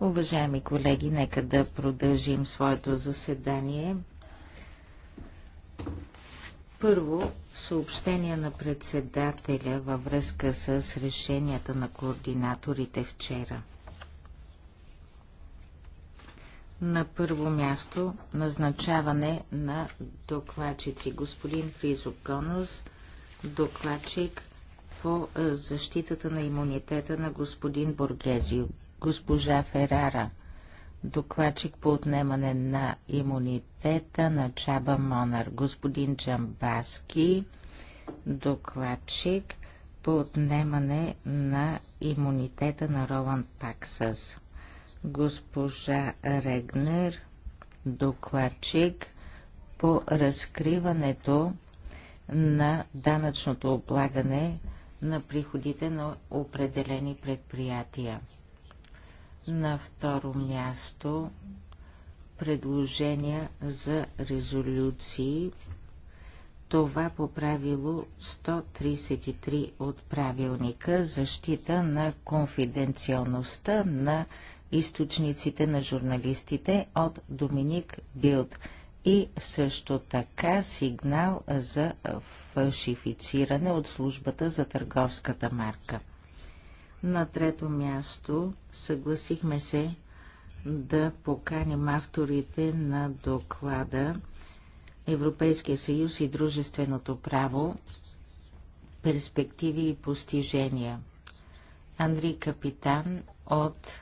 Уважаеми колеги, нека да продължим своето заседание. Първо, съобщение на председателя във връзка с решенията на координаторите вчера. На първо място назначаване на докладчици. Господин Фризо Конос, докладчик по е, защитата на имунитета на господин Боргезио, госпожа Ферара, докладчик по отнемане на имунитета на Чаба Монар, господин Джамбаски, докладчик по отнемане на имунитета на Роланд Паксас, госпожа Регнер, докладчик по разкриването на данъчното облагане на приходите на определени предприятия. На второ място предложения за резолюции. Това по правило 133 от правилника защита на конфиденциалността на източниците на журналистите от Доминик Билд – и също така сигнал за фалшифициране от службата за търговската марка. На трето място съгласихме се да поканим авторите на доклада Европейския съюз и дружественото право перспективи и постижения. Андрей Капитан от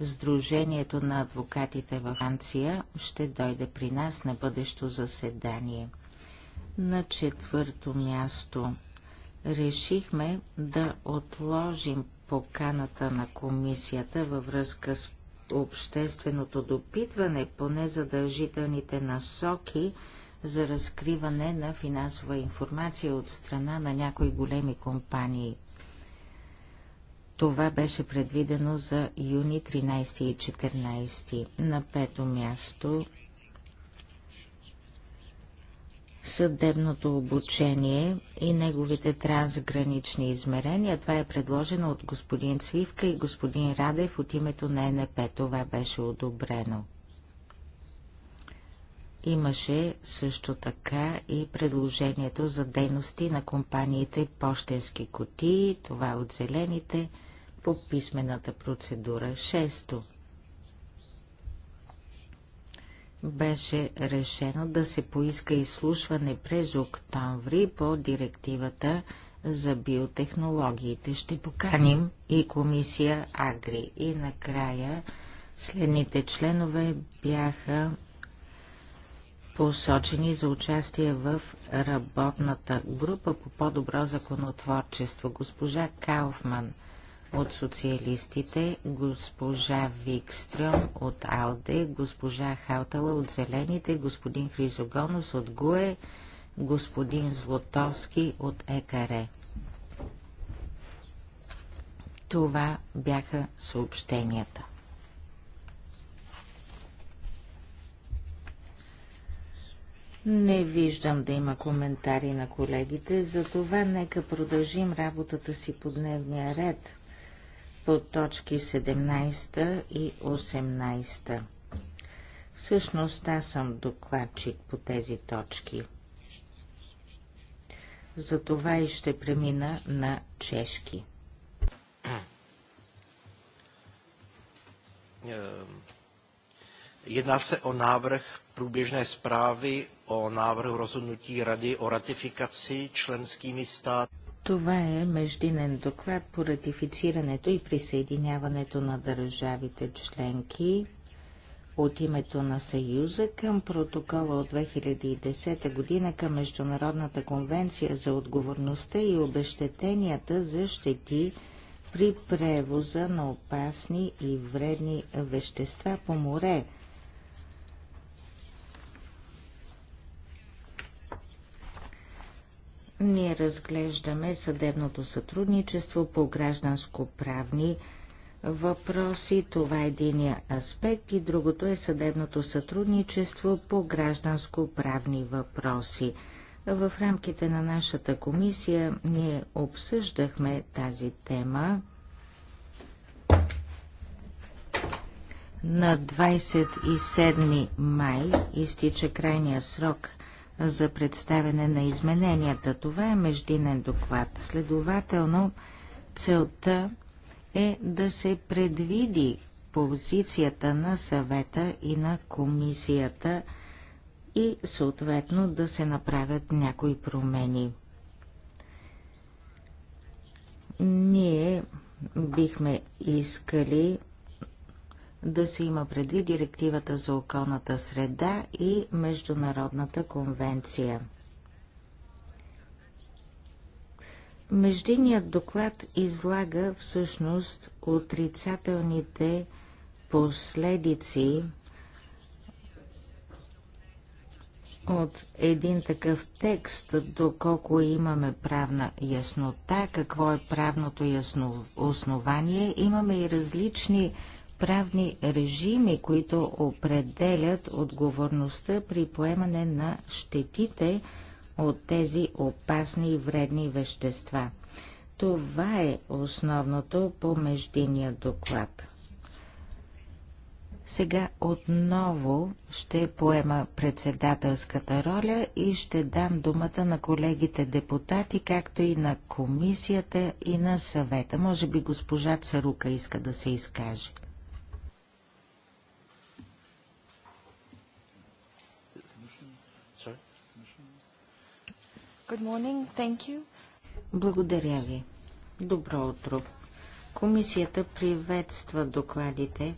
Сдружението на адвокатите във Франция ще дойде при нас на бъдещо заседание. На четвърто място решихме да отложим поканата на комисията във връзка с общественото допитване по незадължителните насоки за разкриване на финансова информация от страна на някои големи компании – това беше предвидено за юни 13 и 14. На пето място съдебното обучение и неговите трансгранични измерения. Това е предложено от господин Свивка и господин Радев от името на НП. Това беше одобрено. Имаше също така и предложението за дейности на компаниите Пощенски кутии, това от зелените – по писмената процедура. Шесто. Беше решено да се поиска изслушване през октомври по директивата за биотехнологиите. Ще поканим и комисия Агри. И накрая следните членове бяха посочени за участие в работната група по по-добро законотворчество. Госпожа Кауфман – от социалистите, госпожа Викстрем от АЛДЕ, госпожа Халтала от Зелените, господин Хризогонос от ГУЕ, господин Злотовски от ЕКАРЕ. Това бяха съобщенията. Не виждам да има коментари на колегите, затова нека продължим работата си по дневния ред по точки 17 и 18. Всъщност аз съм докладчик по тези точки. Затова и ще премина на чешки. Jedná se o návrh průběžné zprávy o návrhu rozhodnutí Rady o ratifikaci členskými státy. Това е междинен доклад по ратифицирането и присъединяването на държавите членки от името на Съюза към протокола от 2010 година към Международната конвенция за отговорността и обещетенията за щети при превоза на опасни и вредни вещества по море – Ние разглеждаме съдебното сътрудничество по гражданско-правни въпроси. Това е единия аспект и другото е съдебното сътрудничество по гражданско-правни въпроси. В рамките на нашата комисия ние обсъждахме тази тема на 27 май изтича крайния срок за представяне на измененията. Това е междинен доклад. Следователно, целта е да се предвиди позицията на съвета и на комисията и съответно да се направят някои промени. Ние бихме искали да се има предвид директивата за околната среда и Международната конвенция. Междиният доклад излага всъщност отрицателните последици от един такъв текст, доколко имаме правна яснота, какво е правното ясно основание. Имаме и различни правни режими, които определят отговорността при поемане на щетите от тези опасни и вредни вещества. Това е основното по междиния доклад. Сега отново ще поема председателската роля и ще дам думата на колегите депутати, както и на комисията и на съвета. Може би госпожа Царука иска да се изкаже. Good morning. Thank you. Благодаря ви. Добро утро. Комисията приветства докладите,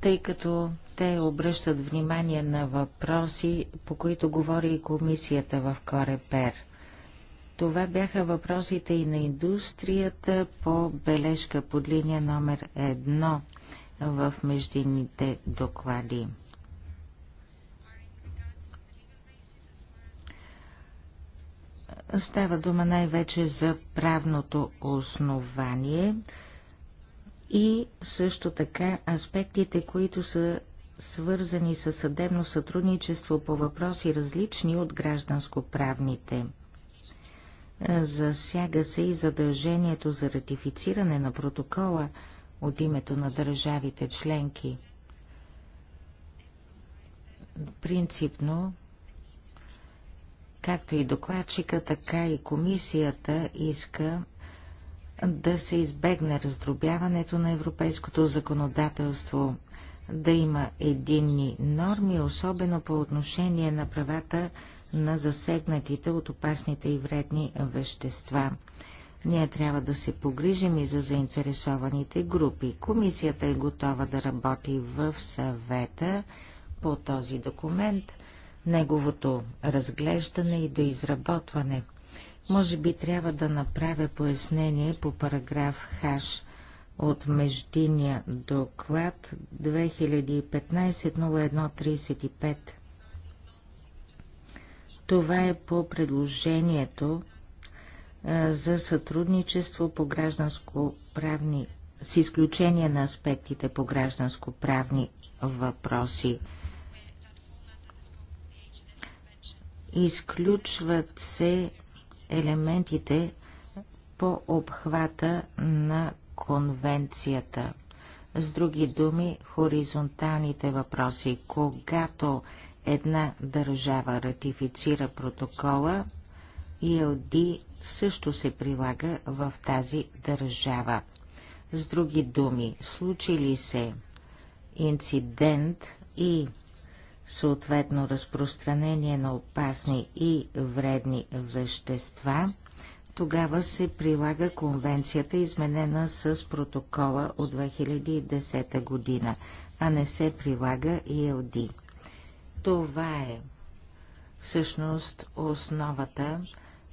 тъй като те обръщат внимание на въпроси, по които говори и комисията в Корепер. Това бяха въпросите и на индустрията по бележка под линия номер 1 в междинните доклади. Става дума най-вече за правното основание и също така аспектите, които са свързани с съдебно сътрудничество по въпроси различни от гражданско-правните. Засяга се и задължението за ратифициране на протокола от името на държавите членки. Принципно както и докладчика, така и комисията иска да се избегне раздробяването на европейското законодателство, да има единни норми, особено по отношение на правата на засегнатите от опасните и вредни вещества. Ние трябва да се погрижим и за заинтересованите групи. Комисията е готова да работи в съвета по този документ неговото разглеждане и до изработване. Може би трябва да направя пояснение по параграф ХАШ от междиния доклад 2015-01-35. Това е по предложението за сътрудничество по гражданско-правни, с изключение на аспектите по гражданско-правни въпроси – Изключват се елементите по обхвата на конвенцията. С други думи, хоризонталните въпроси. Когато една държава ратифицира протокола, ИЛД също се прилага в тази държава. С други думи, случили се инцидент и съответно разпространение на опасни и вредни вещества, тогава се прилага конвенцията, изменена с протокола от 2010 година, а не се прилага ИЛД. Това е всъщност основата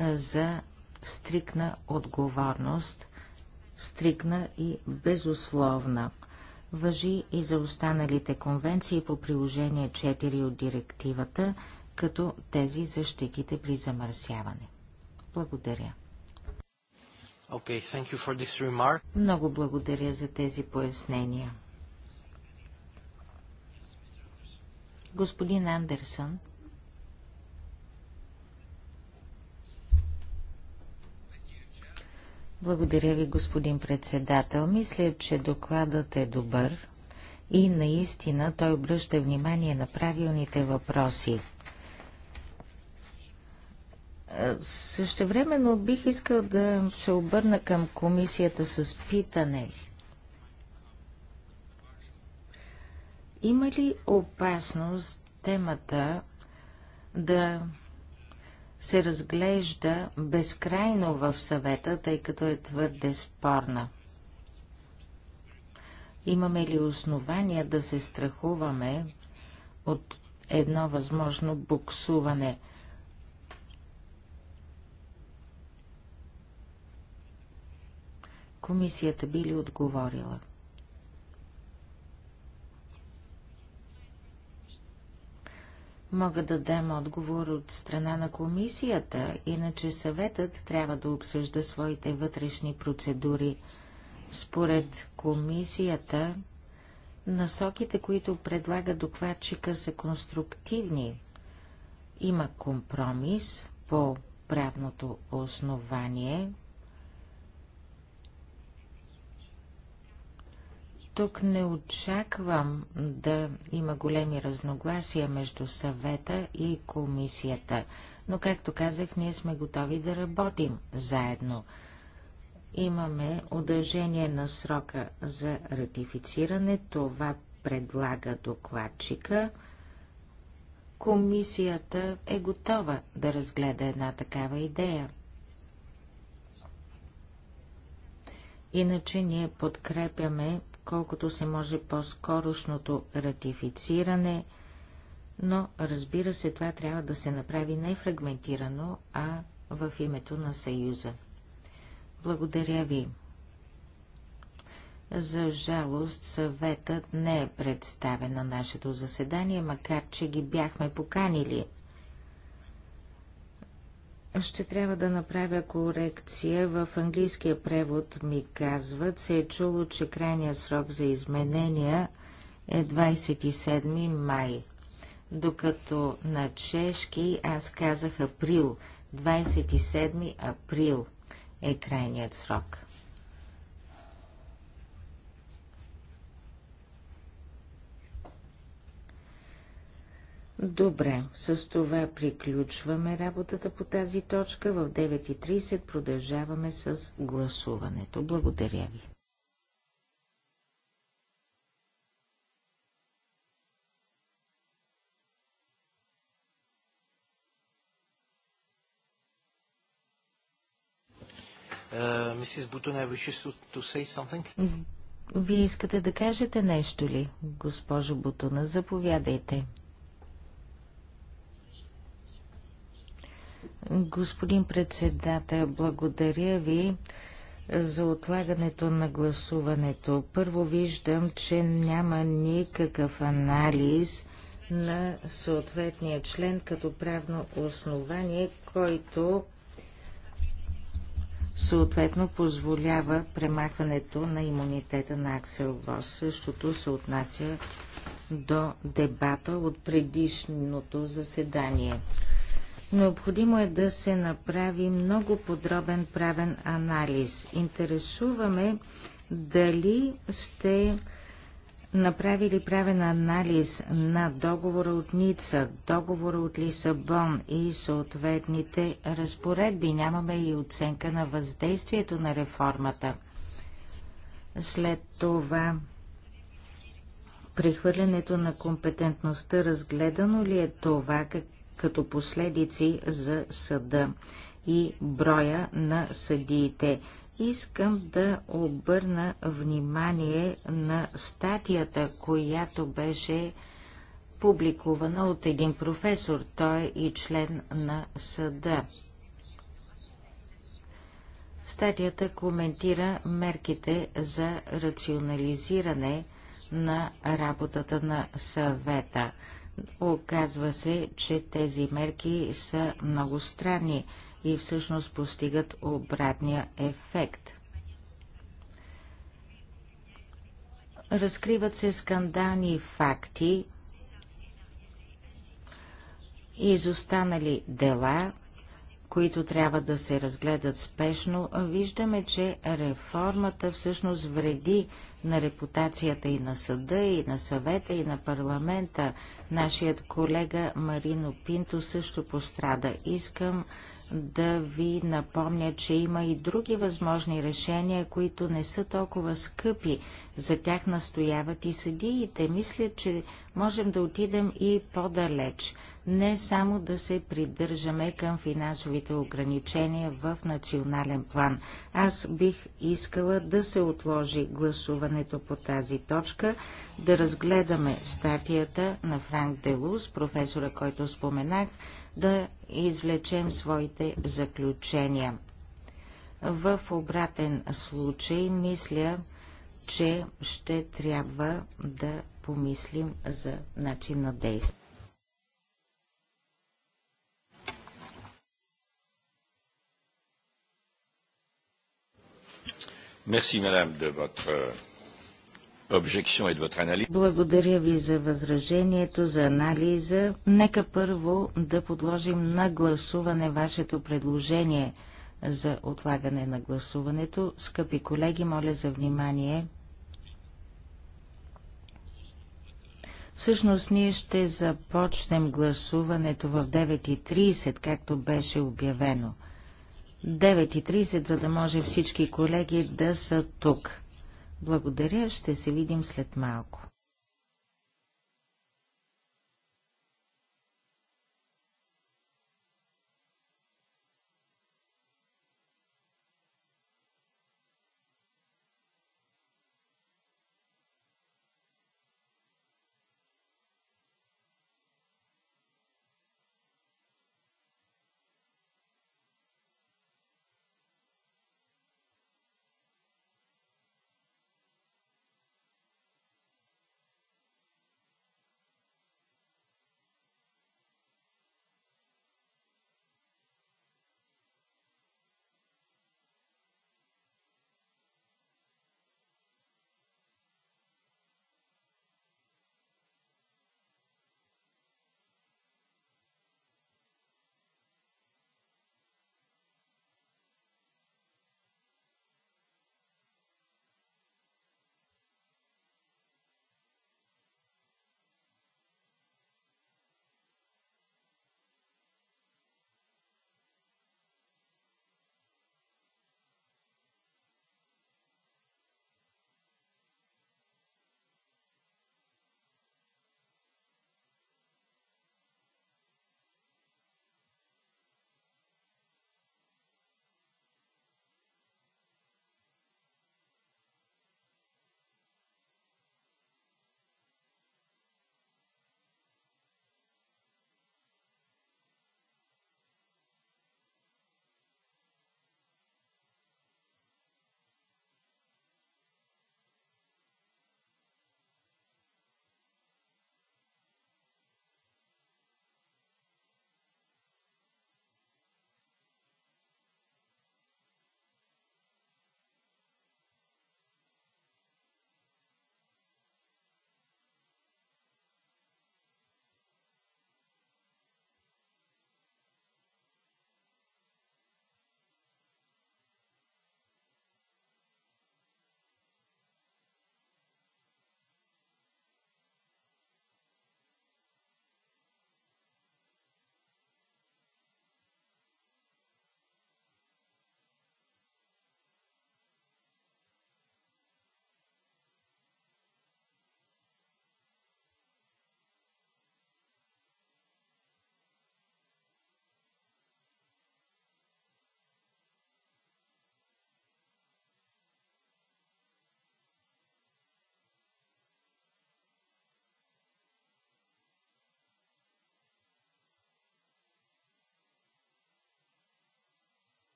за стрикна отговорност, стрикна и безусловна въжи и за останалите конвенции по приложение 4 от директивата, като тези за щетите при замърсяване. Благодаря. Okay, thank you for this remark. Много благодаря за тези пояснения. Господин Андерсън. Благодаря ви, господин председател. Мисля, че докладът е добър и наистина той обръща внимание на правилните въпроси. Е, същевременно бих искал да се обърна към комисията с питане. Има ли опасност темата да се разглежда безкрайно в съвета, тъй като е твърде спорна. Имаме ли основания да се страхуваме от едно възможно буксуване? Комисията би ли отговорила? мога да дам отговор от страна на комисията, иначе съветът трябва да обсъжда своите вътрешни процедури. Според комисията, насоките, които предлага докладчика, са конструктивни. Има компромис по правното основание, Тук не очаквам да има големи разногласия между съвета и комисията, но както казах, ние сме готови да работим заедно. Имаме удължение на срока за ратифициране. Това предлага докладчика. Комисията е готова да разгледа една такава идея. Иначе ние подкрепяме колкото се може по-скорошното ратифициране, но разбира се, това трябва да се направи не фрагментирано, а в името на Съюза. Благодаря ви. За жалост съветът не е представен на нашето заседание, макар че ги бяхме поканили – ще трябва да направя корекция. В английския превод ми казват, се е чуло, че крайният срок за изменения е 27 май, докато на чешки аз казах април. 27 април е крайният срок. Добре, с това приключваме работата по тази точка. В 9.30 продължаваме с гласуването. Благодаря ви. Мисис Бутон, I wish to, say something. Вие искате да кажете нещо ли, госпожо Бутона? Заповядайте. Господин председател, благодаря ви за отлагането на гласуването. Първо виждам, че няма никакъв анализ на съответния член като правно основание, който съответно позволява премахването на имунитета на Аксел Вос. Същото се отнася до дебата от предишното заседание. Необходимо е да се направи много подробен правен анализ. Интересуваме дали сте направили правен анализ на договора от Ница, договора от Лисабон и съответните разпоредби. Нямаме и оценка на въздействието на реформата. След това прехвърлянето на компетентността, разгледано ли е това, като последици за съда и броя на съдиите. Искам да обърна внимание на статията, която беше публикувана от един професор. Той е и член на съда. Статията коментира мерките за рационализиране на работата на съвета. Оказва се, че тези мерки са много странни и всъщност постигат обратния ефект. Разкриват се скандални факти, изостанали дела, които трябва да се разгледат спешно, виждаме, че реформата всъщност вреди на репутацията и на съда, и на съвета, и на парламента. Нашият колега Марино Пинто също пострада. Искам да ви напомня, че има и други възможни решения, които не са толкова скъпи. За тях настояват и съдиите. Мисля, че можем да отидем и по-далеч не само да се придържаме към финансовите ограничения в национален план. Аз бих искала да се отложи гласуването по тази точка, да разгледаме статията на Франк Делус, професора, който споменах, да извлечем своите заключения. В обратен случай, мисля, че ще трябва да помислим за начин на действие. Merci, madame, de votre euh, благодаря ви за възражението, за анализа. Нека първо да подложим на гласуване вашето предложение за отлагане на гласуването. Скъпи колеги, моля за внимание. Всъщност ние ще започнем гласуването в 9.30, както беше обявено. 9.30, за да може всички колеги да са тук. Благодаря, ще се видим след малко.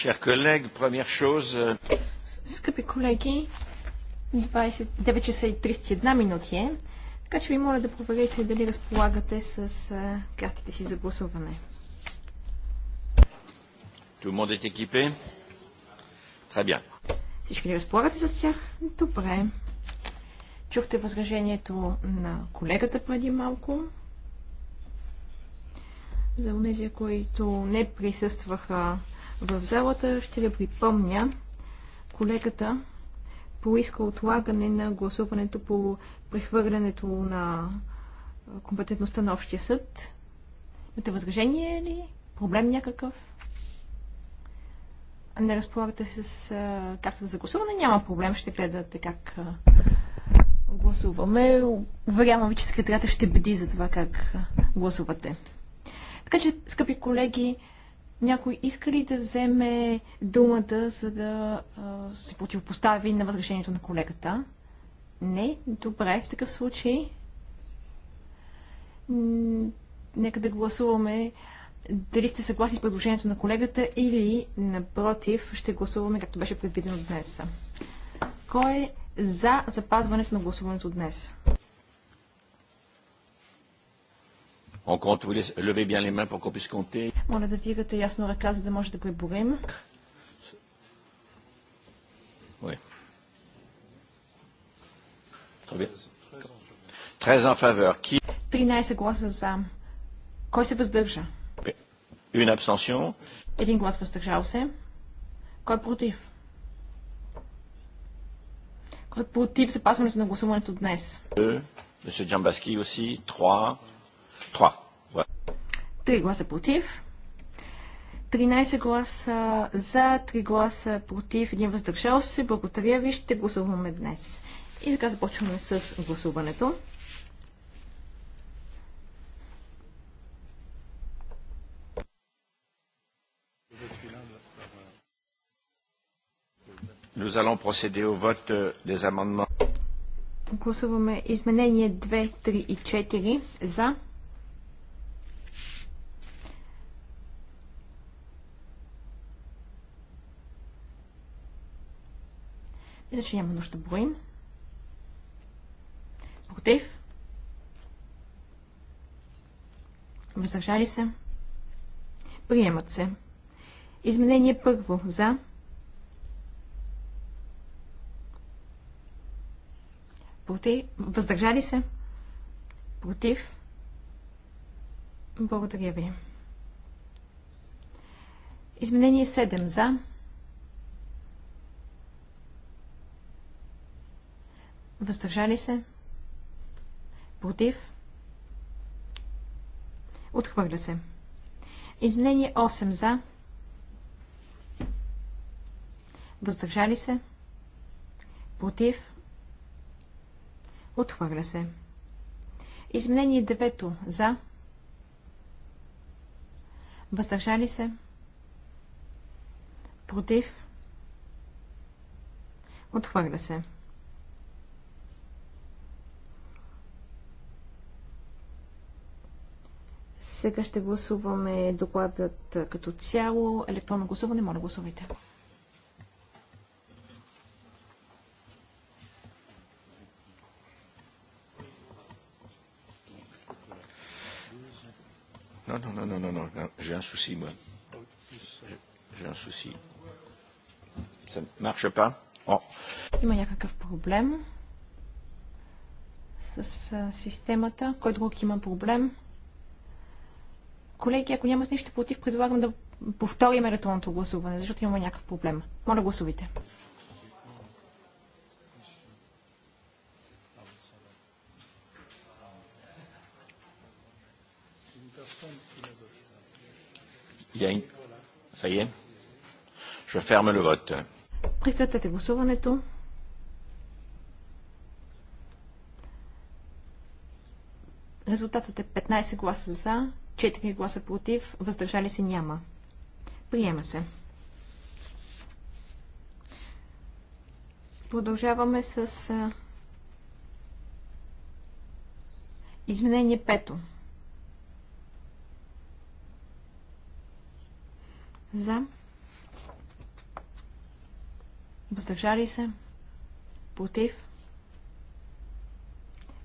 Chers collègues, première chose... Euh, Скъпи колеги, 9 часа и 31 минути е, така че ви моля да проверите дали разполагате с картите си за гласуване. Tout le monde est équipé? Très bien. Всички ли разполагате с тях? Добре. Чухте възражението на колегата преди малко. За унези, които не присъстваха в залата. Ще ви припомня, колегата поиска отлагане на гласуването по прехвърлянето на компетентността на общия съд. Имате възражение ли? Проблем някакъв? Не разполагате с а, карта за гласуване? Няма проблем, ще гледате как а, гласуваме. Уверявам ви, че секретарята ще беди за това как а, гласувате. Така че, скъпи колеги, някой иска ли да вземе думата, за да а, се противопостави на възрешението на колегата? Не? Добре, в такъв случай. Нека да гласуваме дали сте съгласни с предложението на колегата или, напротив, ще гласуваме както беше предвидено днес. Кой е за запазването на гласуването днес? Моля да дигате ясно ръка, за да може да преборим. Oui. Très bien. 13 en faveur. Qui... 13 гласа за. Кой се въздържа? Une abstention. Един глас въздържал се. Кой е против? Кой е против запазването на гласуването днес? Monsieur Джамбаски aussi. 3. 3 гласа против. 13 гласа за, 3 гласа против, 1 въздържал се. Благодаря ви, ще гласуваме днес. И сега започваме с гласуването. Nous allons procéder au vote euh, des amendements. Гласуваме изменение 2, 3 и 4 за защо няма нужда да броим. Против. Въздържали се. Приемат се. Изменение първо. За. Против. Въздържали се. Против. Благодаря ви. Изменение 7 за. Въздържали се? Против? Отхвърля се. Изменение 8 за. Въздържали се? Против? Отхвърля се. Изменение 9 за. Въздържали се? Против? Отхвърля се. Сега ще гласуваме докладът като цяло. Електронно гласуване, моля гласувайте. Non, non, j'ai un souci, moi. J'ai un souci. Ça ne marche pas oh. Има някакъв проблем с системата. Кой друг има проблем? Колеги, ако нямате нищо против, предлагам да повторим електронното гласуване, защото имаме някакъв проблем. Моля, гласувайте. Прекратете гласуването. Резултатът е 15 гласа за, 4 гласа против, въздържали се няма. Приема се. Продължаваме с изменение 5. За. Въздържали се. Против.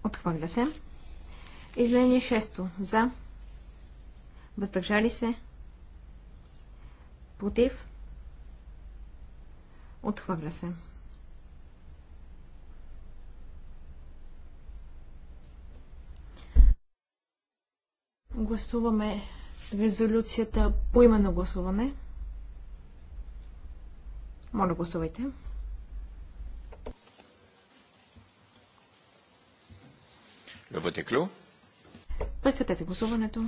Отхвърля се. Изменение 6. За въздържали се, против, отхвърля се. Гласуваме резолюцията по именно гласуване. Моля, гласувайте. Le vote Прекратете гласуването.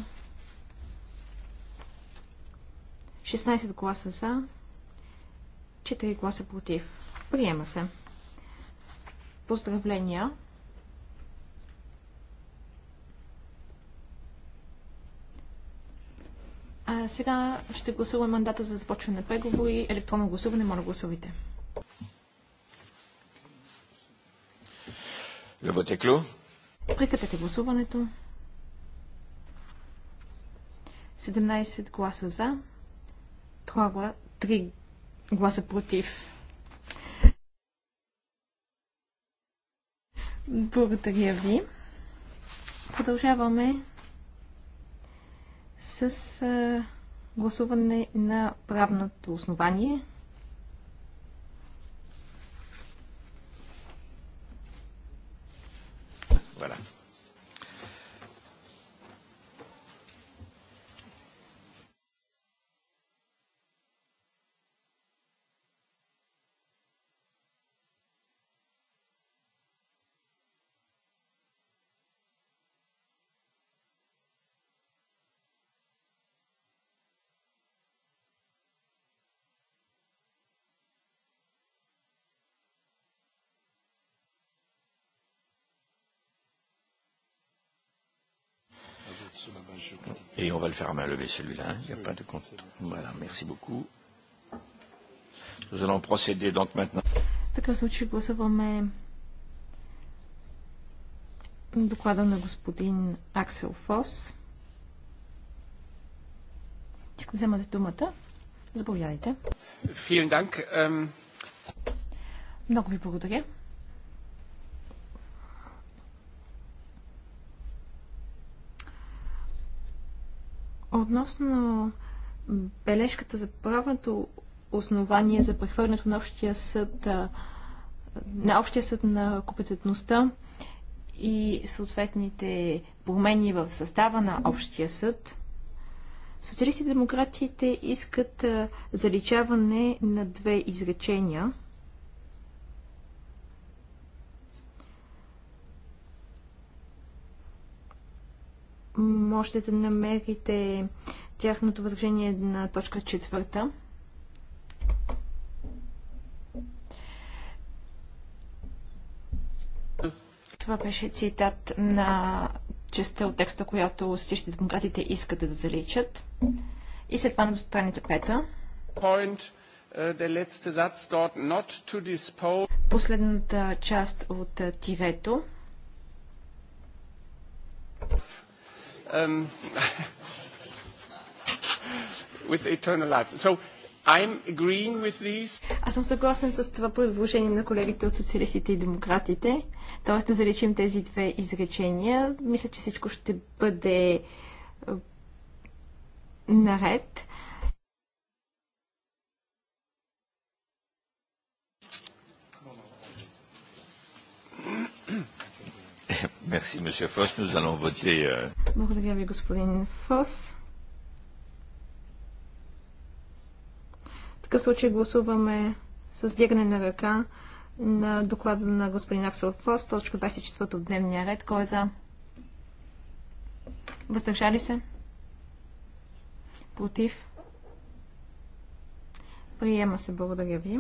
16 гласа за, 4 гласа против. Приема се. Поздравления! А сега ще гласуваме мандата за започване на преговори. Електронно гласуване, моля гласувайте. Люботеклю. Прекратете гласуването. 17 гласа за, 3, 3 гласа против. Благодаря ви. Продължаваме с гласуване на правното основание. Et on va le faire à main levée celui-là. Il n'y a pas de compte. Voilà, merci beaucoup. Nous allons procéder donc maintenant. доклада на господин Аксел Фос. Искате да вземате думата. Заповядайте. Много ви благодаря. Относно бележката за правното основание за прехвърлянето на общия съд на общия съд на компетентността и съответните промени в състава на общия съд, социалистите демократите искат заличаване на две изречения – можете да намерите тяхното възражение на точка четвърта. Това беше цитат на частта от текста, която социалистите демократите искат да заличат. И след това на страница пета. Point, uh, Последната част от uh, тирето. Uh, um, with eternal life. So I'm agreeing with these. Аз съм съгласен с това предложение на колегите от социалистите и демократите. Тоест да заличим тези две изречения. Мисля, че всичко ще бъде наред. Merci, monsieur Nous allons voter. Euh, Благодаря ви, господин Фос. В такъв случай гласуваме с дигане на ръка на доклада на господин Аксел Фос, точка 24 от дневния ред. Кой е за? Въздържали се? Против? Приема се. Благодаря ви.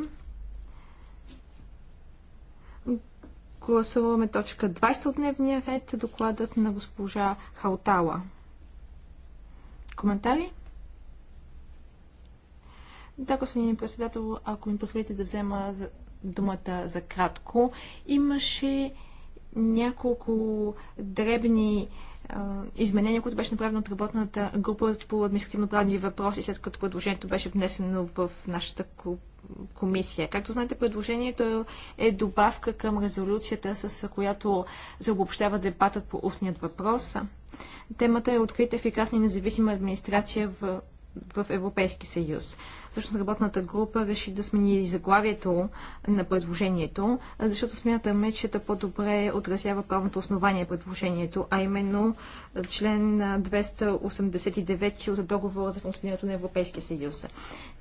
Гласуваме точка 20 от дневния ред, докладът на госпожа Халтала. Коментари? Да, господин председател, ако ми позволите да взема думата за кратко, имаше няколко дребни изменение, което беше направено от работната група по административно-правни въпроси, след като предложението беше внесено в нашата комисия. Както знаете, предложението е добавка към резолюцията, с която се обобщава дебатът по устният въпрос. Темата е открита ефикасна и независима администрация в в Европейски съюз. Същност работната група реши да смени заглавието на предложението, защото смятаме, че да по-добре отразява правното основание на предложението, а именно член 289 от договора за функционирането на Европейския съюз.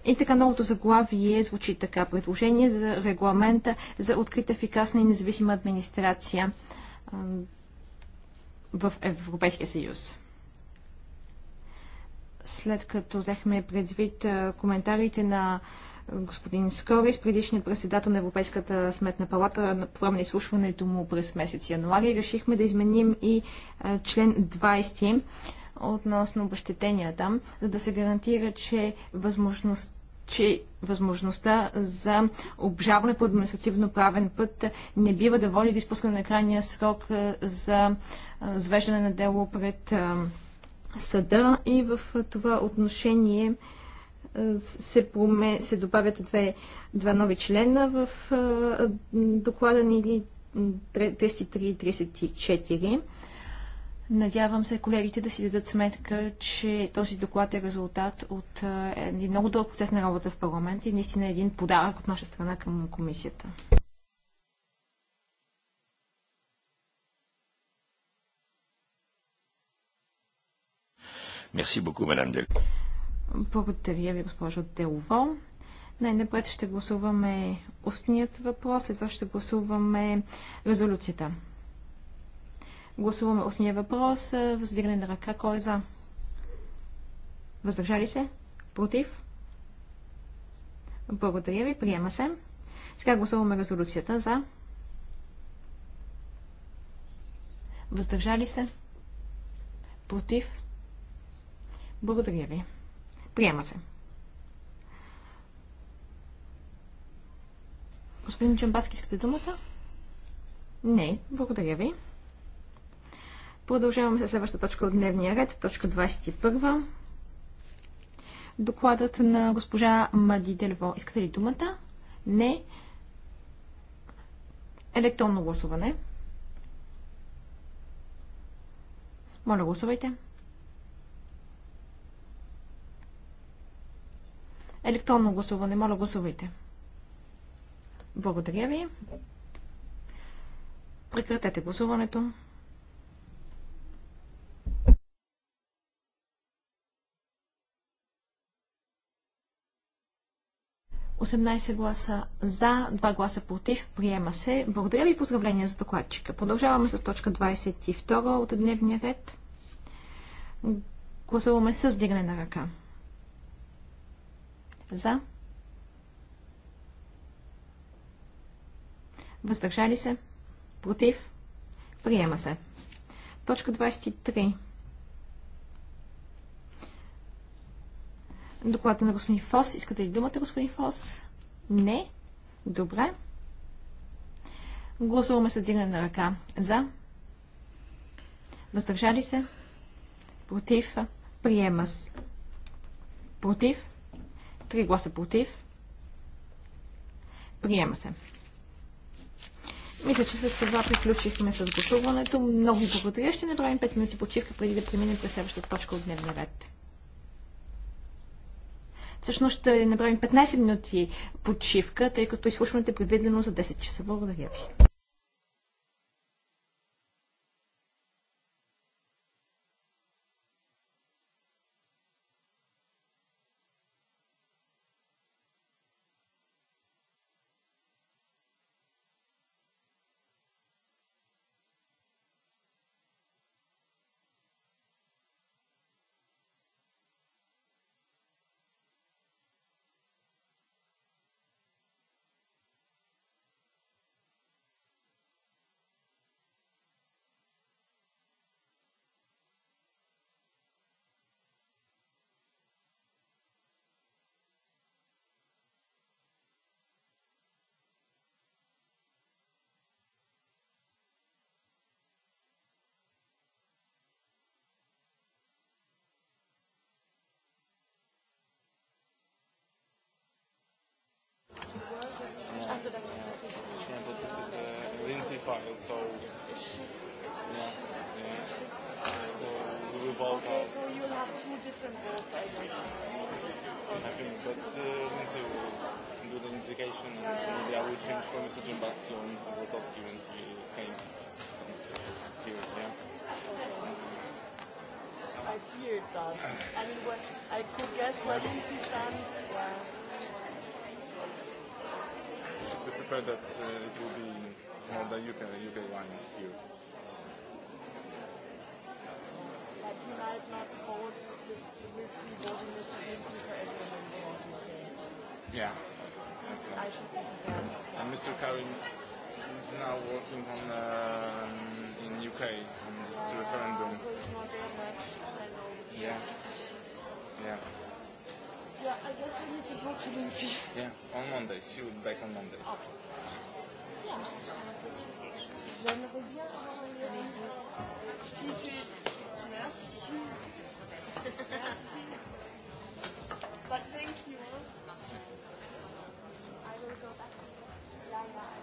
И така новото заглавие звучи така. Предложение за регламента за открита, ефикасна и независима администрация в Европейския съюз след като взехме предвид коментарите на господин Скорис, предишният председател на Европейската сметна палата, по време на изслушването му през месец януари, решихме да изменим и член 20 относно обещетения там, за да се гарантира, че възможност че възможността за обжаване по административно-правен път не бива да води до изпускане на крайния срок за завеждане на дело пред съда и в това отношение се, поме, се добавят две, два нови члена в доклада ни 33 и 34. Надявам се колегите да си дадат сметка, че този доклад е резултат от един много дълъг процес на работа в парламент и наистина един подарък от наша страна към комисията. Мерси мадам Дел. Благодаря ви, госпожо Делово. Най-напред ще гласуваме устният въпрос, след това ще гласуваме резолюцията. Гласуваме устния въпрос, въздигане на ръка, кой е за? Въздържали се? Против? Благодаря ви, приема се. Сега гласуваме резолюцията за. Въздържали се? Против? Благодаря ви. Приема се. Господин Джамбаски, искате думата? Не, благодаря ви. Продължаваме с следващата точка от дневния ред, точка 21. Докладът на госпожа Мади Делево. Искате ли думата? Не. Електронно гласуване. Моля, гласувайте. Електронно гласуване. Моля, гласувайте. Благодаря ви. Прекратете гласуването. гласа за, 2 гласа против. Приема се. Благодаря ви и поздравления за докладчика. Продължаваме с точка 22 от дневния ред. Гласуваме с дигане на ръка. За. Въздържали се. Против. Приема се. Точка 23. Доклада на господин Фос. Искате ли думата, господин Фос? Не. Добре. Гласуваме с дигане на ръка. За. Въздържали се. Против. Приема се. Против. 3 гласа против. Приема се. Мисля, че с това приключихме с гласуването. Много ви благодаря. Ще направим 5 минути почивка преди да преминем през следващата точка от дневния ред. Всъщност ще направим 15 минути почивка, тъй като изслушването е предвидено за 10 часа. Благодаря ви. I could guess where Lucy stands. Yeah. We prepare that uh, it will be more than UK, UK one here. But you might not hold this risky voting responsibility for everyone, what you say. Yeah. I should be prepared. And Mr. Karim is now working on uh, in UK on this referendum. So it's not very much. I know. Yeah. Yeah. Yeah, I guess I need to talk to Lindsay. Yeah, on Monday. She will be back on Monday. Okay. J'aimerais bien avoir une Si, si. Merci. Merci. But thank you. I will go back to Yeah,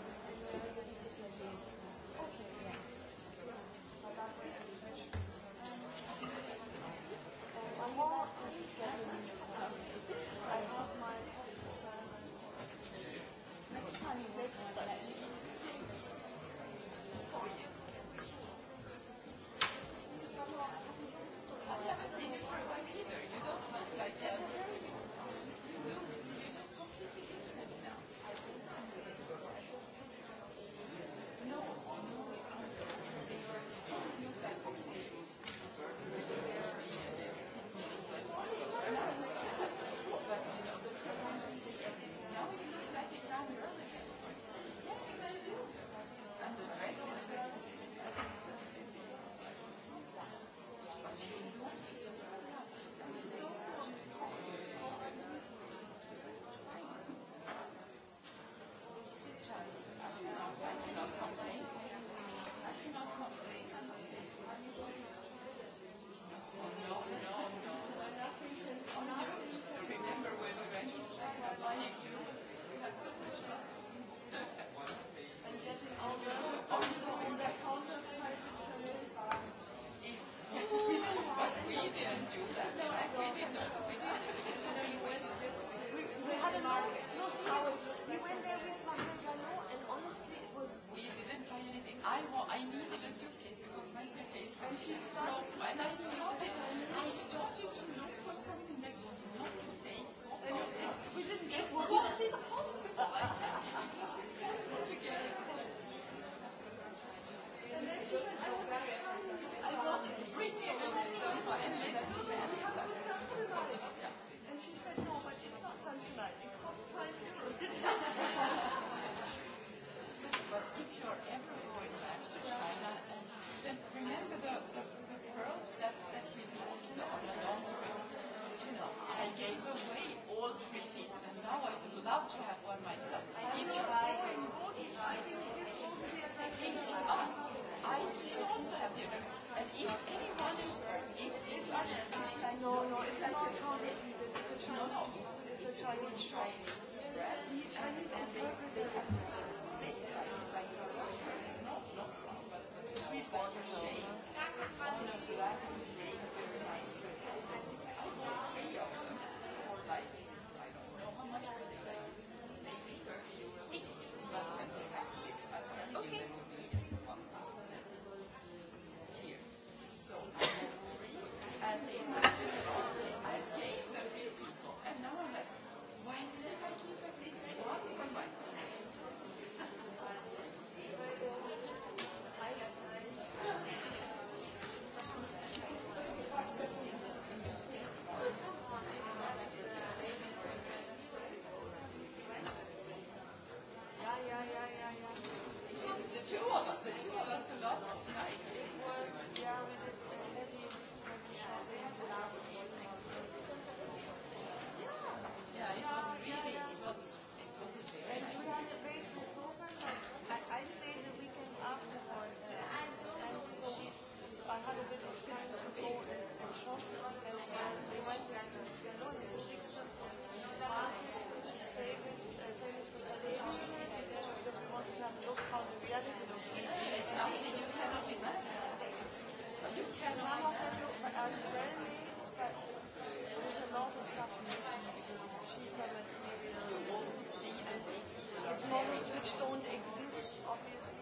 It's models which don't exist, obviously.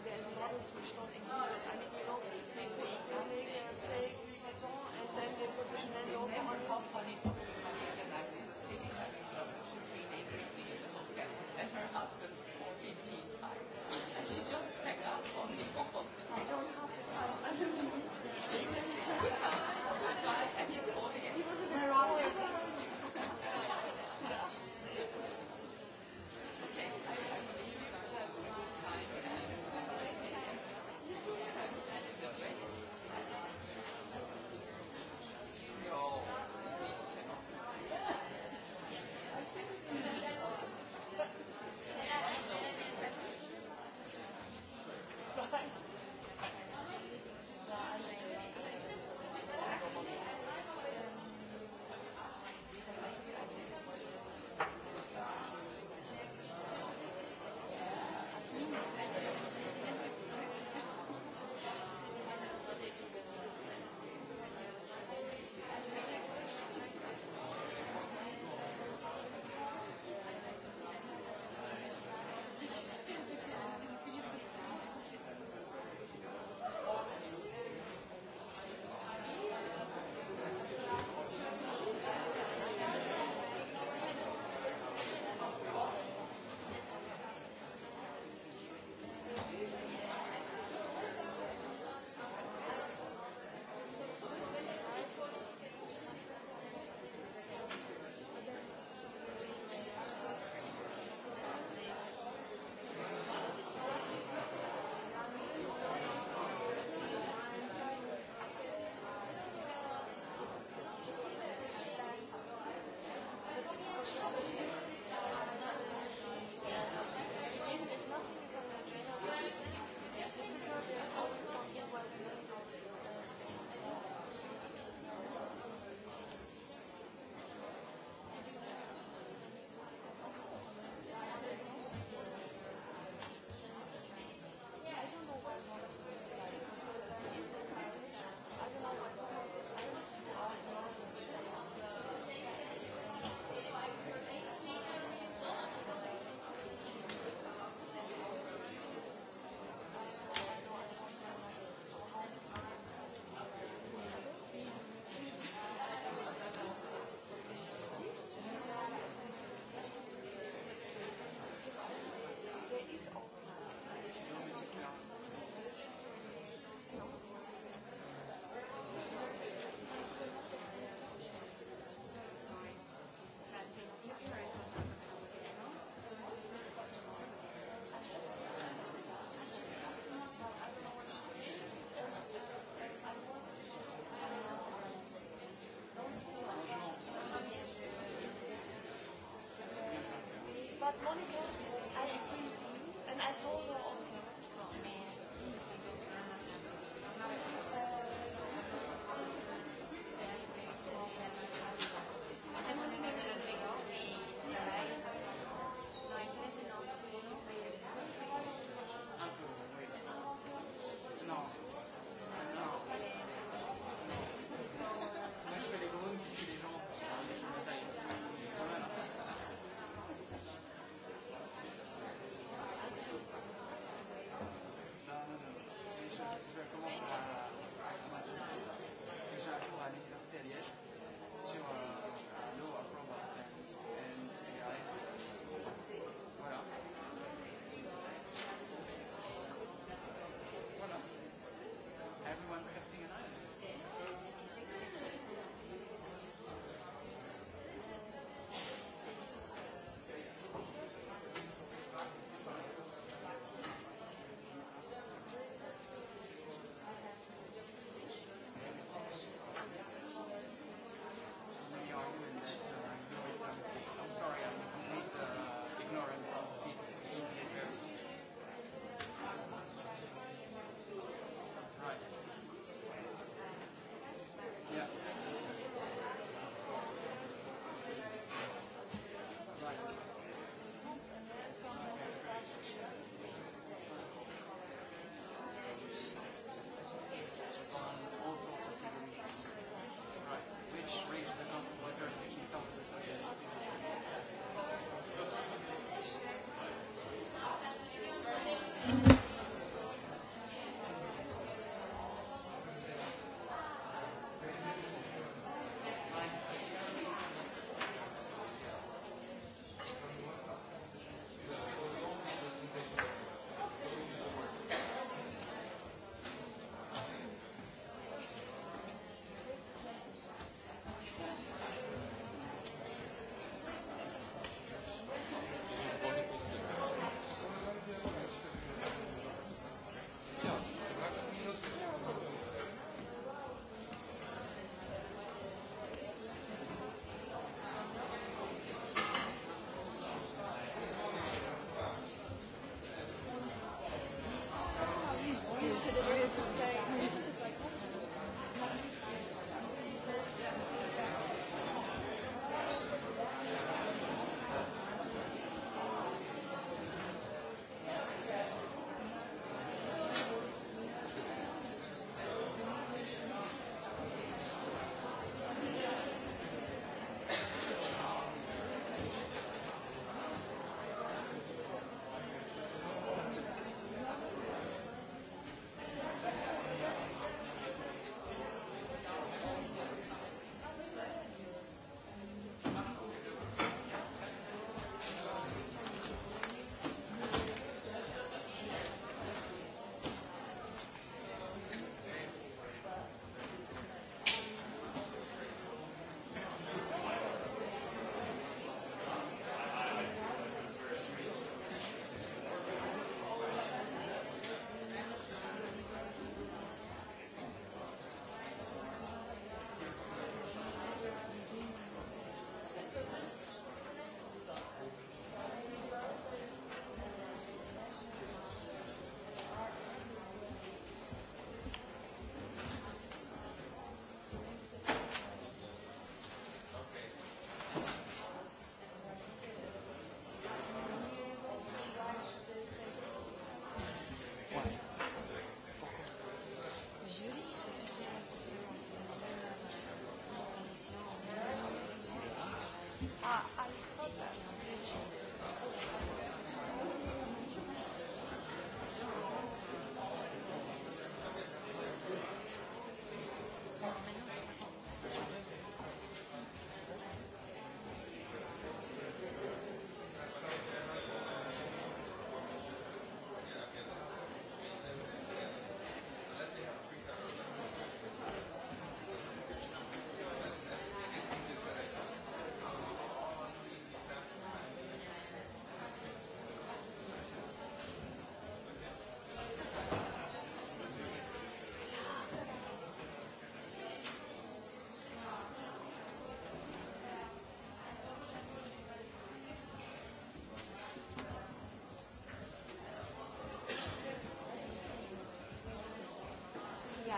There's models which don't exist. I mean, you know, they put Alec, say, Louis and then they put Chanel logo on top. And her husband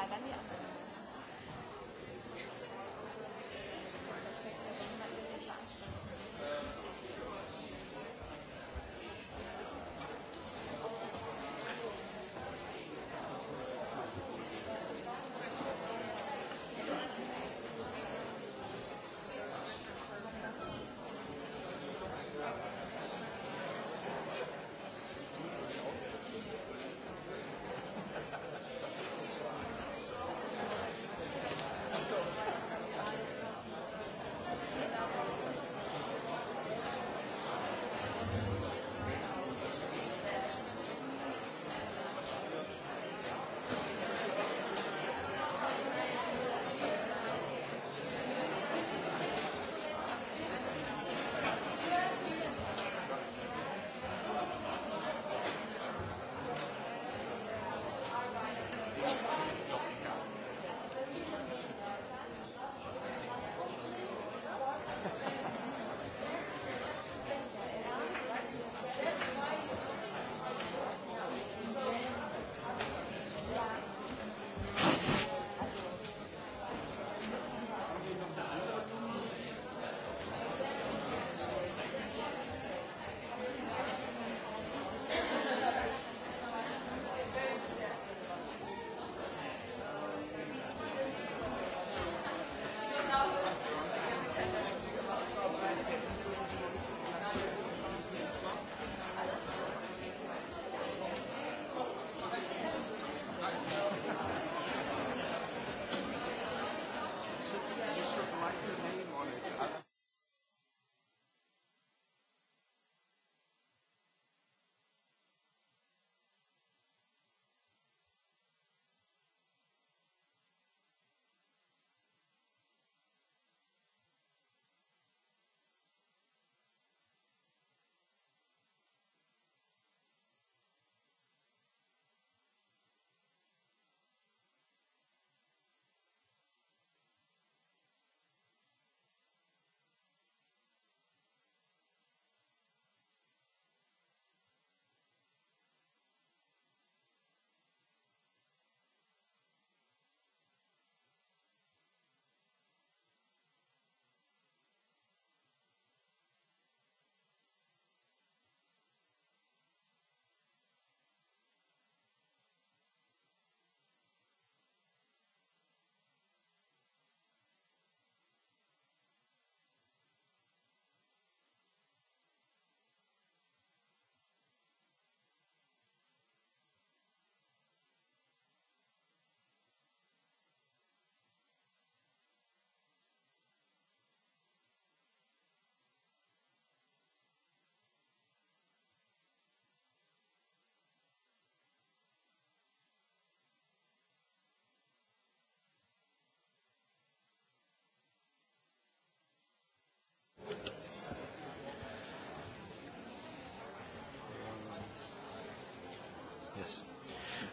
ได้ป่ะเนี่ย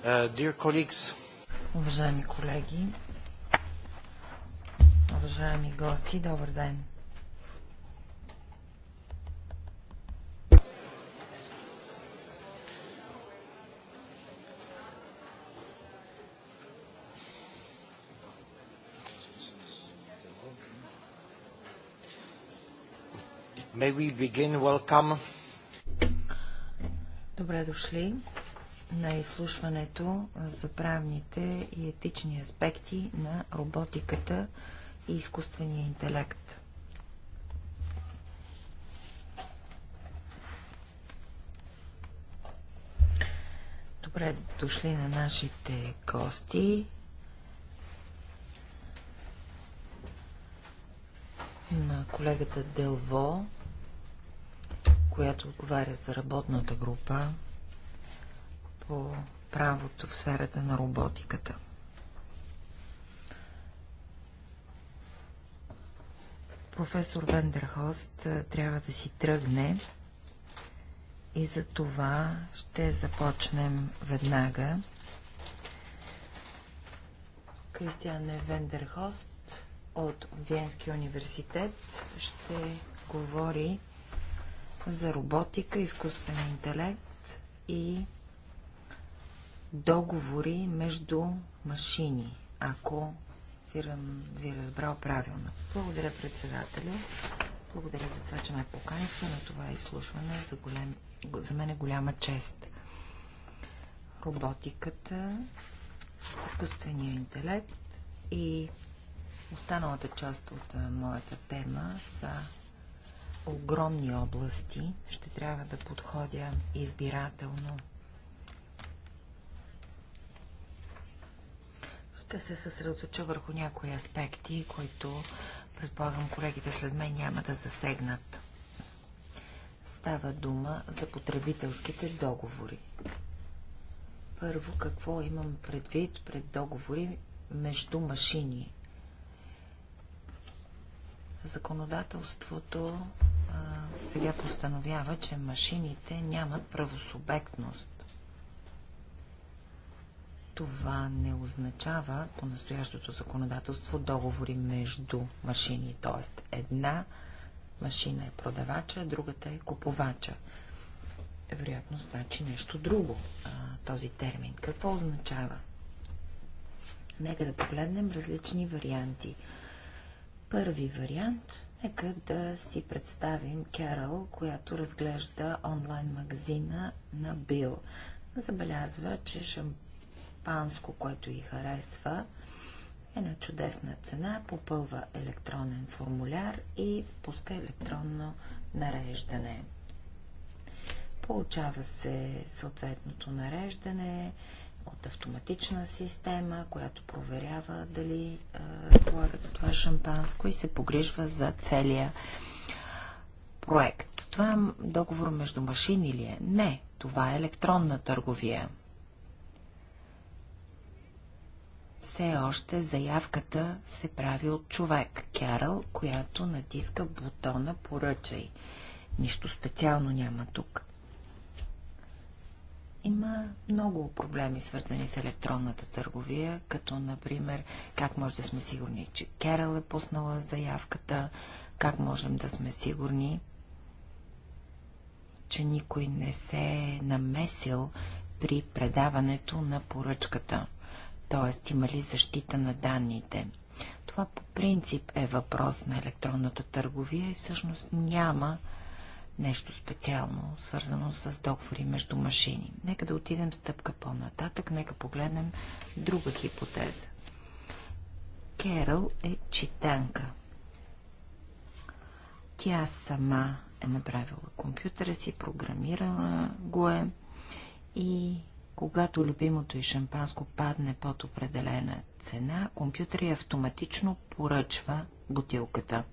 Uh, уважаеми колеги, уважаеми гости, добър ден! May we begin welcome. Добре дошли на изслушването за правните и етични аспекти на роботиката и изкуствения интелект. Добре дошли на нашите гости. На колегата Делво, която отговаря за работната група по правото в сферата на роботиката. Професор Вендерхост трябва да си тръгне и за това ще започнем веднага. Кристиан Вендерхост от Венския университет ще говори за роботика, изкуствен интелект и договори между машини, ако ви е разбрал правилно. Благодаря председателя, Благодаря за това, че ме поканихте на това изслушване. За, голем... за мен е голяма чест. Роботиката, изкуственият интелект и останалата част от моята тема са огромни области. Ще трябва да подходя избирателно Ще се съсредоточа върху някои аспекти, които предполагам колегите след мен няма да засегнат. Става дума за потребителските договори. Първо, какво имам предвид пред договори между машини? Законодателството а, сега постановява, че машините нямат правосубектност. Това не означава по настоящото законодателство договори между машини, т.е. една машина е продавача, другата е купувача. Вероятно значи нещо друго а, този термин. Какво означава? Нека да погледнем различни варианти. Първи вариант Нека да си представим Керол, която разглежда онлайн магазина на Бил. Забелязва, че шампунът шампанско, което и харесва, е на чудесна цена, попълва електронен формуляр и пуска електронно нареждане. Получава се съответното нареждане от автоматична система, която проверява дали разполагат с това шампанско и се погрижва за целия проект. Това е договор между машини ли е? Не, това е електронна търговия. все още заявката се прави от човек, Кярал, която натиска бутона поръчай. Нищо специално няма тук. Има много проблеми, свързани с електронната търговия, като, например, как може да сме сигурни, че Керал е пуснала заявката, как можем да сме сигурни, че никой не се е намесил при предаването на поръчката т.е. има ли защита на данните. Това по принцип е въпрос на електронната търговия и всъщност няма нещо специално, свързано с договори между машини. Нека да отидем стъпка по-нататък, нека погледнем друга хипотеза. Керъл е читанка. Тя сама е направила компютъра си, програмирала го е и когато любимото и шампанско падне под определена цена, компютъри е автоматично поръчва бутилката.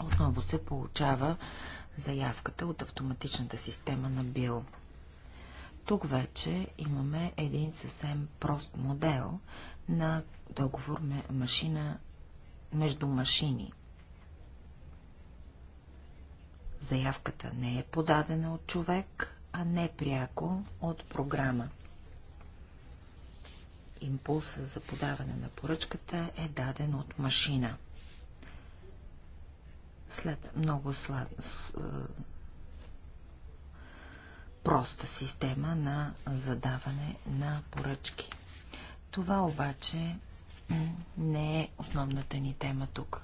Отново се получава заявката от автоматичната система на Бил. Тук вече имаме един съвсем прост модел на договор машина между машини. Заявката не е подадена от човек, а не пряко от програма. Импулса за подаване на поръчката е даден от машина. След много слад... Е, проста система на задаване на поръчки. Това обаче не е основната ни тема тук.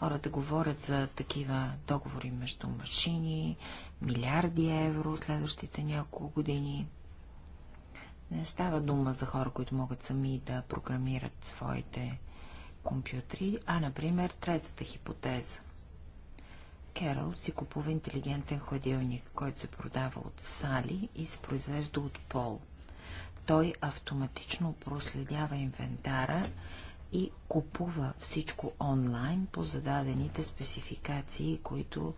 Хората говорят за такива договори между машини, милиарди евро следващите няколко години. Не става дума за хора, които могат сами да програмират своите компютри, а, например, третата хипотеза. Керол си купува интелигентен хладилник, който се продава от Сали и се произвежда от Пол. Той автоматично проследява инвентара и купува всичко онлайн по зададените спецификации, които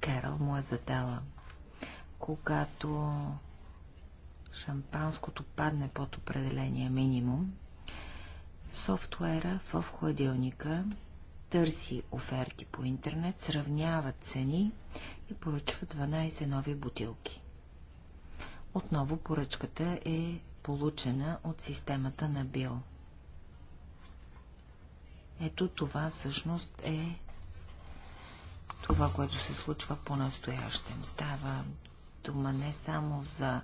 Керал му е задала. Когато шампанското падне под определения минимум, софтуера в хладилника търси оферти по интернет, сравнява цени и поръчва 12 нови бутилки. Отново поръчката е получена от системата на Бил. Ето това всъщност е това, което се случва по-настоящем. Става дума не само за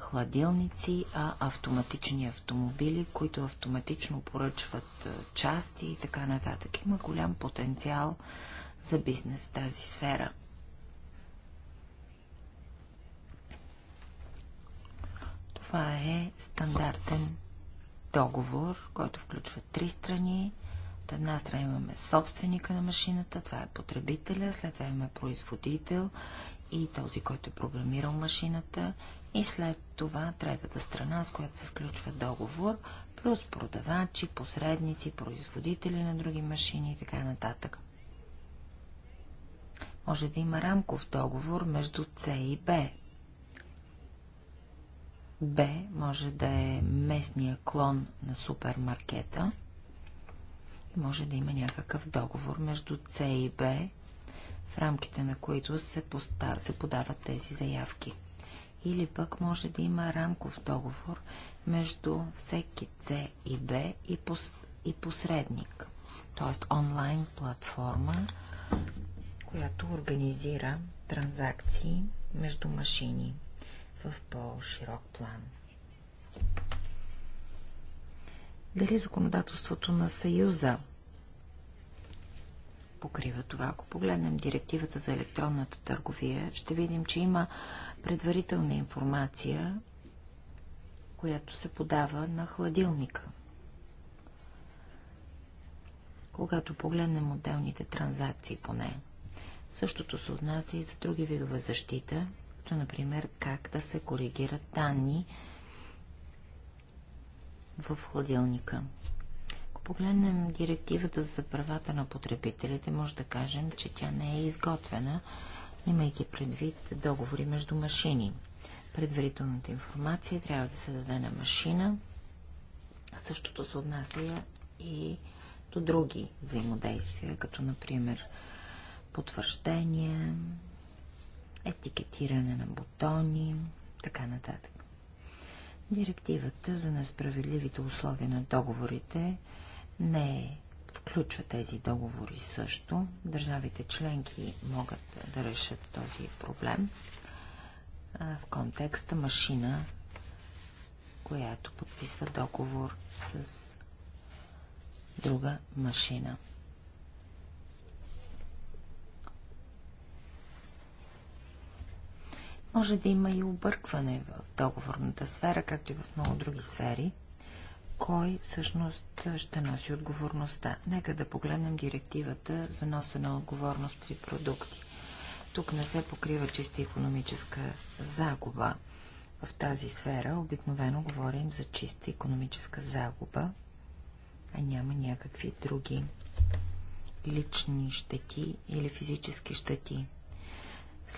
хладилници, а автоматични автомобили, които автоматично поръчват части и така нататък. Има голям потенциал за бизнес в тази сфера. Това е стандартен договор, който включва три страни – една страна имаме собственика на машината, това е потребителя, след това имаме производител и този, който е програмирал машината, и след това третата страна, с която се сключва договор, плюс продавачи, посредници, производители на други машини и така нататък. Може да има рамков договор между С и Б. Б може да е местния клон на супермаркета, може да има някакъв договор между С и Б, в рамките на които се, поста... се подават тези заявки. Или пък може да има рамков договор между всеки С и Б и, пос... и посредник, т.е. онлайн платформа, която организира транзакции между машини в по-широк план дали законодателството на Съюза покрива това. Ако погледнем директивата за електронната търговия, ще видим, че има предварителна информация, която се подава на хладилника. Когато погледнем отделните транзакции по нея. Същото се отнася и за други видове защита, като например как да се коригират данни, в хладилника. Ако погледнем директивата за правата на потребителите, може да кажем, че тя не е изготвена, имайки предвид договори между машини. Предварителната информация трябва да се даде на машина. Същото се отнася и до други взаимодействия, като например потвърждение, етикетиране на бутони, така нататък. Директивата за несправедливите условия на договорите не включва тези договори също. Държавите членки могат да решат този проблем в контекста машина, която подписва договор с друга машина. Може да има и объркване в договорната сфера, както и в много други сфери. Кой всъщност ще носи отговорността? Нека да погледнем директивата за носена отговорност при продукти. Тук не се покрива чиста економическа загуба. В тази сфера обикновено говорим за чиста економическа загуба, а няма някакви други лични щети или физически щети.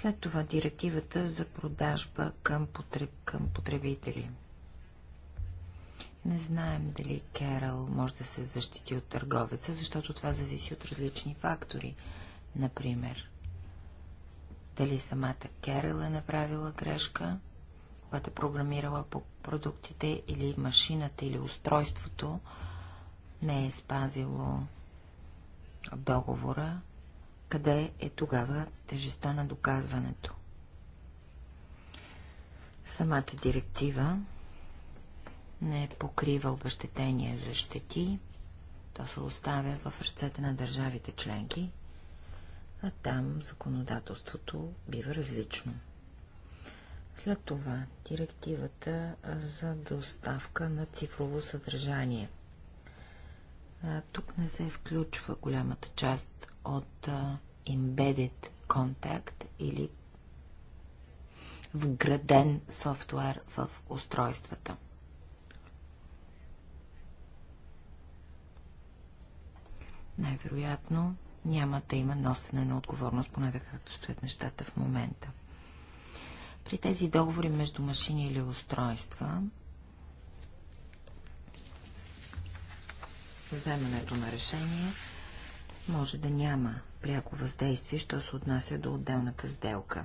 След това директивата за продажба към, потреб... към потребители. Не знаем дали Керал може да се защити от търговеца, защото това зависи от различни фактори. Например, дали самата Керал е направила грешка, когато е програмирала по продуктите или машината или устройството не е спазило договора къде е тогава тежестта на доказването? Самата директива не покрива обещетение за щети, то се оставя в ръцете на държавите членки, а там законодателството бива различно. След това директивата за доставка на цифрово съдържание. тук не се включва голямата част от Embedded Contact или вграден софтуер в устройствата. Най-вероятно няма да има носене на отговорност, поне така както стоят нещата в момента. При тези договори между машини или устройства, вземането на решение може да няма пряко въздействие, що се отнася до отделната сделка.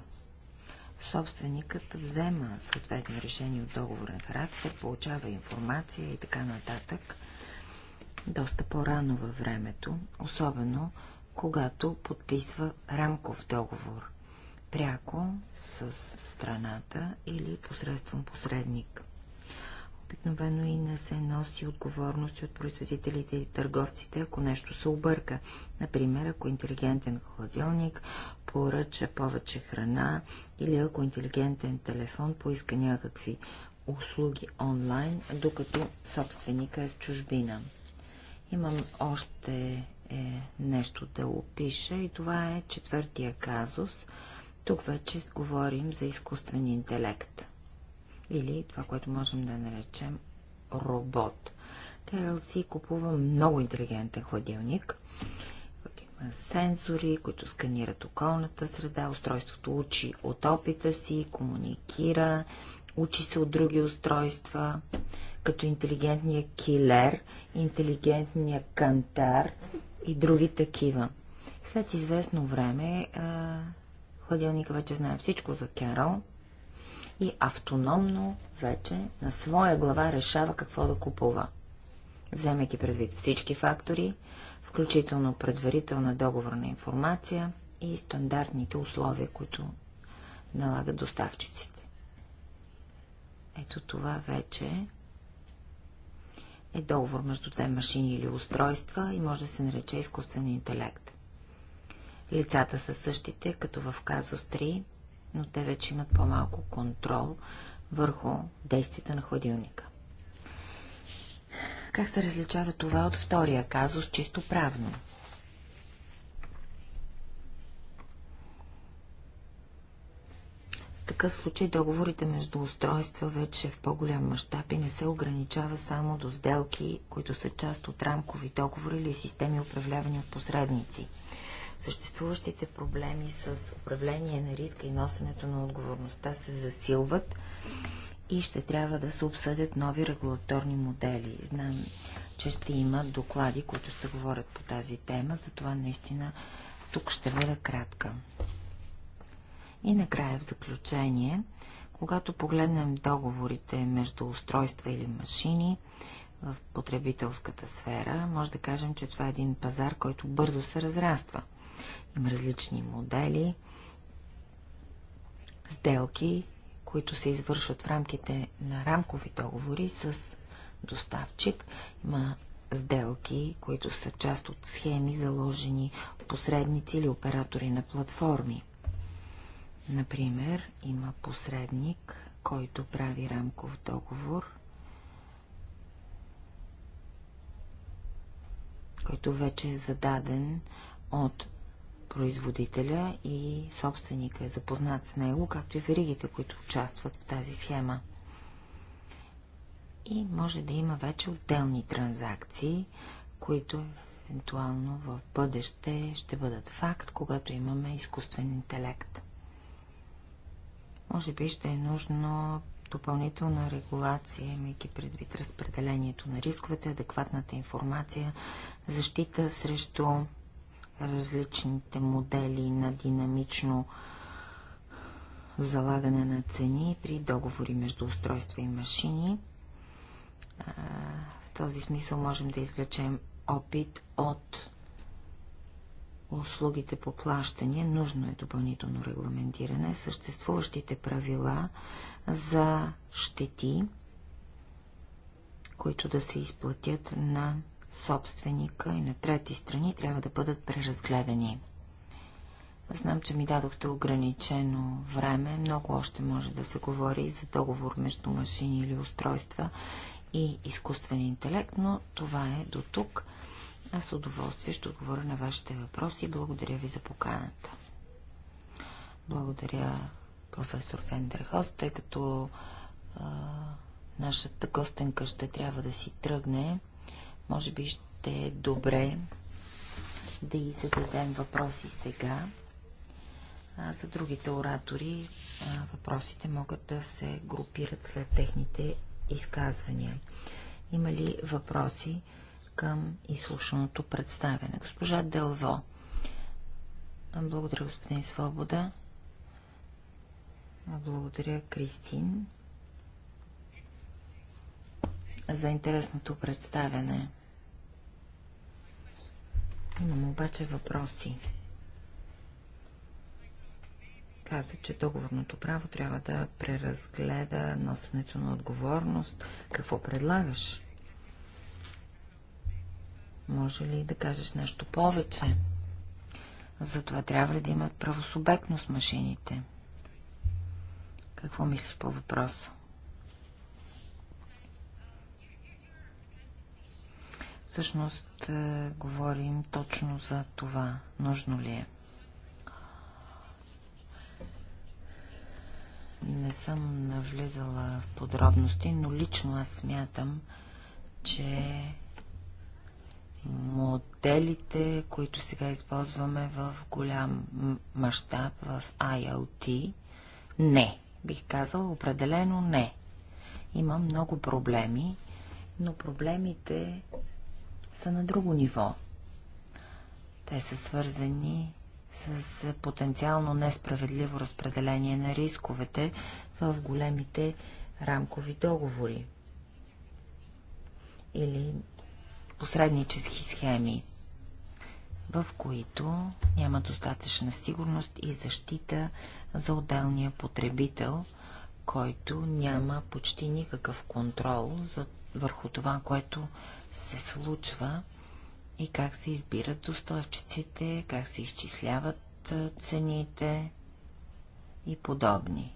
Собственикът взема съответни решения от договорен характер, получава информация и така нататък доста по-рано във времето, особено когато подписва рамков договор, пряко с страната или посредством посредник обикновено и не се носи отговорности от производителите и търговците, ако нещо се обърка. Например, ако интелигентен хладилник поръча повече храна или ако интелигентен телефон поиска някакви услуги онлайн, докато собственика е в чужбина. Имам още е, нещо да опиша и това е четвъртия казус. Тук вече говорим за изкуствен интелект или това, което можем да наречем робот. Терел си купува много интелигентен хладилник, който има сензори, които сканират околната среда, устройството учи от опита си, комуникира, учи се от други устройства, като интелигентния килер, интелигентния кантар и други такива. След известно време хладилника вече знае всичко за Керол, и автономно вече на своя глава решава какво да купува, вземайки предвид всички фактори, включително предварителна договорна информация и стандартните условия, които налагат доставчиците. Ето това вече е договор между две машини или устройства и може да се нарече изкуствен интелект. Лицата са същите, като в казус но те вече имат по-малко контрол върху действията на хладилника. Как се различава това от втория казус, чисто правно? В такъв случай договорите между устройства вече в по-голям мащаб и не се ограничава само до сделки, които са част от рамкови договори или системи, управлявани от посредници – Съществуващите проблеми с управление на риска и носенето на отговорността се засилват и ще трябва да се обсъдят нови регулаторни модели. Знам, че ще има доклади, които ще говорят по тази тема, затова наистина тук ще бъда кратка. И накрая в заключение, когато погледнем договорите между устройства или машини в потребителската сфера, може да кажем, че това е един пазар, който бързо се разраства – различни модели, сделки, които се извършват в рамките на рамкови договори с доставчик. Има сделки, които са част от схеми, заложени от посредници или оператори на платформи. Например, има посредник, който прави рамков договор, който вече е зададен от производителя и собственика е запознат с него, както и веригите, които участват в тази схема. И може да има вече отделни транзакции, които евентуално в бъдеще ще бъдат факт, когато имаме изкуствен интелект. Може би ще е нужно допълнителна регулация, имайки предвид разпределението на рисковете, адекватната информация, защита срещу различните модели на динамично залагане на цени при договори между устройства и машини. В този смисъл можем да извлечем опит от услугите по плащане, нужно е допълнително регламентиране, съществуващите правила за щети, които да се изплатят на собственика и на трети страни трябва да бъдат преразгледани. Аз знам, че ми дадохте ограничено време. Много още може да се говори за договор между машини или устройства и изкуствен интелект, но това е до тук. Аз с удоволствие ще отговоря на вашите въпроси. Благодаря ви за поканата. Благодаря, професор Фендерхост, тъй като а, нашата гостенка ще трябва да си тръгне. Може би ще е добре да и зададем въпроси сега. А за другите оратори въпросите могат да се групират след техните изказвания. Има ли въпроси към изслушаното представяне? Госпожа Делво. Благодаря, господин Свобода. Благодаря, Кристин, за интересното представяне. Имам обаче въпроси. Каза, че договорното право трябва да преразгледа носенето на отговорност. Какво предлагаш? Може ли да кажеш нещо повече? Затова трябва ли да имат правосубектност машините? Какво мислиш по въпроса? Всъщност е, говорим точно за това. Нужно ли е? Не съм навлизала в подробности, но лично аз смятам, че моделите, които сега използваме в голям мащаб в IoT, не. Бих казал определено не. Има много проблеми, но проблемите са на друго ниво. Те са свързани с потенциално несправедливо разпределение на рисковете в големите рамкови договори или посреднически схеми, в които няма достатъчна сигурност и защита за отделния потребител, който няма почти никакъв контрол за, върху това, което се случва и как се избират доставчиците, как се изчисляват цените и подобни.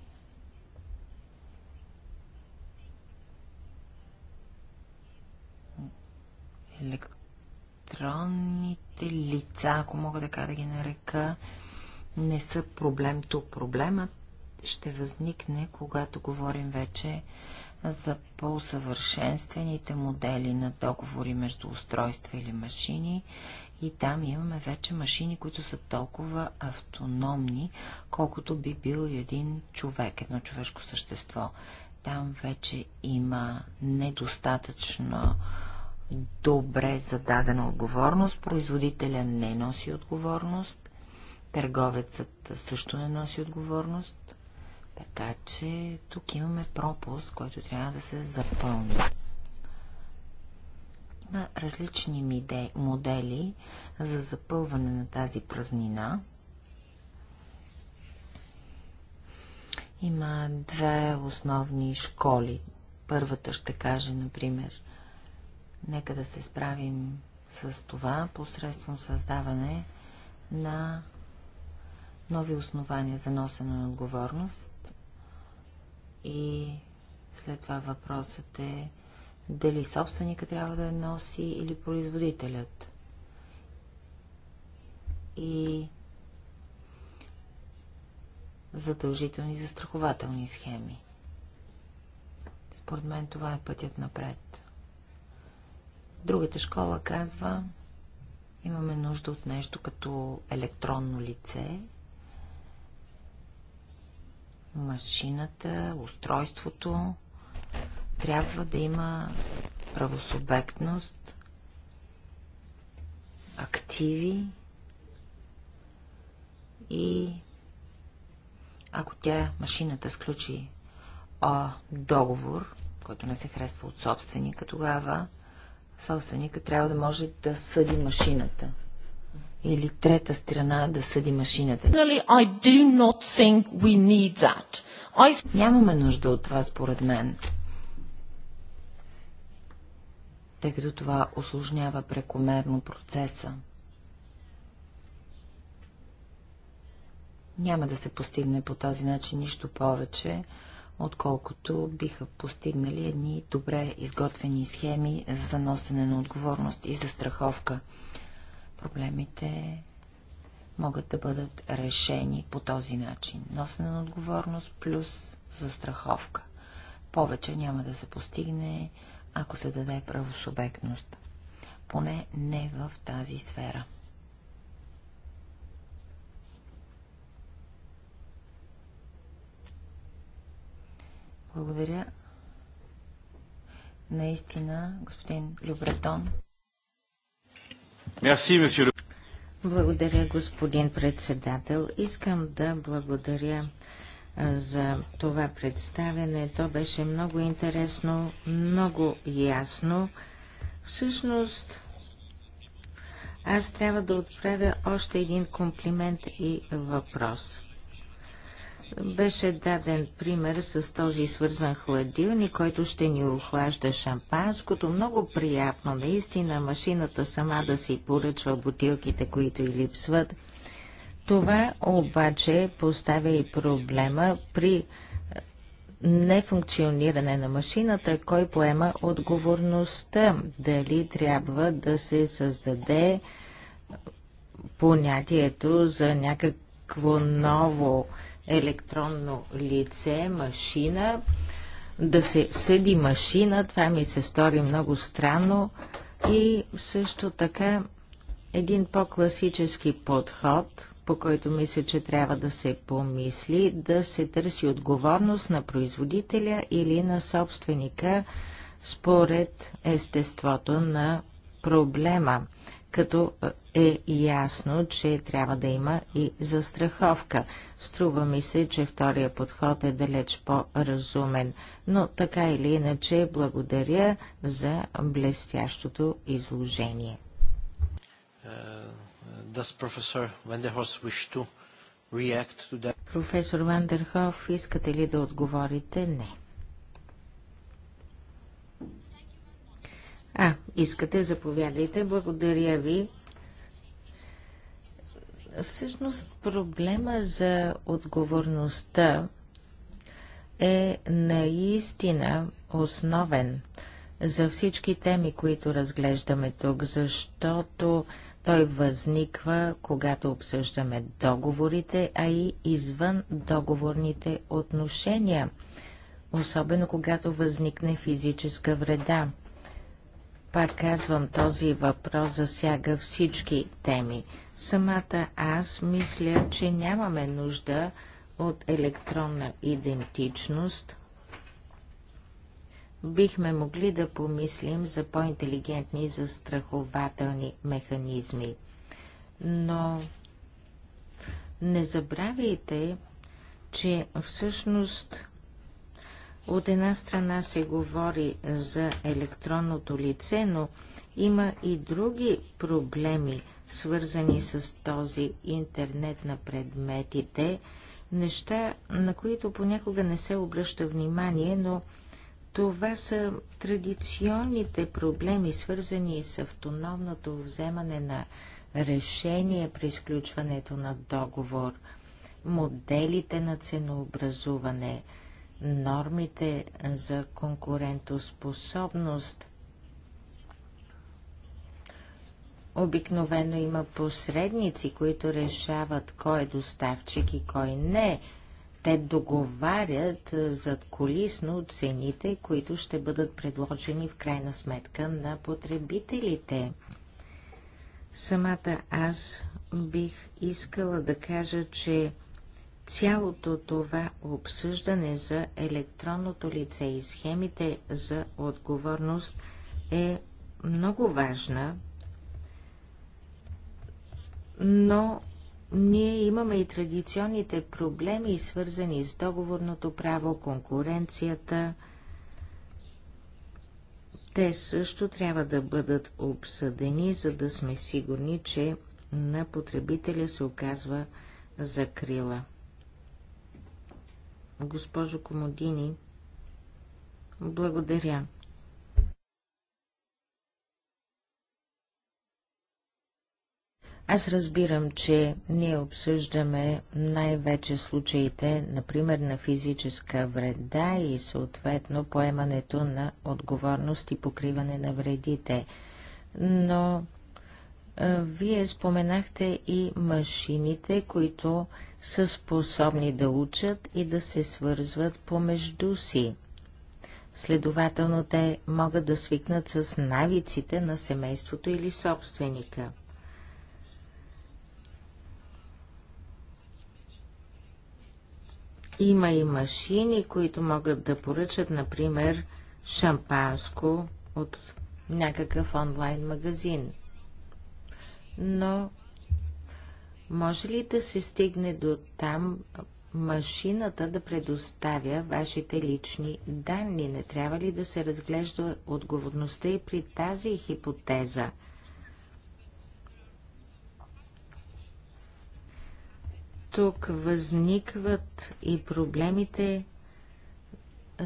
Електронните лица, ако мога така да ги нарека, не са проблем тук. Проблемът ще възникне, когато говорим вече за по-усъвършенствените модели на договори между устройства или машини и там имаме вече машини, които са толкова автономни, колкото би бил един човек, едно човешко същество. Там вече има недостатъчно добре зададена отговорност, производителя не носи отговорност, търговецът също не носи отговорност така че тук имаме пропуск, който трябва да се запълни. Има различни модели за запълване на тази празнина. Има две основни школи. Първата ще каже, например, нека да се справим с това посредством създаване на нови основания за носене на отговорност и след това въпросът е дали собственика трябва да носи или производителят. И задължителни застрахователни схеми. Според мен това е пътят напред. Другата школа казва, имаме нужда от нещо като електронно лице, машината, устройството трябва да има правосубектност, активи и ако тя, машината, сключи о, договор, който не се харесва от собственика, тогава собственика трябва да може да съди машината или трета страна да съди машината. I... Нямаме нужда от това, според мен. Тъй като това осложнява прекомерно процеса. Няма да се постигне по този начин нищо повече, отколкото биха постигнали едни добре изготвени схеми за носене на отговорност и за страховка. Проблемите могат да бъдат решени по този начин. Носене на отговорност плюс застраховка. Повече няма да се постигне, ако се даде правосубектност. Поне не в тази сфера. Благодаря. Наистина, господин Любретон. Благодаря, господин председател. Искам да благодаря за това представене. То беше много интересно, много ясно. Всъщност, аз трябва да отправя още един комплимент и въпрос – беше даден пример с този свързан хладилник, който ще ни охлажда шампанското. Много приятно, наистина, машината сама да си поръчва бутилките, които и липсват. Това обаче поставя и проблема при е, нефункциониране на машината, кой поема отговорността, дали трябва да се създаде е, понятието за някакво ново електронно лице, машина, да се съди машина, това ми се стори много странно и също така един по-класически подход, по който мисля, че трябва да се помисли, да се търси отговорност на производителя или на собственика според естеството на проблема като е ясно, че трябва да има и застраховка. Струва ми се, че втория подход е далеч по-разумен, но така или иначе благодаря за блестящото изложение. Uh, Професор Вандерхоф, искате ли да отговорите? Не. А, искате, заповядайте. Благодаря ви. Всъщност проблема за отговорността е наистина основен за всички теми, които разглеждаме тук, защото той възниква, когато обсъждаме договорите, а и извън договорните отношения, особено когато възникне физическа вреда. Пак казвам, този въпрос засяга всички теми. Самата аз мисля, че нямаме нужда от електронна идентичност. Бихме могли да помислим за по-интелигентни застрахователни механизми. Но не забравяйте, че всъщност от една страна се говори за електронното лице, но има и други проблеми, свързани с този интернет на предметите, неща, на които понякога не се обръща внимание, но това са традиционните проблеми, свързани с автономното вземане на решение при изключването на договор, моделите на ценообразуване – нормите за конкурентоспособност. Обикновено има посредници, които решават кой е доставчик и кой не. Те договарят зад колисно цените, които ще бъдат предложени в крайна сметка на потребителите. Самата аз бих искала да кажа, че цялото това обсъждане за електронното лице и схемите за отговорност е много важна, но ние имаме и традиционните проблеми, свързани с договорното право, конкуренцията. Те също трябва да бъдат обсъдени, за да сме сигурни, че на потребителя се оказва закрила госпожо Комодини. Благодаря. Аз разбирам, че ние обсъждаме най-вече случаите, например, на физическа вреда и съответно поемането на отговорност и покриване на вредите. Но а, вие споменахте и машините, които са способни да учат и да се свързват помежду си. Следователно те могат да свикнат с навиците на семейството или собственика. Има и машини, които могат да поръчат, например, шампанско от някакъв онлайн магазин. Но може ли да се стигне до там машината да предоставя вашите лични данни? Не трябва ли да се разглежда отговорността и при тази хипотеза? Тук възникват и проблемите,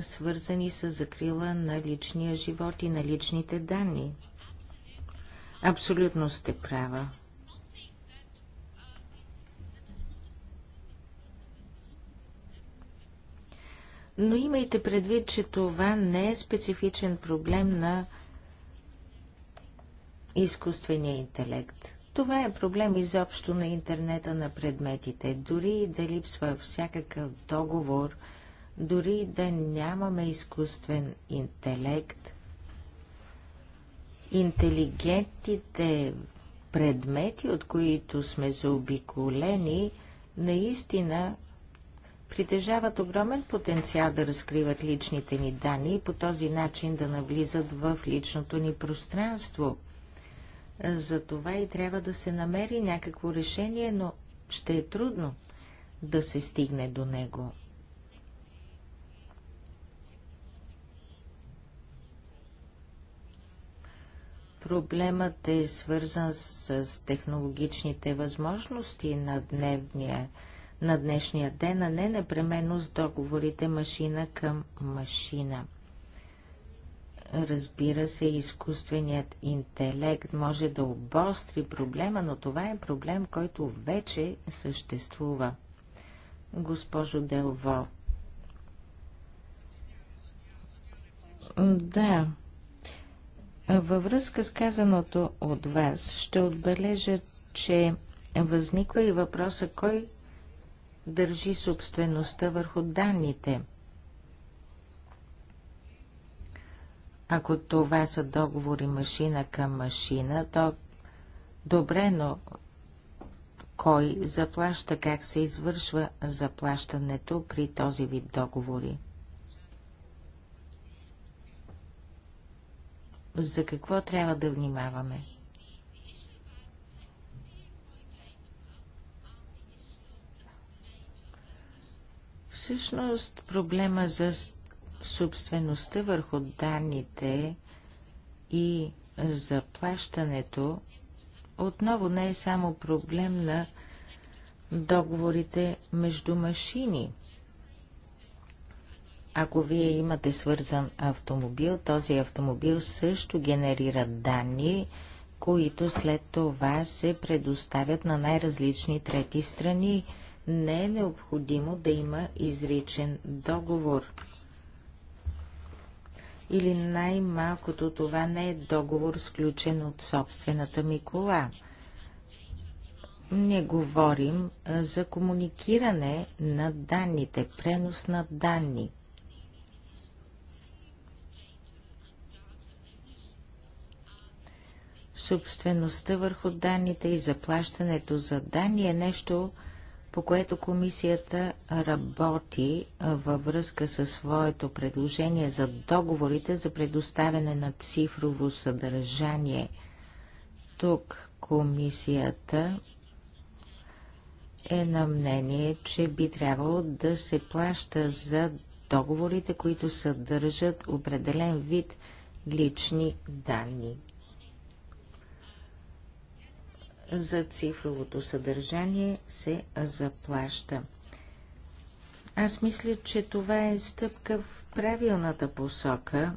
свързани с закрила на личния живот и на личните данни. Абсолютно сте права. Но имайте предвид, че това не е специфичен проблем на изкуствения интелект. Това е проблем изобщо на интернета на предметите. Дори да липсва всякакъв договор, дори да нямаме изкуствен интелект, интелигентните предмети, от които сме заобиколени, наистина притежават огромен потенциал да разкриват личните ни данни и по този начин да навлизат в личното ни пространство. За това и трябва да се намери някакво решение, но ще е трудно да се стигне до него. Проблемът е свързан с технологичните възможности на дневния на днешния ден, а не непременно с договорите машина към машина. Разбира се, изкуственият интелект може да обостри проблема, но това е проблем, който вече съществува. Госпожо Делво. Да. Във връзка с казаното от вас, ще отбележа, че възниква и въпроса кой държи собствеността върху данните. Ако това са договори машина към машина, то добре, но кой заплаща, как се извършва заплащането при този вид договори? За какво трябва да внимаваме? Всъщност проблема за собствеността върху данните и заплащането отново не е само проблем на договорите между машини. Ако вие имате свързан автомобил, този автомобил също генерира данни, които след това се предоставят на най-различни трети страни – не е необходимо да има изричен договор. Или най-малкото това не е договор, сключен от собствената ми кола. Не говорим за комуникиране на данните, пренос на данни, собствеността върху данните и заплащането за данни е нещо, по което комисията работи във връзка със своето предложение за договорите за предоставяне на цифрово съдържание. Тук комисията е на мнение, че би трябвало да се плаща за договорите, които съдържат определен вид лични данни за цифровото съдържание се заплаща. Аз мисля, че това е стъпка в правилната посока.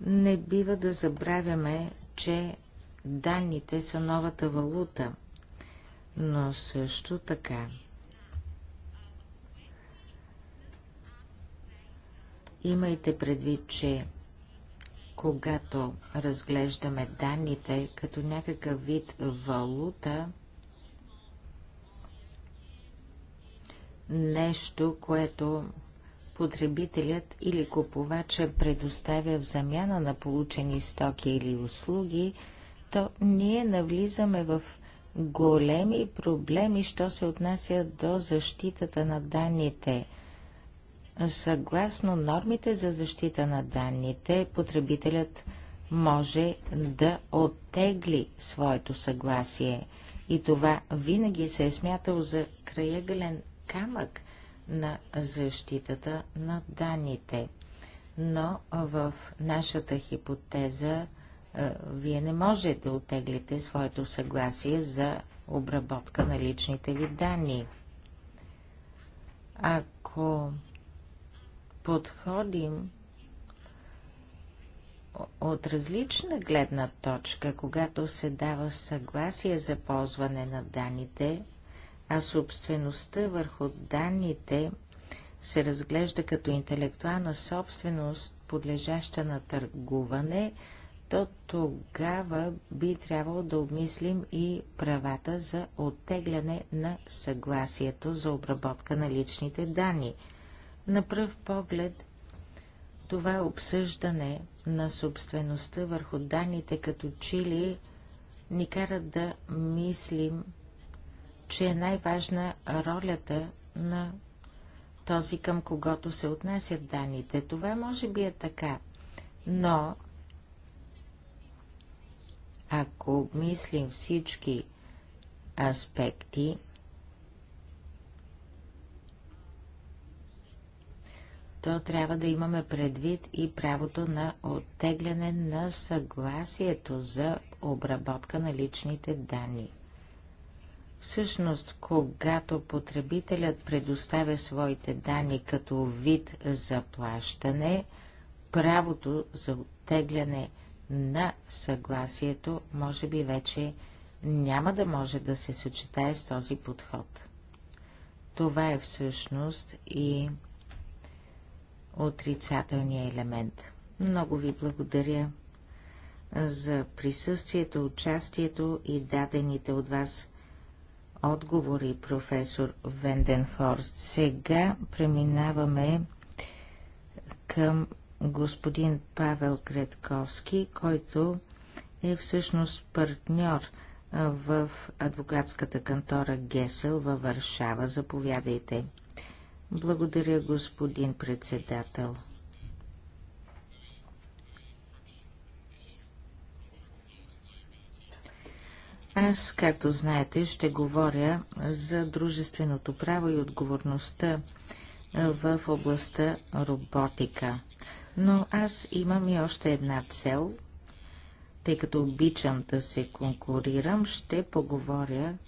Не бива да забравяме, че данните са новата валута, но също така имайте предвид, че когато разглеждаме данните като някакъв вид валута, нещо, което потребителят или купувача предоставя в замяна на получени стоки или услуги, то ние навлизаме в големи проблеми, що се отнася до защитата на данните – Съгласно нормите за защита на данните, потребителят може да оттегли своето съгласие и това винаги се е смятал за краягален камък на защитата на данните. Но в нашата хипотеза е, вие не можете да отеглите своето съгласие за обработка на личните ви данни. Ако подходим от различна гледна точка, когато се дава съгласие за ползване на данните, а собствеността върху данните се разглежда като интелектуална собственост, подлежаща на търгуване, то тогава би трябвало да обмислим и правата за оттегляне на съгласието за обработка на личните данни – на пръв поглед това е обсъждане на собствеността върху данните като Чили ни кара да мислим, че е най-важна ролята на този, към когото се отнасят данните. Това може би е така, но ако обмислим всички аспекти, то трябва да имаме предвид и правото на оттегляне на съгласието за обработка на личните данни. Всъщност, когато потребителят предоставя своите данни като вид за плащане, правото за оттегляне на съгласието може би вече няма да може да се съчетае с този подход. Това е всъщност и отрицателния елемент. Много ви благодаря за присъствието, участието и дадените от вас отговори, професор Венденхорст. Сега преминаваме към господин Павел Кретковски, който е всъщност партньор в адвокатската кантора Гесел във Варшава. Заповядайте. Благодаря, господин председател. Аз, както знаете, ще говоря за дружественото право и отговорността в областта роботика. Но аз имам и още една цел. Тъй като обичам да се конкурирам, ще поговоря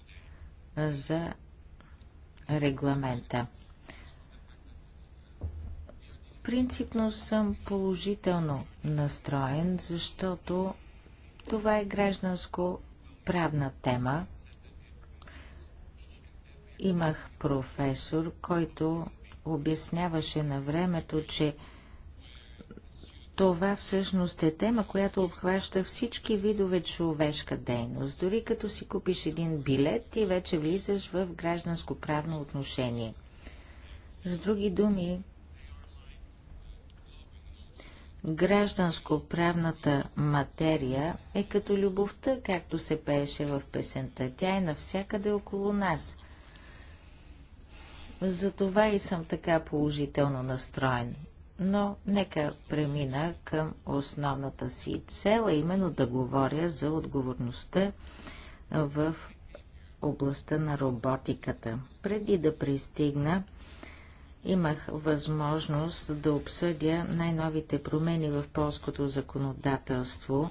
за регламента. Принципно съм положително настроен, защото това е гражданско-правна тема. Имах професор, който обясняваше на времето, че това всъщност е тема, която обхваща всички видове човешка дейност. Дори като си купиш един билет, ти вече влизаш в гражданско-правно отношение. С други думи, Гражданско-правната материя е като любовта, както се пееше в песента. Тя е навсякъде около нас. Затова и съм така положително настроен. Но нека премина към основната си цел, а именно да говоря за отговорността в областта на роботиката. Преди да пристигна имах възможност да обсъдя най-новите промени в полското законодателство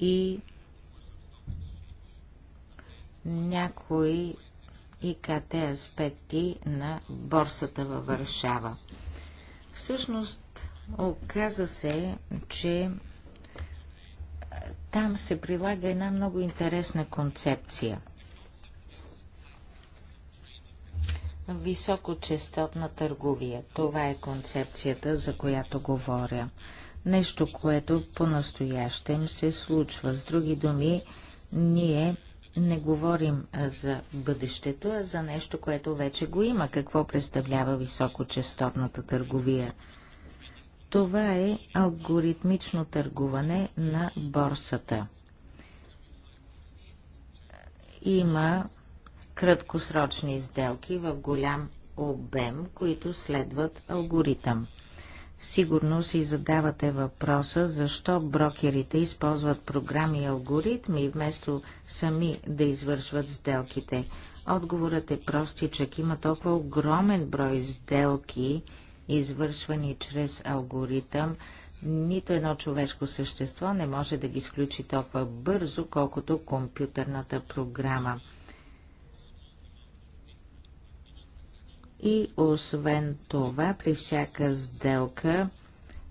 и някои ИКТ аспекти на борсата във Варшава. Всъщност, оказа се, че там се прилага една много интересна концепция – високочастотна търговия. Това е концепцията, за която говоря. Нещо, което по-настоящем се случва. С други думи, ние не говорим за бъдещето, а за нещо, което вече го има. Какво представлява високочастотната търговия? Това е алгоритмично търгуване на борсата. Има краткосрочни сделки в голям обем, които следват алгоритъм. Сигурно си задавате въпроса, защо брокерите използват програми и алгоритми, вместо сами да извършват сделките. Отговорът е простичък. Има толкова огромен брой сделки, извършвани чрез алгоритъм, нито едно човешко същество не може да ги сключи толкова бързо, колкото компютърната програма. И освен това, при всяка сделка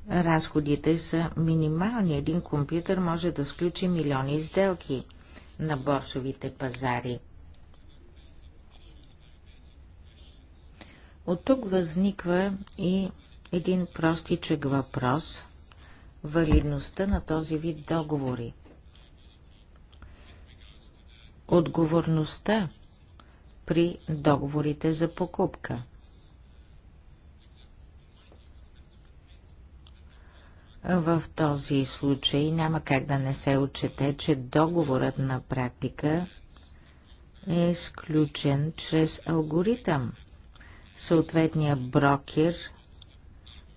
разходите са минимални. Един компютър може да сключи милиони сделки на борсовите пазари. От тук възниква и един простичък въпрос – валидността на този вид договори. Отговорността при договорите за покупка. В този случай няма как да не се отчете, че договорът на практика е изключен чрез алгоритъм. Съответният брокер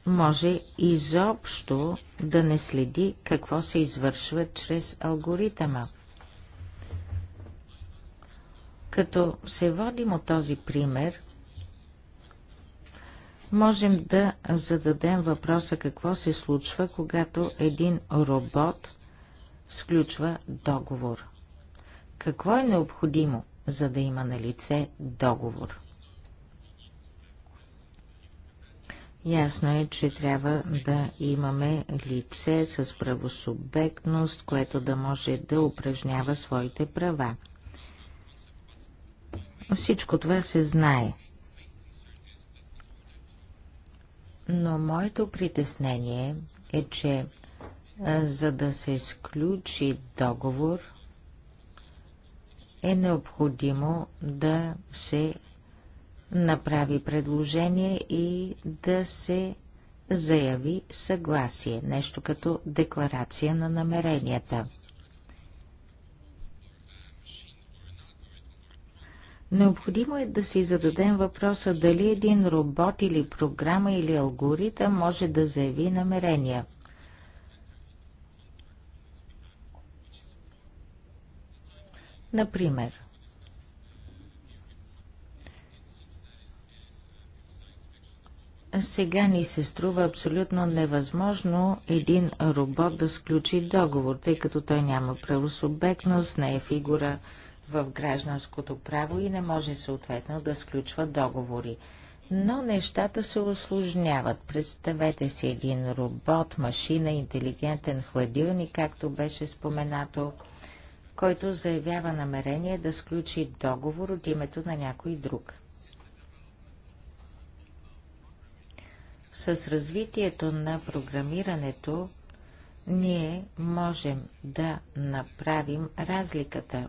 може изобщо да не следи какво се извършва чрез алгоритъма. Като се водим от този пример, можем да зададем въпроса какво се случва, когато един робот сключва договор. Какво е необходимо, за да има на лице договор? Ясно е, че трябва да имаме лице с правосубектност, което да може да упражнява своите права. Всичко това се знае. Но моето притеснение е, че за да се изключи договор, е необходимо да се направи предложение и да се заяви съгласие, нещо като декларация на намеренията – Необходимо е да си зададем въпроса дали един робот или програма или алгоритъм може да заяви намерения. Например, сега ни се струва абсолютно невъзможно един робот да сключи договор, тъй като той няма правосубектност, не е фигура – в гражданското право и не може съответно да сключва договори. Но нещата се осложняват. Представете си един робот, машина, интелигентен хладилник, както беше споменато, който заявява намерение да сключи договор от името на някой друг. С развитието на програмирането ние можем да направим разликата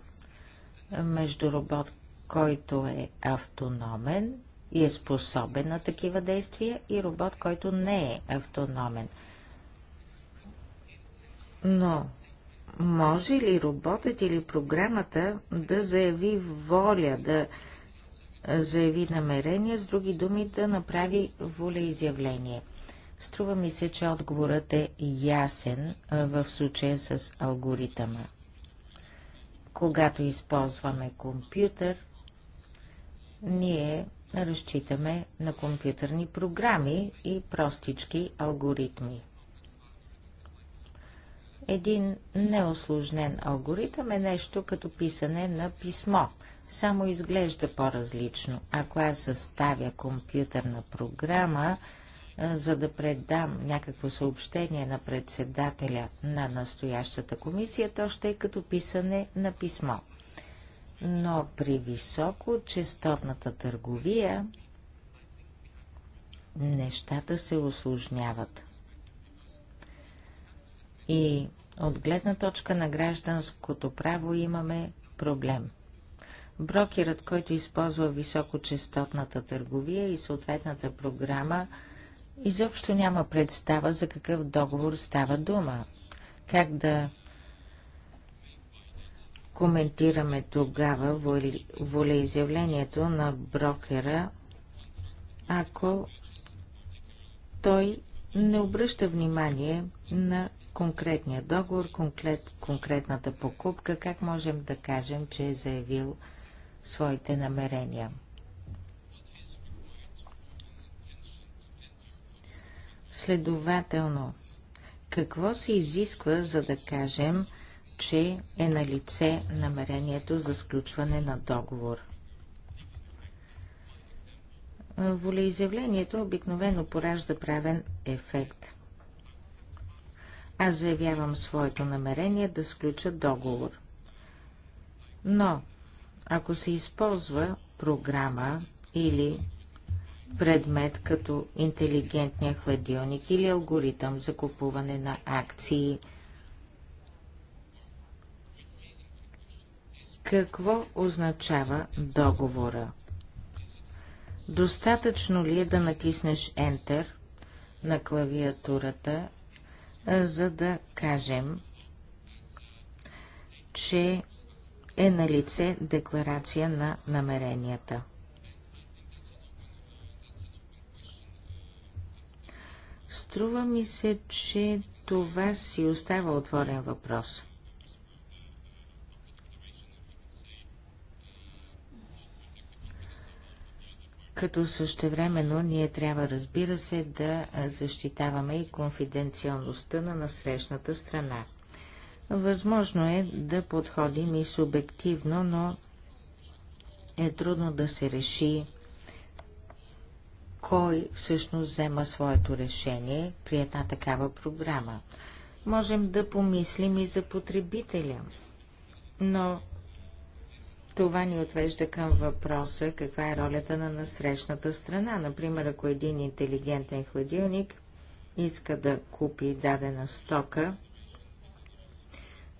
между робот, който е автономен и е способен на такива действия и робот, който не е автономен. Но може ли роботът или програмата да заяви воля, да заяви намерение, с други думи да направи волеизявление? Струва ми се, че отговорът е ясен в случая с алгоритъма. Когато използваме компютър, ние разчитаме на компютърни програми и простички алгоритми. Един неосложнен алгоритъм е нещо като писане на писмо, само изглежда по-различно. Ако аз съставя компютърна програма, е, за да предам някакво съобщение на председателя на настоящата комисия, то ще е като писане на писмо. Но при високо търговия нещата се осложняват. И от гледна точка на гражданското право имаме проблем. Брокерът, който използва високочастотната търговия и съответната програма изобщо няма представа за какъв договор става дума. Как да коментираме тогава волеизявлението на брокера, ако той не обръща внимание на конкретния договор, конкрет, конкретната покупка, как можем да кажем, че е заявил своите намерения – Следователно, какво се изисква, за да кажем, че е на лице намерението за сключване на договор? Волеизявлението обикновено поражда правен ефект. Аз заявявам своето намерение да сключа договор. Но, ако се използва програма или предмет като интелигентния хладилник или алгоритъм за купуване на акции. Какво означава договора? Достатъчно ли е да натиснеш Enter на клавиатурата, за да кажем, че е на лице декларация на намеренията? Струва ми се, че това си остава отворен въпрос. като същевременно ние трябва, разбира се, да защитаваме и конфиденциалността на насрещната страна. Възможно е да подходим и субективно, но е трудно да се реши кой всъщност взема своето решение при една такава програма. Можем да помислим и за потребителя, но това ни отвежда към въпроса каква е ролята на насрещната страна. Например, ако един интелигентен хладилник иска да купи дадена стока,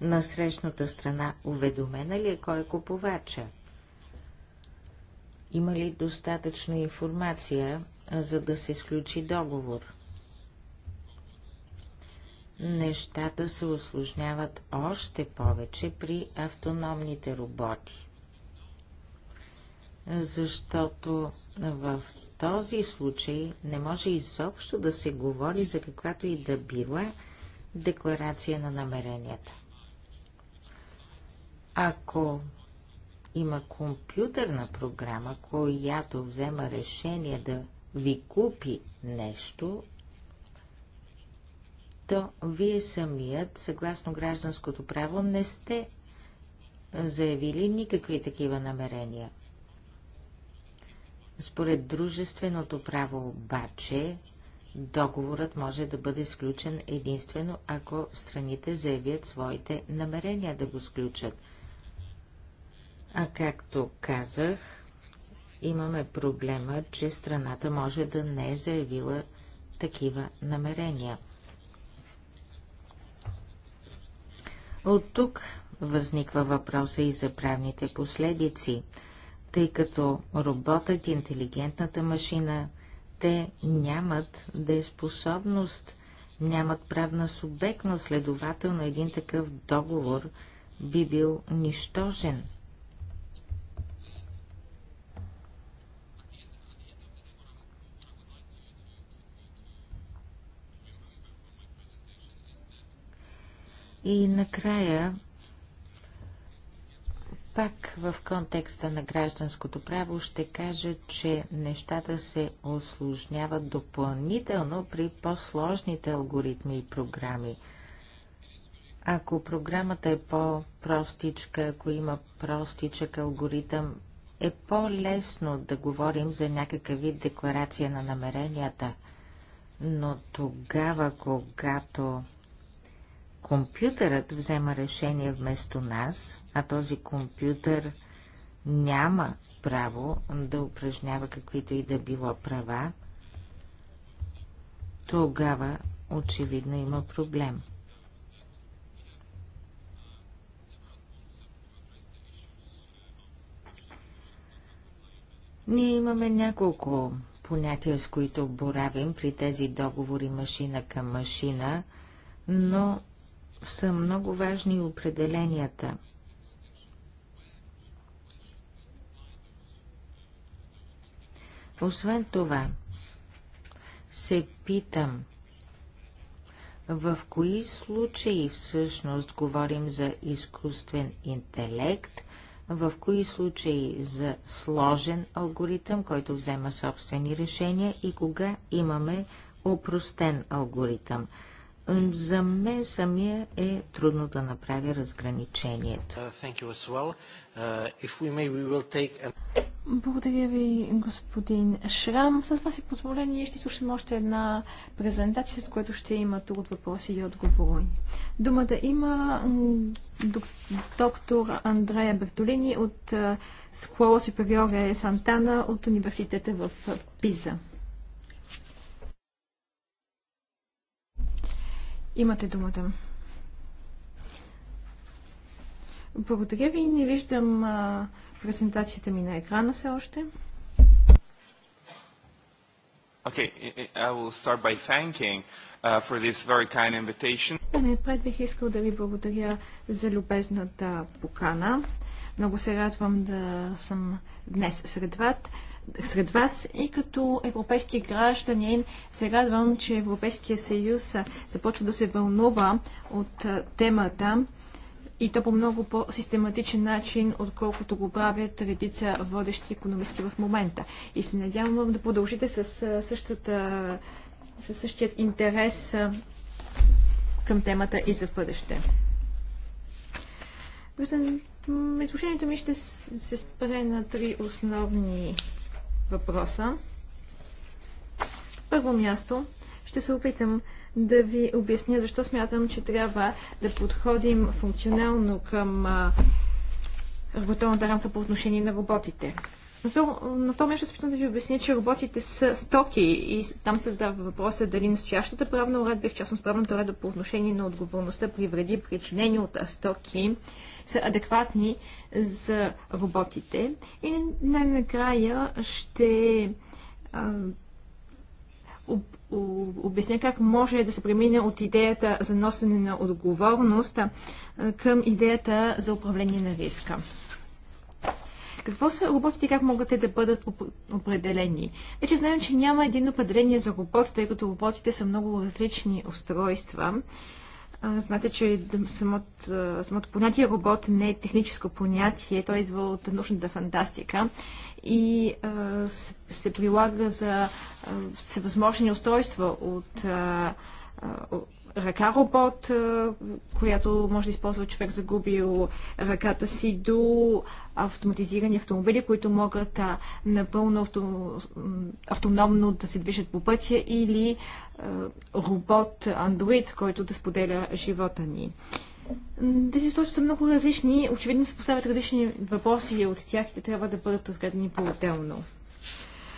насрещната страна уведомена ли е кой е купувача? Има ли достатъчно информация за да се сключи договор. Нещата се осложняват още повече при автономните роботи, защото в този случай не може изобщо да се говори за каквато и да била декларация на намеренията. Ако има компютърна програма, която взема решение да ви купи нещо, то вие самият, съгласно гражданското право, не сте заявили никакви такива намерения. Според дружественото право обаче, договорът може да бъде сключен единствено, ако страните заявят своите намерения да го сключат. А както казах, имаме проблема, че страната може да не е заявила такива намерения. От тук възниква въпроса и за правните последици, тъй като роботът, интелигентната машина, те нямат дееспособност, нямат правна субектност, следователно един такъв договор би бил нищожен – И накрая, пак в контекста на гражданското право ще кажа, че нещата се осложняват допълнително при по-сложните алгоритми и програми. Ако програмата е по-простичка, ако има простичък алгоритъм, е по-лесно да говорим за някакъв вид декларация на намеренията. Но тогава, когато компютърът взема решение вместо нас, а този компютър няма право да упражнява каквито и да било права, тогава очевидно има проблем. Ние имаме няколко понятия, с които боравим при тези договори машина към машина, но са много важни определенията. Освен това, се питам, в кои случаи всъщност говорим за изкуствен интелект, в кои случаи за сложен алгоритъм, който взема собствени решения и кога имаме упростен алгоритъм. За мен самия е трудно да направя разграничението. Uh, uh, Благодаря ви, господин Шрам. С вас и позволение ще слушам още една презентация, с която ще има тук от въпроси и отговори. Дума да има доктор Андрея Бертолини от Сколо Супериоре Сантана от университета в Пиза. Имате думата. Благодаря ви. Не виждам а, презентацията ми на екрана все още. Okay, I will start by thanking uh, for this very kind invitation. Най-напред бих искал да ви благодаря за любезната покана. Много се радвам да съм днес сред вас сред вас и като европейски гражданин се радвам, че Европейския съюз започва да се вълнува от темата и то по много по-систематичен начин, отколкото го правят редица водещи економисти в момента. И се надявам да продължите с, същата, с същият интерес към темата и за бъдеще. Изложението ми ще се спре на три основни въпроса. Първо място ще се опитам да ви обясня защо смятам, че трябва да подходим функционално към работовната рамка по отношение на роботите. На второ, на второ място се да ви обясня, че работите са стоки и там се задава въпроса дали настоящата правна уредба, в частност правната уредба по отношение на отговорността при вреди, причинени от стоки, са адекватни за работите. И най-накрая ще обясня как може да се премине от идеята за носене на отговорност към идеята за управление на риска. Какво са роботите и как могат те да бъдат определени? Вече знаем, че няма един определение за робот, тъй като роботите са много различни устройства. Знаете, че самот, самото понятие робот не е техническо понятие, той идва от научната фантастика и а, се, прилага за всевъзможни устройства от а, ръка-робот, която може да използва човек загубил ръката си, до автоматизирани автомобили, които могат напълно авто, автономно да се движат по пътя или робот андроид, който да споделя живота ни. Тези случаи са много различни. Очевидно се поставят различни въпроси от тях и те трябва да бъдат разгледани по-отделно.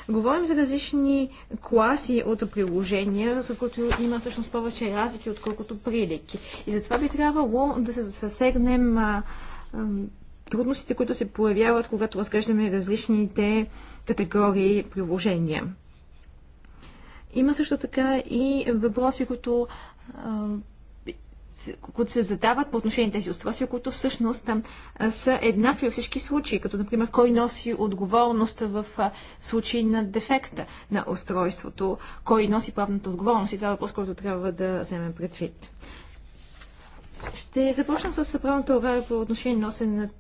Говорим за различни класи от приложения, за които има всъщност повече разлики, отколкото прилики. И затова би трябвало да се засегнем а, а, трудностите, които се появяват, когато разглеждаме различните категории приложения. Има също така и въпроси, които а, които се задават по отношение на тези устройства, които всъщност са еднакви във всички случаи, като например кой носи отговорност в случай на дефекта на устройството, кой носи правната отговорност и това е въпрос, който трябва да вземем предвид. Ще започна с правната уреда по отношение на носенето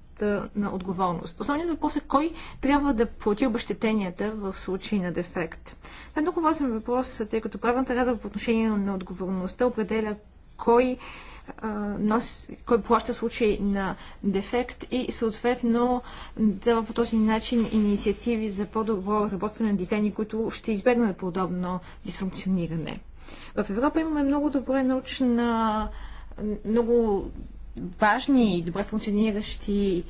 на отговорност. Основният въпрос е кой трябва да плати обещетенията в случай на дефект. Това е много важен въпрос, тъй като правната рада по отношение на отговорността определя кой нос, кой плаща случай на дефект и съответно дава по този начин инициативи за по-добро разработване на дизайни, които ще избегнат подобно дисфункциониране. В Европа имаме много добре научна, много важни и добре функциониращи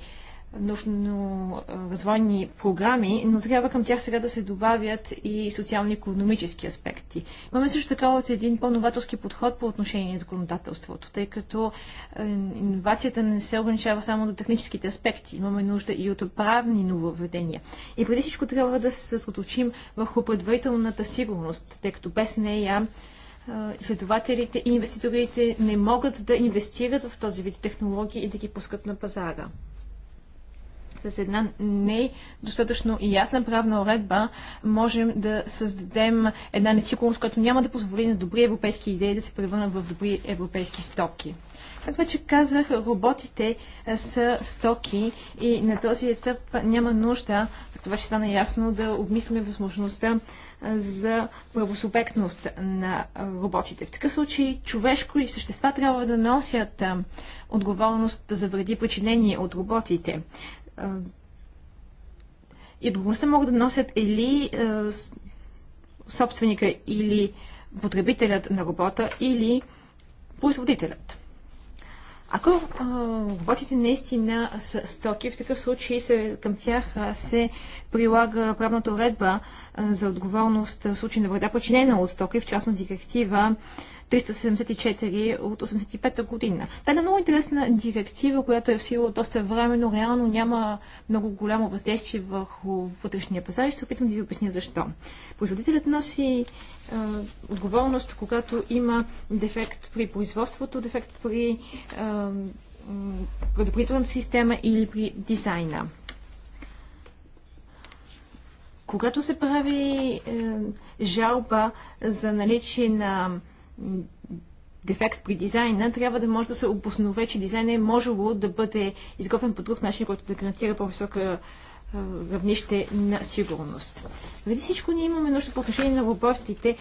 нужно развойни програми, но трябва към тях сега да се добавят и социално-економически аспекти. Имаме също така от един по-новаторски подход по отношение на законодателството, тъй като е, иновацията не се ограничава само до техническите аспекти. Имаме нужда и от правни нововведения. И преди всичко трябва да се съсредоточим върху предварителната сигурност, тъй като без нея е, изследователите и инвеститорите не могат да инвестират в този вид технологии и да ги пускат на пазара с една недостатъчно ясна правна уредба можем да създадем една несигурност, която няма да позволи на добри европейски идеи да се превърнат в добри европейски стоки. Както вече казах, роботите са стоки и на този етап няма нужда, това ще стана ясно, да обмисляме възможността за правосубектност на роботите. В такъв случай човешко и същества трябва да носят отговорност за вреди причинени от роботите и отговорността могат да носят или собственика, или потребителят на работа, или производителят. Ако а, наистина с стоки, в такъв случай се, към тях а, се прилага правната уредба а, за отговорност в случай на вреда, починена от стоки, в частност директива 374 от 85-та година. Това е една много интересна директива, която е в сила доста време, но реално няма много голямо въздействие върху вътрешния пазар. Ще се опитам да ви обясня защо. Производителят носи е, отговорност, когато има дефект при производството, дефект при е, предупредителната система или при дизайна. Когато се прави е, жалба за наличие на дефект при дизайна, трябва да може да се обоснове, че дизайна е можело да бъде изготвен по друг начин, който да гарантира по-висока равнище на сигурност. Преди всичко ние имаме нужда по отношение на роботите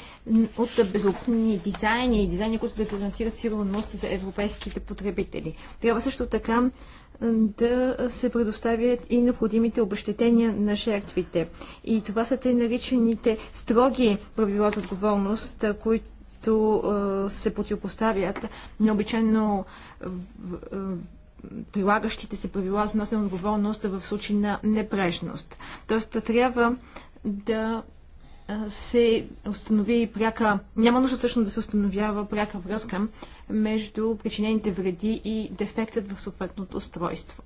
от безопасни дизайни и дизайни, които да гарантират сигурност за европейските потребители. Трябва също така да се предоставят и необходимите обещетения на жертвите. И това са те наричаните строги правила за отговорност, които които се противопоставят необичайно прилагащите се правила за носен отговорност в случай на непрежност. Тоест трябва да се установи пряка, няма нужда всъщност да се установява пряка връзка между причинените вреди и дефектът в съответното устройство.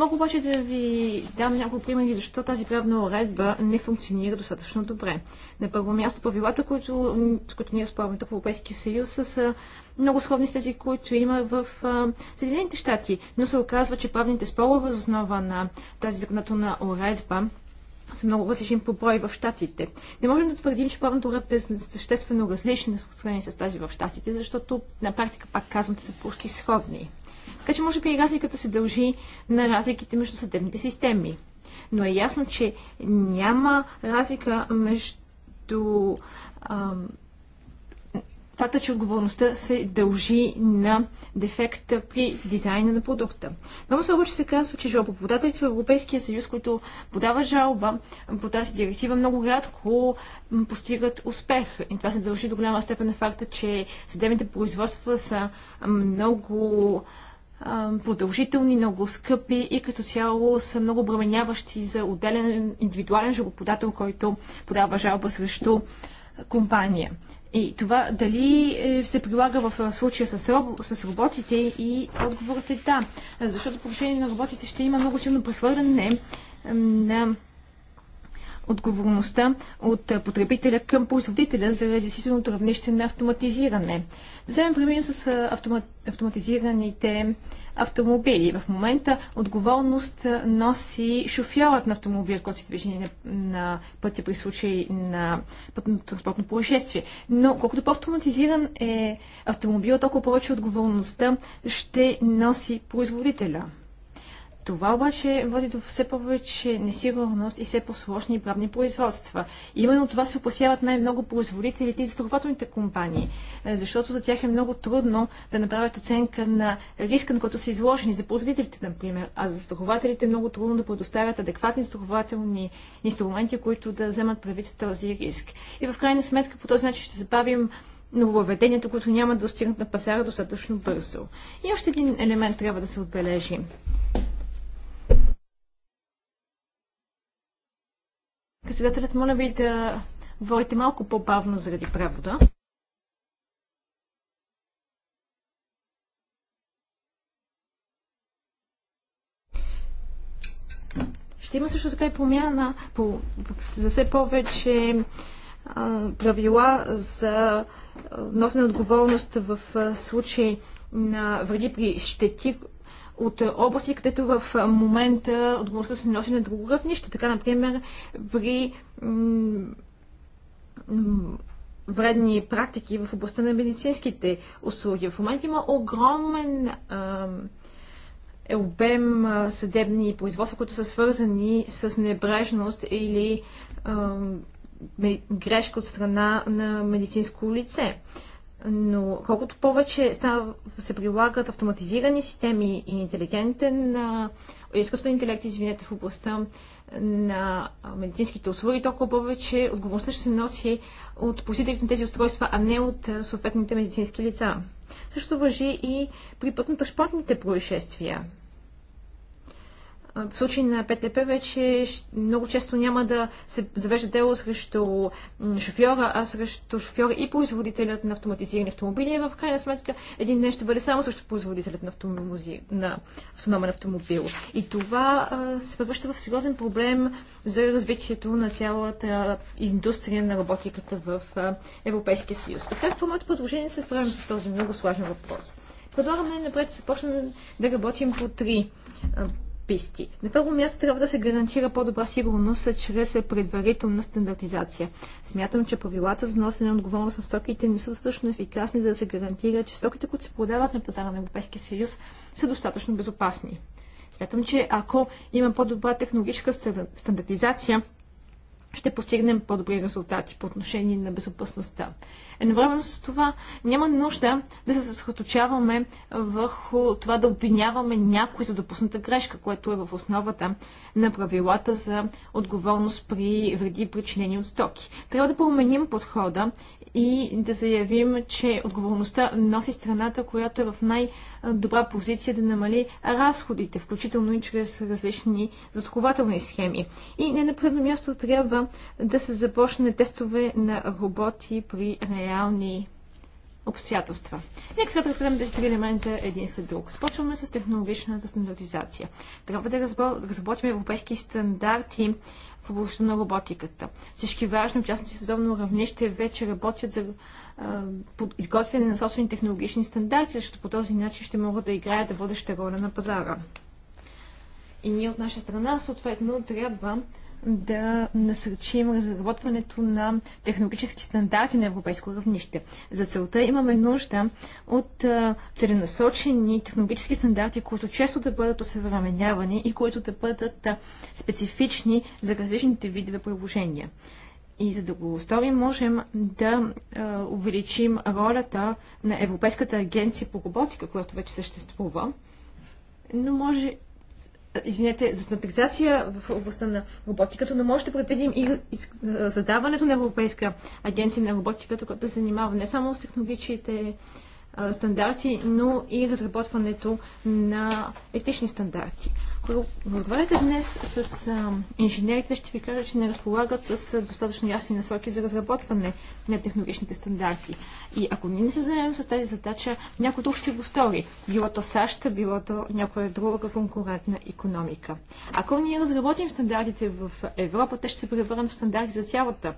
Мога обаче да ви дам няколко примери защо тази правна уредба не функционира достатъчно добре. На първо място правилата, които, с които ние спорваме тук в Европейския съюз, са много сходни с тези, които има в Съединените щати, но се оказва, че правните спорове основа на тази законодателна уредба са много различни по брой в щатите. Не можем да твърдим, че правната уредба е съществено различна в сравнение с тази в щатите, защото на практика, пак казвам, те са почти сходни. Така че може би и разликата се дължи на разликите между съдебните системи. Но е ясно, че няма разлика между ам, факта, че отговорността се дължи на дефекта при дизайна на продукта. Много се обаче се казва, че жалбоподателите в Европейския съюз, които подават жалба по тази директива, много рядко постигат успех. И това се дължи до голяма степен на факта, че съдебните производства са много продължителни, много скъпи и като цяло са много обременяващи за отделен индивидуален жалоподател, който подава жалба срещу компания. И това дали е, се прилага в случая с, работите, и отговорът е да. Защото повишение на работите ще има много силно прехвърляне на отговорността от потребителя към производителя заради действителното равнище на автоматизиране. Да вземем пример с автоматизираните автомобили. В момента отговорност носи шофьорът на автомобил, който се движи на, на пътя при случай на пътно-транспортно происшествие. Но колкото по-автоматизиран е автомобил, толкова повече отговорността ще носи производителя. Това обаче води до все повече несигурност и все по-сложни правни производства. именно това се опасяват най-много производителите и застрахователните компании, е, защото за тях е много трудно да направят оценка на риска, на който са изложени за производителите, например, а за застрахователите е много трудно да предоставят адекватни застрахователни инструменти, които да вземат правит този риск. И в крайна сметка по този начин ще забавим нововведението, което няма да достигнат на пазара достатъчно бързо. И още един елемент трябва да се отбележи. Председателят, моля ви да говорите малко по-бавно заради превода. Ще има също така и промяна по, за все повече а, правила за носене отговорност в а, случай на вреди при щети, от области, където в момента отговорността се носи на друго равнище. Така, например, при вредни практики в областта на медицинските услуги. В момента има огромен е, обем съдебни производства, които са свързани с небрежност или грешка от страна на медицинско лице но колкото повече става, се прилагат автоматизирани системи и интелигентен изкуствен интелект, извинете, в областта на медицинските услуги, толкова повече отговорността ще се носи от посетителите на тези устройства, а не от съответните медицински лица. Също въжи и при пътно-транспортните происшествия в случай на ПТП вече много често няма да се завежда дело срещу шофьора, а срещу шофьора и производителят на автоматизирани автомобили. В крайна сметка един ден ще бъде само срещу производителят на, автомози... на автономен автомобил. И това се превръща в сериозен проблем за развитието на цялата индустрия на роботиката в Европейския съюз. И така, по моето предложение се справим с този много сложен въпрос. Предлагам най-напред да започнем да работим по три писти. На първо място трябва да се гарантира по-добра сигурност чрез предварителна стандартизация. Смятам, че правилата за носене на отговорност на стоките не са достатъчно ефикасни, за да се гарантира, че стоките, които се продават на пазара на Европейския съюз, са достатъчно безопасни. Смятам, че ако има по-добра технологическа стандартизация, ще постигнем по-добри резултати по отношение на безопасността. Едновременно с това няма нужда да се съсредоточаваме върху това да обвиняваме някой за допусната грешка, което е в основата на правилата за отговорност при вреди причинени от стоки. Трябва да променим подхода и да заявим, че отговорността носи страната, която е в най-добра позиция да намали разходите, включително и чрез различни застрахователни схеми. И не на предно място трябва да се започне тестове на роботи при реални обстоятелства. Нека сега разгледаме тези три елемента един след друг. Спочваме с технологичната стандартизация. Трябва да разработим европейски стандарти областта на роботиката. Всички важни участници в световно равнище вече работят за изготвяне на собствени технологични стандарти, защото по този начин ще могат да играят водеща роля на пазара. И ние от наша страна съответно трябва да насърчим разработването на технологически стандарти на европейско равнище. За целта имаме нужда от целенасочени технологически стандарти, които често да бъдат осъвременявани и които да бъдат специфични за различните видове приложения. И за да го оставим, можем да а, увеличим ролята на Европейската агенция по роботика, която вече съществува, но може извинете, за стандартизация в областта на роботиката, но може да предвидим и създаването на Европейска агенция на роботиката, която се занимава не само с технологичните стандарти, но и разработването на етични стандарти разговаряте днес с а, инженерите, ще ви кажа, че не разполагат с а, достатъчно ясни насоки за разработване на технологичните стандарти. И ако ние не се занимаваме с тази задача, някой друг ще го стори. Било то САЩ, било то някоя друга конкурентна економика. Ако ние разработим стандартите в Европа, те ще се превърнат в стандарти за цялата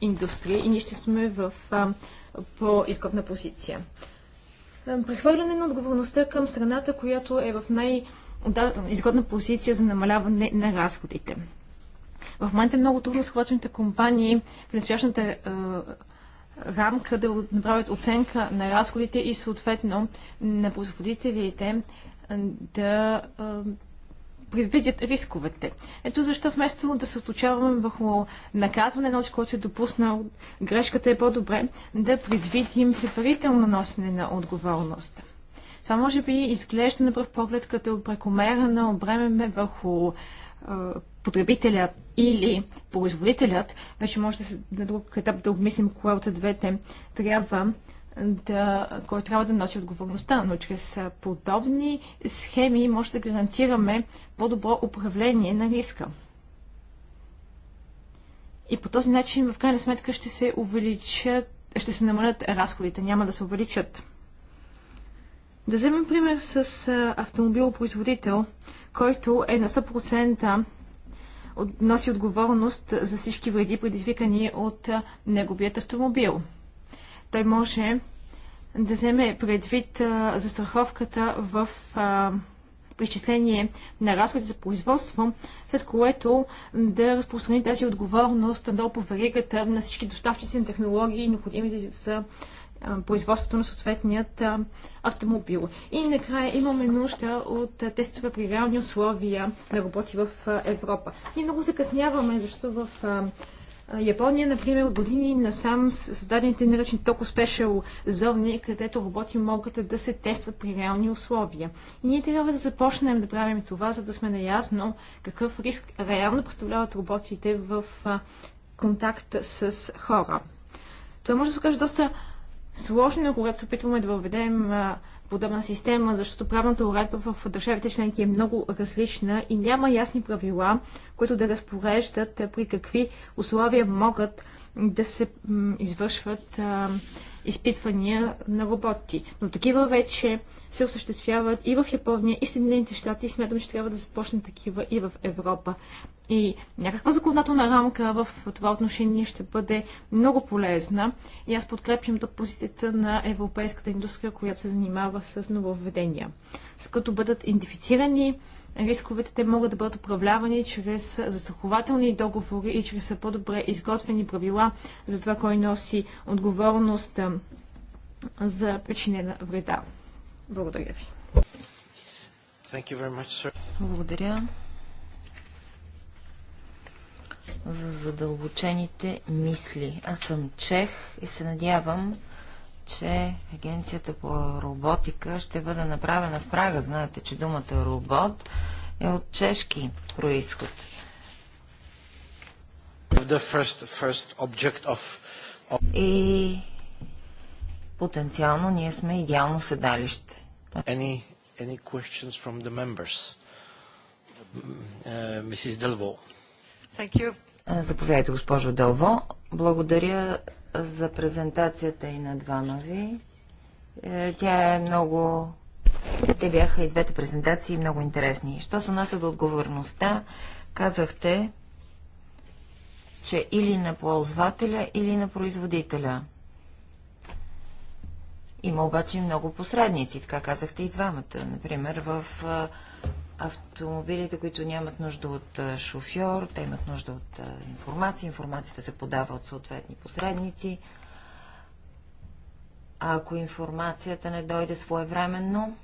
индустрия и ние ще сме в по-изгодна позиция. Прехвърляне на отговорността към страната, която е в най- изгодна позиция за намаляване на разходите. В момента е много трудно схвачените компании в настоящата е, рамка да направят оценка на разходите и съответно на производителите е, да е, предвидят рисковете. Ето защо вместо да се отучаваме върху наказване на този, който е допуснал грешката, е по-добре да предвидим предварително носене на отговорността. Това може би изглежда на пръв поглед като прекомерно бреме върху е, потребителя или производителят. Вече може да се, на друг етап да обмислим кое от двете трябва да, кой трябва да носи отговорността, но чрез подобни схеми може да гарантираме по-добро управление на риска. И по този начин в крайна сметка ще се увеличат, ще се намалят разходите, няма да се увеличат. Да вземем пример с автомобилопроизводител, който е на 100% носи отговорност за всички вреди, предизвикани от неговият автомобил. Той може да вземе предвид застраховката в причисление на разходите за производство, след което да разпространи тази отговорност надолу по веригата на всички доставчици на технологии, необходими за производството на съответният автомобил. И накрая имаме нужда от тестове при реални условия на работи в Европа. Ние много закъсняваме, защото в Япония, например, от години насам създадените наречени токо спешъл зони, където роботи могат да се тестват при реални условия. И ние трябва да започнем да правим това, за да сме наясно какъв риск реално представляват роботите в контакт с хора. Това може да се окаже доста сложно, когато се опитваме да въведем подобна система, защото правната уредба в държавите членки е много различна и няма ясни правила, които да разпореждат при какви условия могат да се извършват изпитвания на роботи. Но такива вече се осъществяват и в Япония, и в Съединените щати. и Смятам, че трябва да започне такива и в Европа. И някаква законодателна рамка в това отношение ще бъде много полезна. И аз подкрепям тук позицията на европейската индустрия, която се занимава с нововведения. С като бъдат идентифицирани рисковете, те могат да бъдат управлявани чрез застрахователни договори и чрез по-добре изготвени правила за това, кой носи отговорност за причинена вреда. Благодаря ви. Much, Благодаря за задълбочените мисли. Аз съм чех и се надявам, че агенцията по роботика ще бъде направена в Прага. Знаете, че думата робот е от чешки происход. First, first of... И потенциално ние сме идеално седалище. Any, any questions from the members? Uh, Mrs. Thank you. Uh, заповядайте, госпожо Дълво. Благодаря за презентацията и на двама ви. Uh, тя е много... Те бяха и двете презентации много интересни. Що се отнася до отговорността, казахте, че или на ползвателя, или на производителя – има обаче много посредници, така казахте и двамата. Например, в автомобилите, които нямат нужда от шофьор, те имат нужда от информация, информацията се подава от съответни посредници. А ако информацията не дойде своевременно,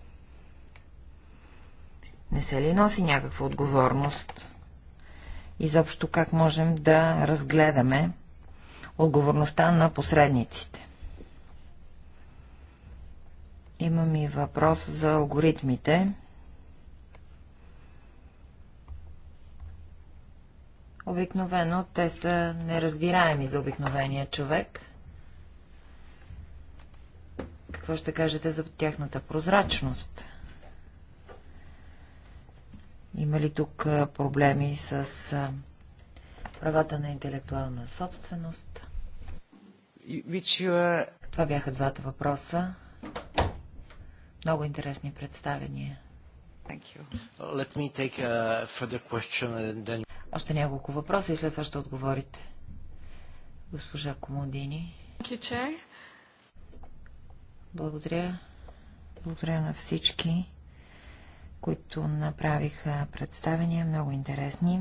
не се ли носи някаква отговорност? Изобщо как можем да разгледаме отговорността на посредниците? Имам и въпрос за алгоритмите. Обикновено те са неразбираеми за обикновения човек. Какво ще кажете за тяхната прозрачност? Има ли тук проблеми с правата на интелектуална собственост? Това бяха двата въпроса, много интересни представения. Then... Още няколко въпроса и след това ще отговорите. Госпожа Комодини. You, Благодаря. Благодаря на всички, които направиха представения, много интересни.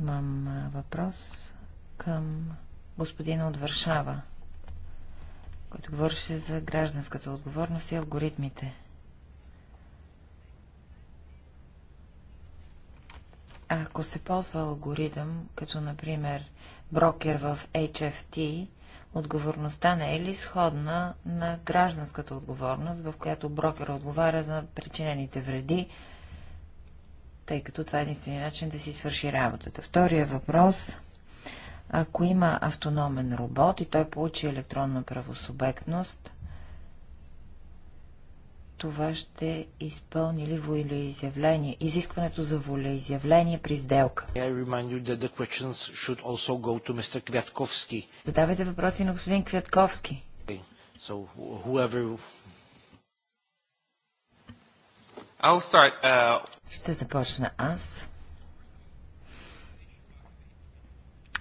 Имам въпрос към господина от Варшава, който говореше за гражданската отговорност и алгоритмите. Ако се ползва алгоритъм, като например брокер в HFT, отговорността не е ли сходна на гражданската отговорност, в която брокер отговаря за причинените вреди, тъй като това е единствения начин да си свърши работата. Втория въпрос ако има автономен робот и той получи електронна правосубектност, това ще изпълни ли волеизявление, изискването за волеизявление при сделка? Задавайте въпроси на господин Квятковски. So, whoever... I'll start. Uh... Ще започна аз.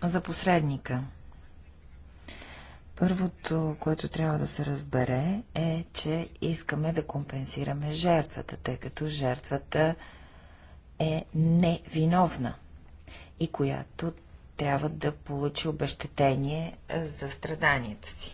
За посредника. Първото, което трябва да се разбере, е, че искаме да компенсираме жертвата, тъй като жертвата е невиновна и която трябва да получи обещетение за страданията си.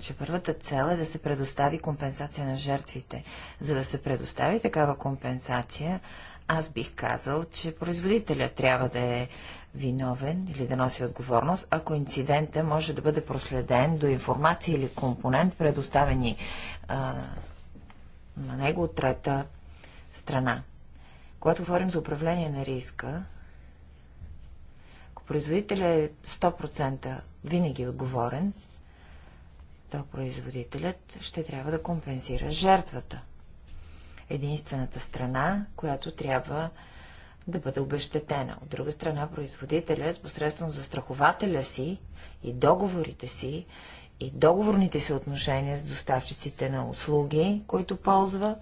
Че първата цел е да се предостави компенсация на жертвите. За да се предостави такава компенсация, аз бих казал, че производителя трябва да е виновен или да носи отговорност, ако инцидента може да бъде проследен до информация или компонент, предоставени а, на него от трета страна. Когато говорим за управление на риска, ако производителя е 100% винаги отговорен, то производителят ще трябва да компенсира жертвата. Единствената страна, която трябва да бъде обещетена. От друга страна, производителят посредством застрахователя си и договорите си и договорните си отношения с доставчиците на услуги, които ползва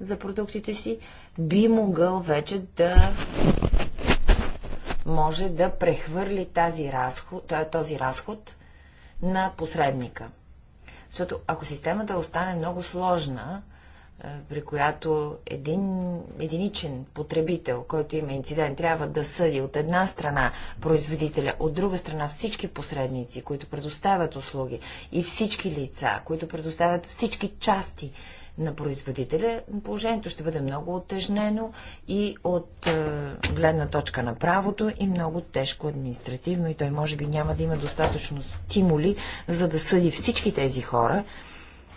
за продуктите си, би могъл вече да може да прехвърли тази разход, този разход на посредника. Защото ако системата остане много сложна, е, при която един единичен потребител, който има инцидент, трябва да съди от една страна производителя, от друга страна всички посредници, които предоставят услуги и всички лица, които предоставят всички части на производителя, положението ще бъде много отежнено и от е, гледна точка на правото и много тежко административно и той може би няма да има достатъчно стимули, за да съди всички тези хора,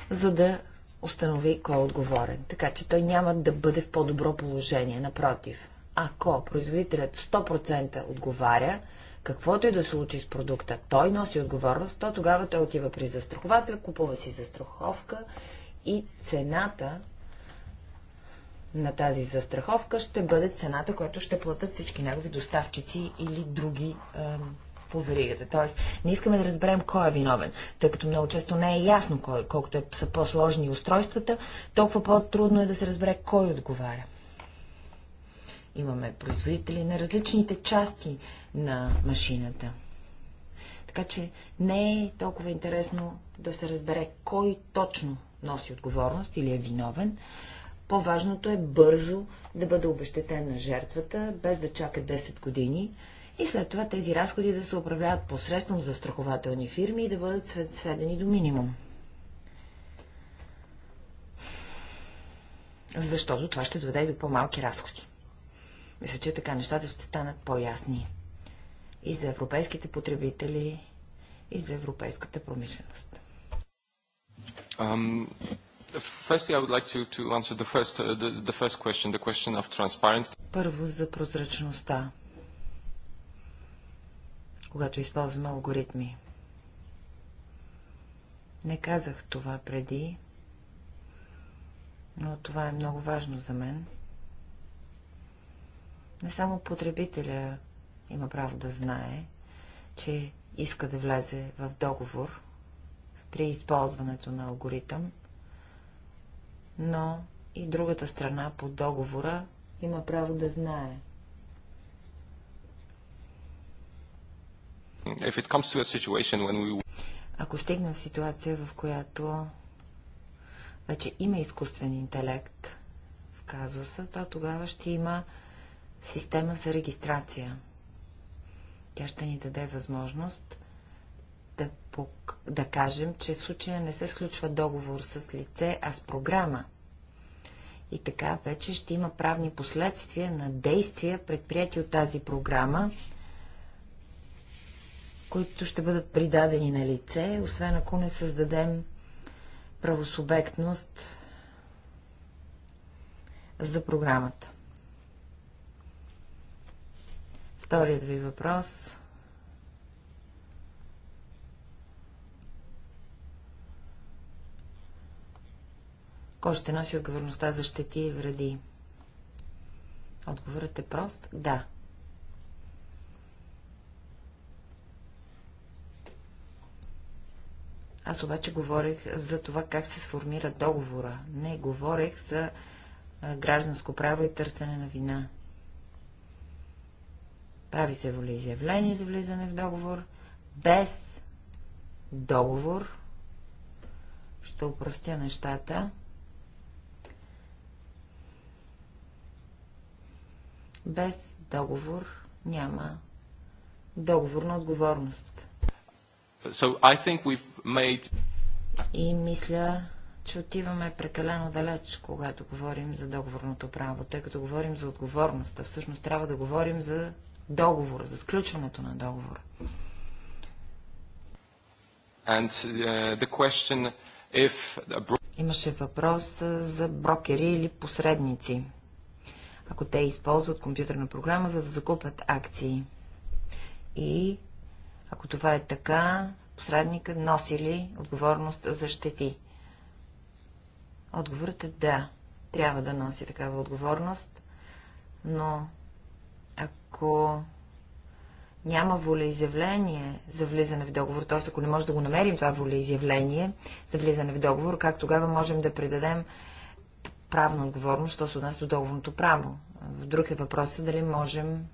за да установи кой е отговорен. Така че той няма да бъде в по-добро положение. Напротив, ако производителят 100% отговаря, каквото и да случи с продукта, той носи отговорност, то тогава той отива при застраховател, купува си застраховка и цената на тази застраховка ще бъде цената, която ще платят всички негови доставчици или други е, по веригата. Тоест, не искаме да разберем кой е виновен, тъй като много често не е ясно кой. Колкото е, са по-сложни устройствата, толкова по-трудно е да се разбере кой отговаря. Имаме производители на различните части на машината. Така че не е толкова интересно да се разбере кой точно носи отговорност или е виновен. По-важното е бързо да бъде обещетена жертвата, без да чака 10 години и след това тези разходи да се управляват посредством за страхователни фирми и да бъдат сведени до минимум. Защото това ще доведе до по-малки разходи. Мисля, че така нещата ще станат по-ясни. И за европейските потребители, и за европейската промишленост. Um, firstly, I would like to, to answer the first, uh, the, the first question, the question of transparency. Първо за прозрачността, когато използваме алгоритми. Не казах това преди, но това е много важно за мен. Не само потребителя има право да знае, че иска да влезе в договор, при използването на алгоритъм, но и другата страна по договора има право да знае. We... Ако стигна в ситуация, в която вече има изкуствен интелект в казуса, то тогава ще има система за регистрация. Тя ще ни даде възможност да, пок... да кажем, че в случая не се сключва договор с лице, а с програма. И така вече ще има правни последствия на действия, предприяти от тази програма, които ще бъдат придадени на лице, освен ако не създадем правосубектност за програмата. Вторият ви въпрос Кой ще носи отговорността за щети и вреди? Отговорът е прост – да. Аз обаче говорих за това, как се сформира договора. Не говорех за гражданско право и търсене на вина. Прави се волеизявление за влизане в договор. Без договор ще упростя нещата. Без договор няма договорна отговорност. So I think we've made... И мисля, че отиваме прекалено далеч, когато говорим за договорното право, тъй като говорим за отговорност, а всъщност трябва да говорим за договор, за сключването на договор. And, uh, the question if... Имаше въпрос за брокери или посредници ако те използват компютърна програма, за да закупят акции. И ако това е така, посредника носи ли отговорност за щети? Отговорът е да. Трябва да носи такава отговорност, но ако няма волеизявление за влизане в договор, т.е. ако не може да го намерим това волеизявление за влизане в договор, как тогава можем да предадем правна отговорност, що се отнася до договорното право. Друг е въпросът дали можем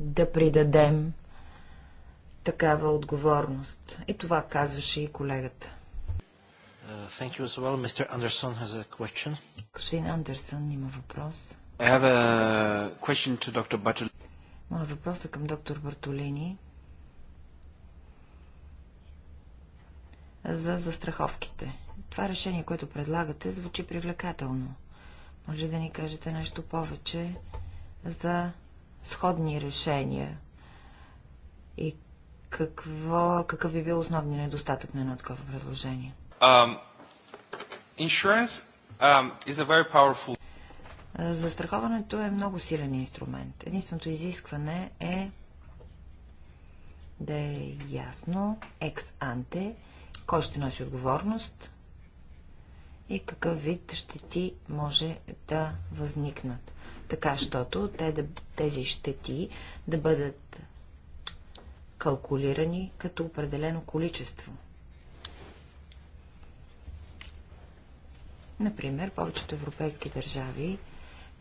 да придадем такава отговорност. И това казваше и колегата. Uh, well. Господин Андерсън има въпрос. I Моят въпрос е към доктор Бартолини за застраховките. Това решение, което предлагате, звучи привлекателно. Може да ни кажете нещо повече за сходни решения и какво, какъв би бил основният недостатък на едно такова предложение? Um, um, Застраховането е много силен инструмент. Единственото изискване е да е ясно, екс-анте, кой ще носи отговорност и какъв вид щети може да възникнат. Така, щото те да, тези щети да бъдат калкулирани като определено количество. Например, повечето европейски държави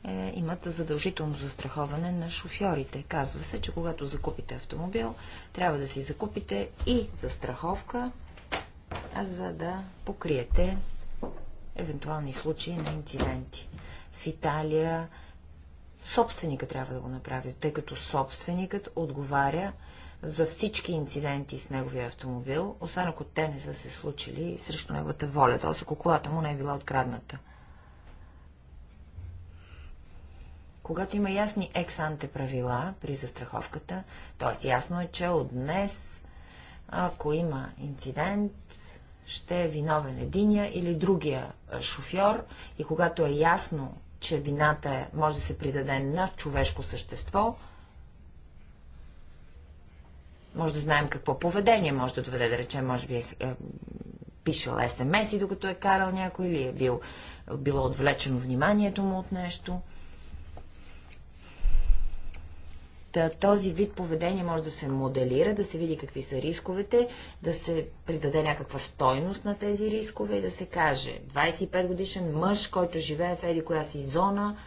е, имат задължително застраховане на шофьорите. Казва се, че когато закупите автомобил, трябва да си закупите и застраховка, за да покриете евентуални случаи на инциденти. В Италия собственика трябва да го направи, тъй като собственикът отговаря за всички инциденти с неговия автомобил, освен ако те не са се случили срещу неговата воля, т.е. ако колата му не е била открадната. Когато има ясни ексанте правила при застраховката, т.е. ясно е, че от днес, ако има инцидент, ще е виновен единия или другия е, шофьор и когато е ясно, че вината е, може да се придаде на човешко същество, може да знаем какво поведение може да доведе, да речем, може би е, е пишал смс и докато е карал някой или е бил, било отвлечено вниманието му от нещо – този вид поведение може да се моделира, да се види какви са рисковете, да се придаде някаква стойност на тези рискове и да се каже 25 годишен мъж, който живее в еди коя си зона,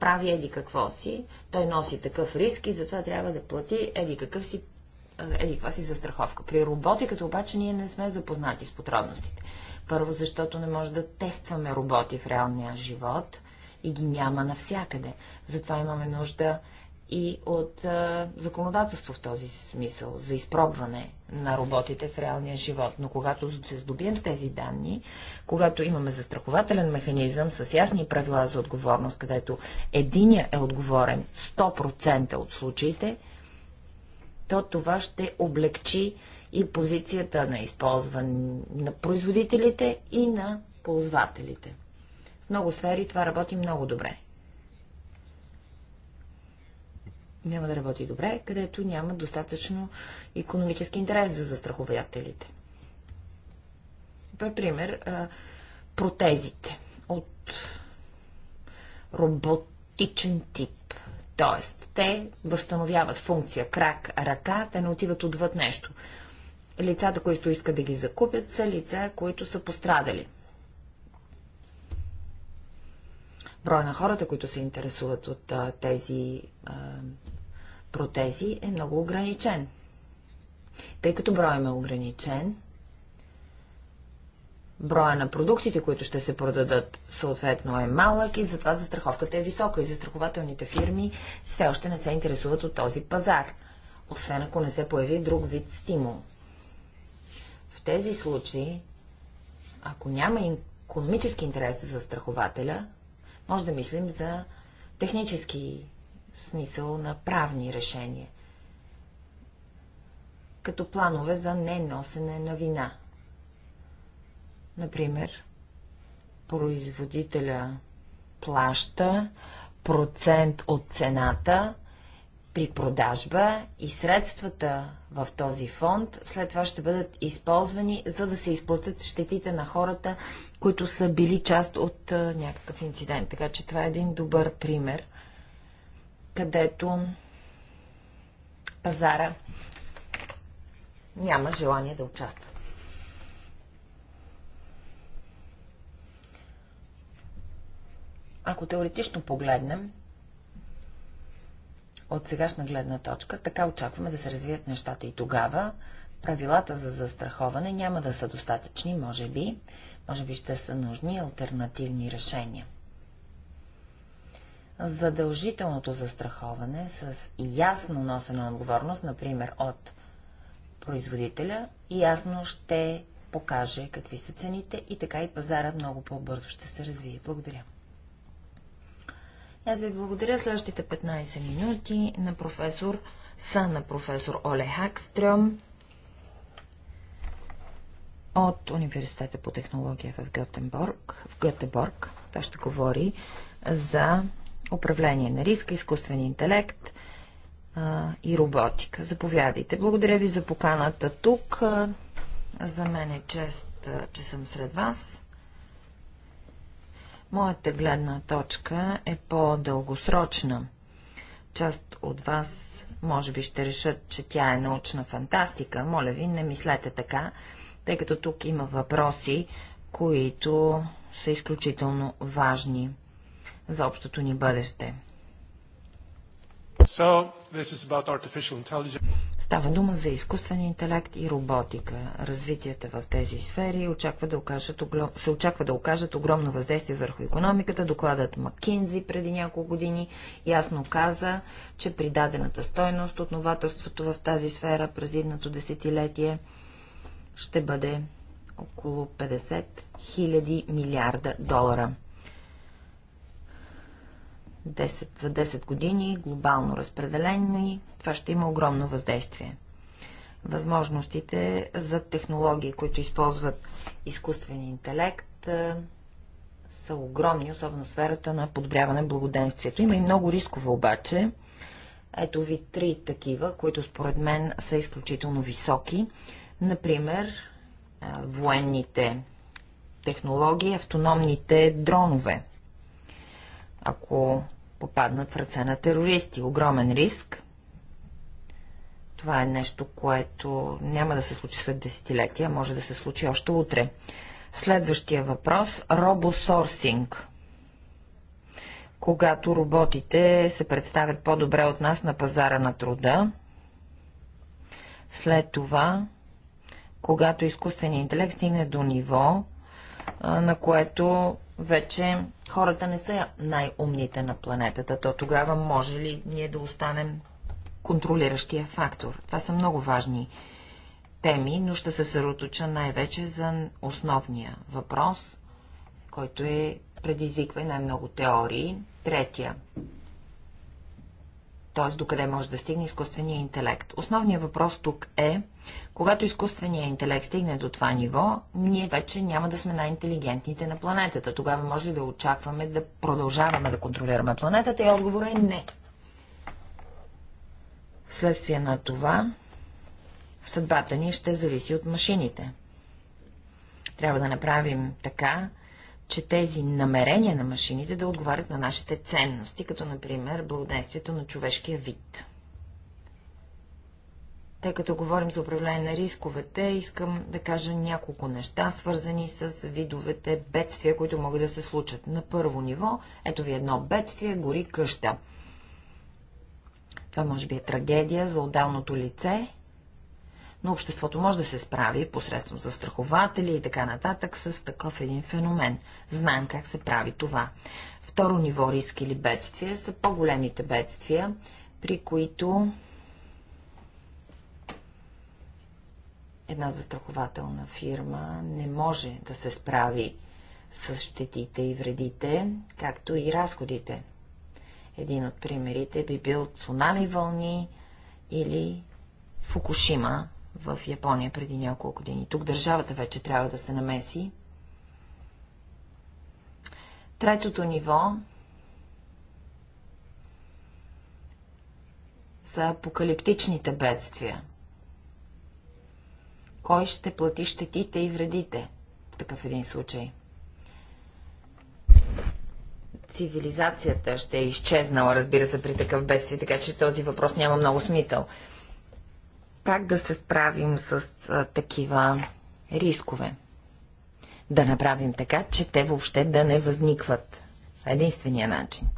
прави еди какво си, той носи такъв риск и затова трябва да плати еди какъв си еди каква си застраховка. При роботиката обаче ние не сме запознати с подробностите. Първо, защото не може да тестваме роботи в реалния живот и ги няма навсякъде. Затова имаме нужда и от а, законодателство в този смисъл за изпробване на роботите в реалния живот. Но когато се здобием с тези данни, когато имаме застрахователен механизъм с ясни правила за отговорност, където единия е отговорен 100% от случаите, то това ще облегчи и позицията на използване на производителите и на ползвателите. В много сфери това работи много добре. няма да работи добре, където няма достатъчно економически интерес за застрахователите. Е пример, протезите от роботичен тип. Тоест, те възстановяват функция крак, ръка, те не отиват отвъд нещо. Лицата, които искат да ги закупят, са лица, които са пострадали. Броя на хората, които се интересуват от а, тези а, протези е много ограничен. Тъй като броя е ограничен, броя на продуктите, които ще се продадат, съответно е малък и затова застраховката е висока и застрахователните фирми все още не се интересуват от този пазар, освен ако не се появи друг вид стимул. В тези случаи, ако няма економически интерес за страхователя, може да мислим за технически в смисъл на правни решения, като планове за неносене на вина. Например, производителя плаща процент от цената при продажба и средствата в този фонд след това ще бъдат използвани, за да се изплатят щетите на хората, които са били част от някакъв инцидент. Така че това е един добър пример където пазара няма желание да участва. Ако теоретично погледнем, от сегашна гледна точка, така очакваме да се развият нещата и тогава. Правилата за застраховане няма да са достатъчни, може би. Може би ще са нужни альтернативни решения задължителното застраховане с ясно носена отговорност, например от производителя, ясно ще покаже какви са цените и така и пазара много по-бързо ще се развие. Благодаря. Аз ви благодаря следващите 15 минути на професор са на професор Оле Хакстрем от Университета по технология в Гетеборг. В Гетеборг. Той ще говори за управление на риска, изкуствен интелект а, и роботика. Заповядайте. Благодаря ви за поканата тук. За мен е чест, че съм сред вас. Моята гледна точка е по-дългосрочна. Част от вас може би ще решат, че тя е научна фантастика. Моля ви, не мислете така, тъй като тук има въпроси, които са изключително важни за общото ни бъдеще. So, this is about artificial intelligence. Става дума за изкуствен интелект и роботика. Развитията в тези сфери очаква да окажат, се очаква да окажат огромно въздействие върху економиката. Докладът Маккинзи преди няколко години ясно каза, че придадената стойност от новаторството в тази сфера през едното десетилетие ще бъде около 50 000 милиарда долара. 10, за 10 години, глобално разпределени, това ще има огромно въздействие. Възможностите за технологии, които използват изкуствен интелект, е, са огромни, особено в сферата на подобряване благоденствието. Има и много рискове обаче. Ето ви три такива, които според мен са изключително високи. Например, е, военните технологии, автономните дронове. Ако попаднат в ръце на терористи. Огромен риск. Това е нещо, което няма да се случи след десетилетия, може да се случи още утре. Следващия въпрос – робосорсинг. Когато роботите се представят по-добре от нас на пазара на труда, след това, когато изкуственият интелект стигне до ниво, на което вече хората не са най-умните на планетата, то тогава може ли ние да останем контролиращия фактор? Това са много важни теми, но ще се съроточа най-вече за основния въпрос, който е предизвиква най-много теории. Третия т.е. докъде може да стигне изкуственият интелект. Основният въпрос тук е, когато изкуственият интелект стигне до това ниво, ние вече няма да сме най-интелигентните на планетата. Тогава може ли да очакваме да продължаваме да контролираме планетата? И отговорът е не. Вследствие на това, съдбата ни ще зависи от машините. Трябва да направим така, че тези намерения на машините да отговарят на нашите ценности, като например благоденствието на човешкия вид. Тъй като говорим за управление на рисковете, искам да кажа няколко неща, свързани с видовете бедствия, които могат да се случат. На първо ниво, ето ви едно бедствие, гори къща. Това може би е трагедия за отдалното лице, но обществото може да се справи посредством застрахователи и така нататък с такъв един феномен. Знаем как се прави това. Второ ниво риски или бедствия са по-големите бедствия, при които една застрахователна фирма не може да се справи с щетите и вредите, както и разходите. Един от примерите би бил цунами вълни или Фукушима в Япония преди няколко години. Тук държавата вече трябва да се намеси. Третото ниво са апокалиптичните бедствия. Кой ще плати щетите и вредите в такъв един случай? Цивилизацията ще е изчезнала, разбира се, при такъв бедствие, така че този въпрос няма много смисъл как да се справим с а, такива рискове. Да направим така, че те въобще да не възникват. Е единствения начин.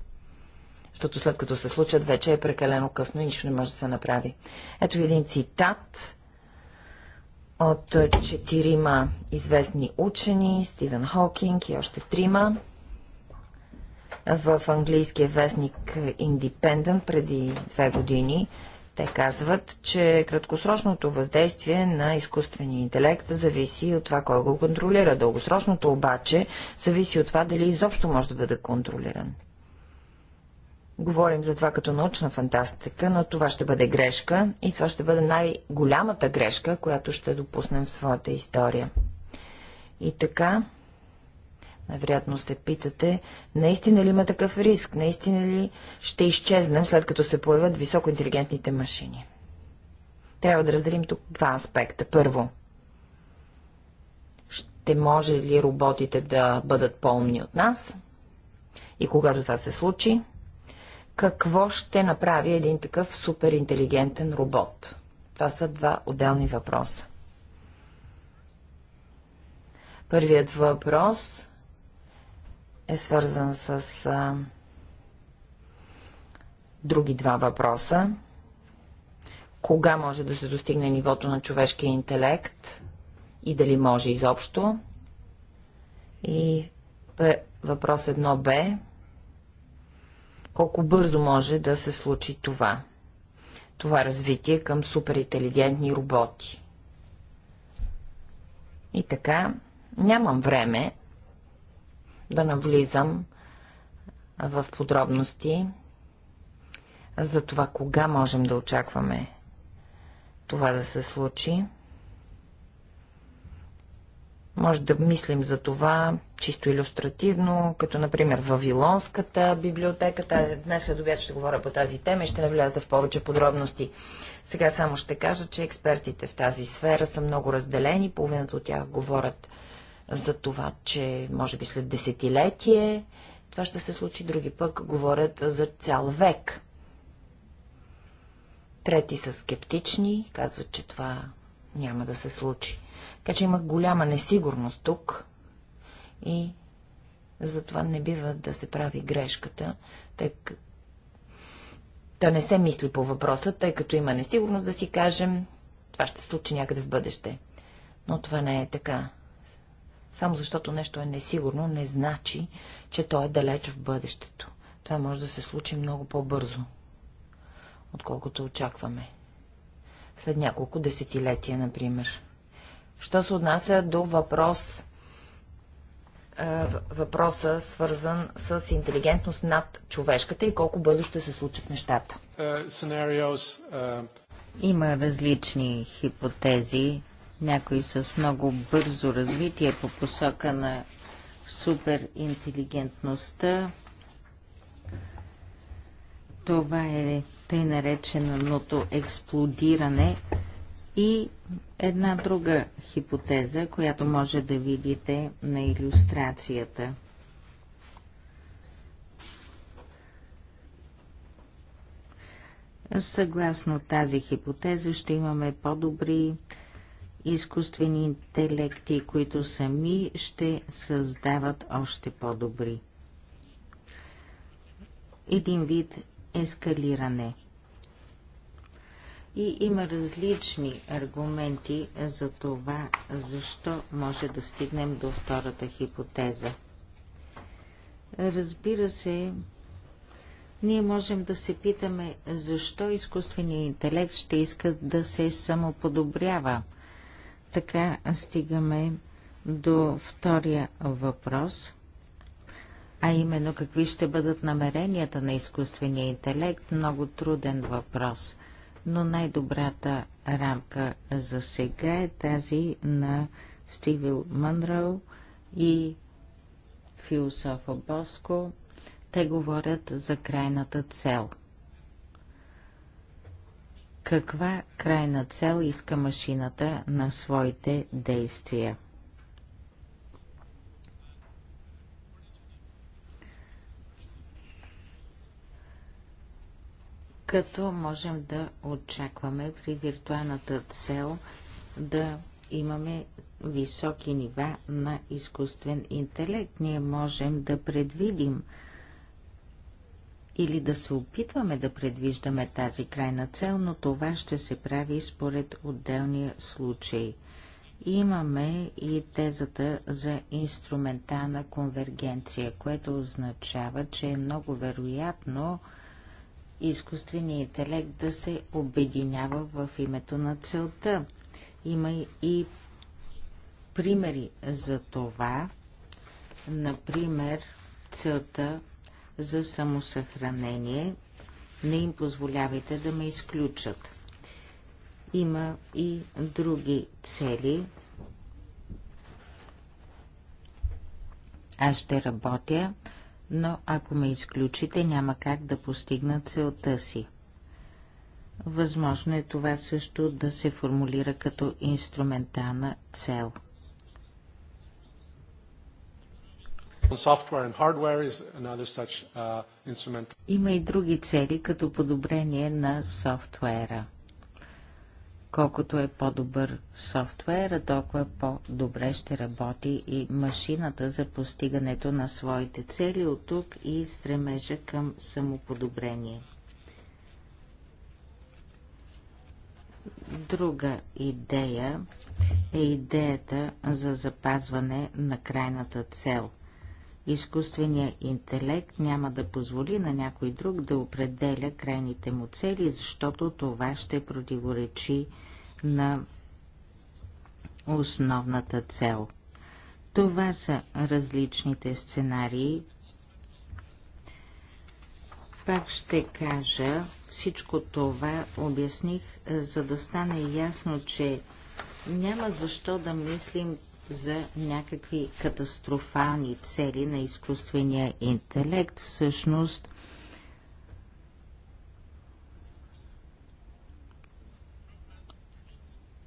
Защото след като се случат, вече е прекалено късно и нищо не може да се направи. Ето един цитат от четирима известни учени, Стивен Хокинг и още трима, в английския вестник Independent преди две години. Те казват, че краткосрочното въздействие на изкуствения интелект зависи от това, кой го контролира. Дългосрочното обаче зависи от това, дали изобщо може да бъде контролиран. Говорим за това като научна фантастика, но това ще бъде грешка и това ще бъде най-голямата грешка, която ще допуснем в своята история. И така, вероятно се питате, наистина ли има такъв риск? Наистина ли ще изчезнем, след като се появят високоинтелигентните машини? Трябва да разделим тук два аспекта. Първо, ще може ли роботите да бъдат по-умни от нас? И когато това се случи, какво ще направи един такъв суперинтелигентен робот? Това са два отделни въпроса. Първият въпрос е свързан с а, други два въпроса. Кога може да се достигне нивото на човешкия интелект и дали може изобщо? И въпрос едно бе колко бързо може да се случи това? Това развитие към суперинтелигентни роботи. И така, нямам време да навлизам в подробности за това кога можем да очакваме това да се случи. Може да мислим за това чисто иллюстративно, като например Вавилонската библиотеката. Днес след обяд ще говоря по тази тема и ще навляза в повече подробности. Сега само ще кажа, че експертите в тази сфера са много разделени. Половината от тях говорят за това, че може би след десетилетие това ще се случи, други пък говорят за цял век. Трети са скептични, казват, че това няма да се случи. Така че има голяма несигурност тук и затова не бива да се прави грешката, тъй да не се мисли по въпроса, тъй като има несигурност да си кажем, това ще се случи някъде в бъдеще. Но това не е така. Само защото нещо е несигурно, не значи, че то е далеч в бъдещето. Това може да се случи много по-бързо, отколкото очакваме. След няколко десетилетия, например. Що се отнася до въпрос е, въпроса, свързан с интелигентност над човешката и колко бързо ще се случат нещата. Е, е, Има различни хипотези някои с много бързо развитие по посока на суперинтелигентността. Това е тъй нареченото експлодиране и една друга хипотеза, която може да видите на иллюстрацията. Съгласно тази хипотеза ще имаме по-добри изкуствени интелекти, които сами ще създават още по-добри. Един вид ескалиране. И има различни аргументи за това, защо може да стигнем до втората хипотеза. Разбира се, ние можем да се питаме, защо изкуственият интелект ще иска да се самоподобрява – така стигаме до втория въпрос, а именно какви ще бъдат намеренията на изкуствения интелект. Много труден въпрос, но най-добрата рамка за сега е тази на Стивил Мънроу и философа Боско. Те говорят за крайната цел – каква крайна цел иска машината на своите действия. Като можем да очакваме при виртуалната цел да имаме високи нива на изкуствен интелект. Ние можем да предвидим или да се опитваме да предвиждаме тази крайна цел, но това ще се прави според отделния случай. Имаме и тезата за инструментална конвергенция, което означава, че е много вероятно изкуственият интелект да се обединява в името на целта. Има и примери за това. Например, целта за самосъхранение. Не им позволявайте да ме изключат. Има и други цели. Аз ще работя, но ако ме изключите, няма как да постигна целта си. Възможно е това също да се формулира като инструментална цел – Uh, Има и други цели, като подобрение на софтуера. Колкото е по-добър софтуера, толкова по-добре ще работи и машината за постигането на своите цели от тук и стремежа към самоподобрение. Друга идея е идеята за запазване на крайната цел – Изкуственият интелект няма да позволи на някой друг да определя крайните му цели, защото това ще противоречи на основната цел. Това са различните сценарии. Пак ще кажа, всичко това обясних, за да стане ясно, че няма защо да мислим, за някакви катастрофални цели на изкуствения интелект. Всъщност,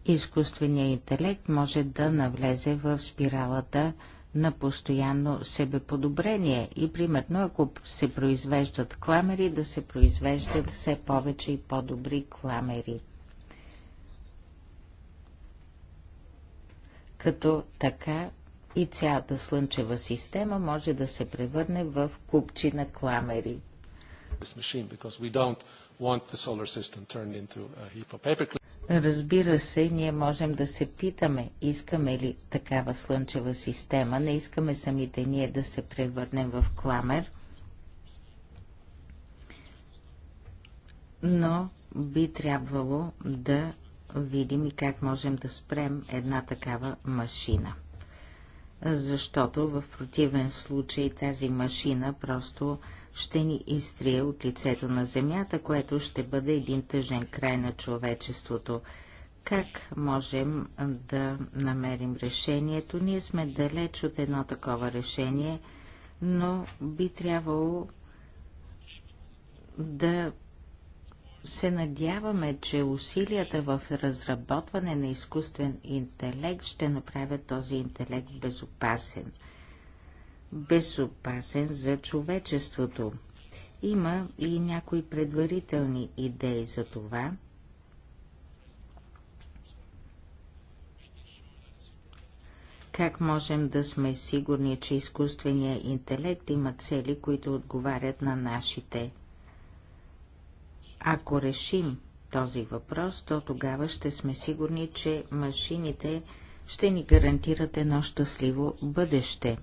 изкуственият интелект може да навлезе в спиралата на постоянно себеподобрение и примерно ако се произвеждат кламери, да се произвеждат все повече и по-добри кламери. като така и цялата слънчева система може да се превърне в купчи на кламери. Разбира се, ние можем да се питаме, искаме ли такава слънчева система, не искаме самите ние да се превърнем в кламер, но би трябвало да видим и как можем да спрем една такава машина. Защото в противен случай тази машина просто ще ни изтрие от лицето на земята, което ще бъде един тъжен край на човечеството. Как можем да намерим решението? Ние сме далеч от едно такова решение, но би трябвало да се надяваме, че усилията в разработване на изкуствен интелект ще направят този интелект безопасен. Безопасен за човечеството. Има и някои предварителни идеи за това. Как можем да сме сигурни, че изкуственият интелект има цели, които отговарят на нашите – ако решим този въпрос, то тогава ще сме сигурни, че машините ще ни гарантират едно щастливо бъдеще.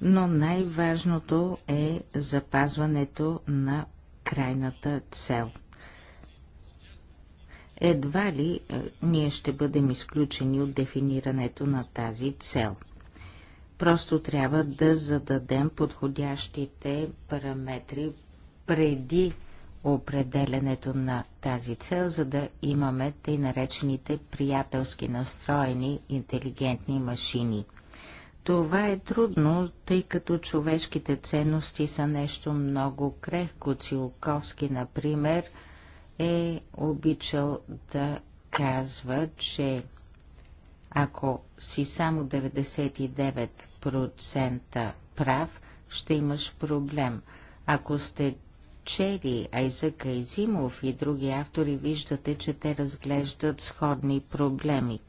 Но най-важното е запазването на крайната цел. Едва ли е, ние ще бъдем изключени от дефинирането на тази цел. Просто трябва да зададем подходящите параметри преди определенето на тази цел, за да имаме тъй наречените приятелски настроени интелигентни машини. Това е трудно, тъй като човешките ценности са нещо много крехко. Цилковски, например, е обичал да казва, че ако си само 99% прав, ще имаш проблем. Ако сте Чери, Айзак Айзимов и други автори виждате, че те разглеждат сходни проблеми.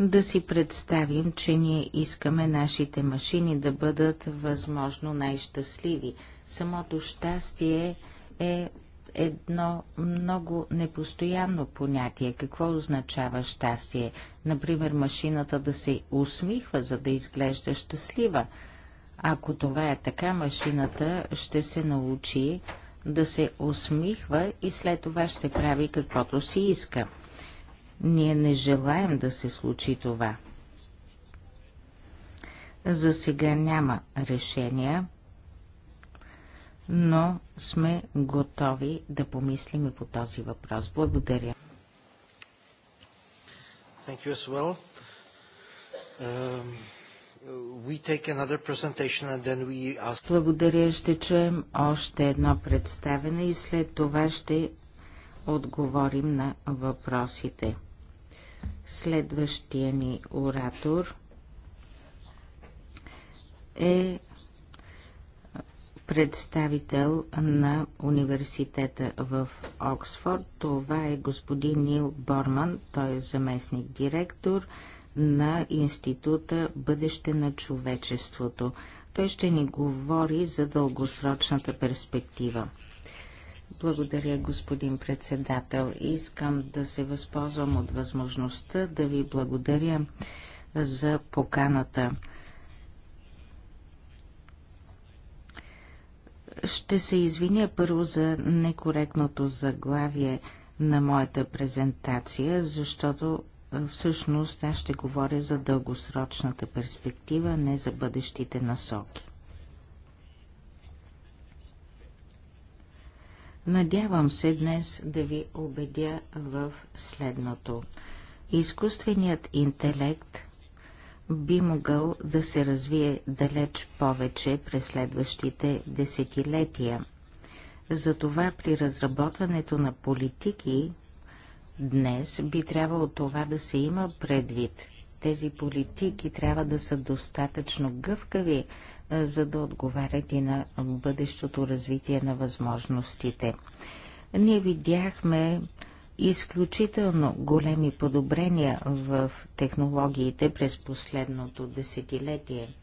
Да си представим, че ние искаме нашите машини да бъдат възможно най-щастливи. Самото щастие е едно много непостоянно понятие. Какво означава щастие? Например, машината да се усмихва, за да изглежда щастлива. Ако това е така, машината ще се научи да се усмихва и след това ще прави каквото си иска. Ние не желаем да се случи това. За сега няма решения но сме готови да помислим и по този въпрос. Благодаря. Thank you as well. Um, we take another presentation and then we ask... Благодаря. Ще чуем още едно представене и след това ще отговорим на въпросите. Следващия ни оратор е представител на университета в Оксфорд. Това е господин Нил Борман. Той е заместник директор на Института Бъдеще на човечеството. Той ще ни говори за дългосрочната перспектива. Благодаря, господин председател. Искам да се възползвам от възможността да ви благодаря за поканата. Ще се извиня първо за некоректното заглавие на моята презентация, защото е, всъщност аз ще говоря за дългосрочната перспектива, не за бъдещите насоки. Надявам се днес да ви убедя в следното. Изкуственият интелект би могъл да се развие далеч повече през следващите десетилетия. Затова при разработването на политики днес би трябвало това да се има предвид. Тези политики трябва да са достатъчно гъвкави, за да отговарят и на бъдещото развитие на възможностите. Ние видяхме изключително големи подобрения в технологиите през последното десетилетие.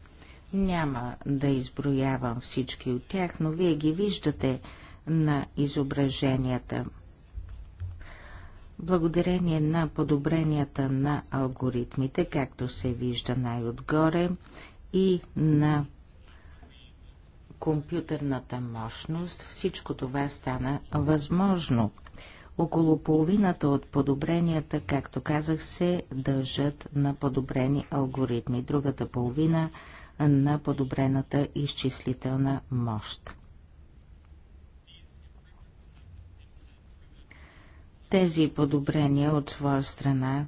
Няма да изброявам всички от тях, но вие ги виждате на изображенията. Благодарение на подобренията на алгоритмите, както се вижда най-отгоре, и на компютърната мощност, всичко това стана възможно. Около половината от подобренията, както казах, се дължат на подобрени алгоритми, другата половина на подобрената изчислителна мощ. Тези подобрения от своя страна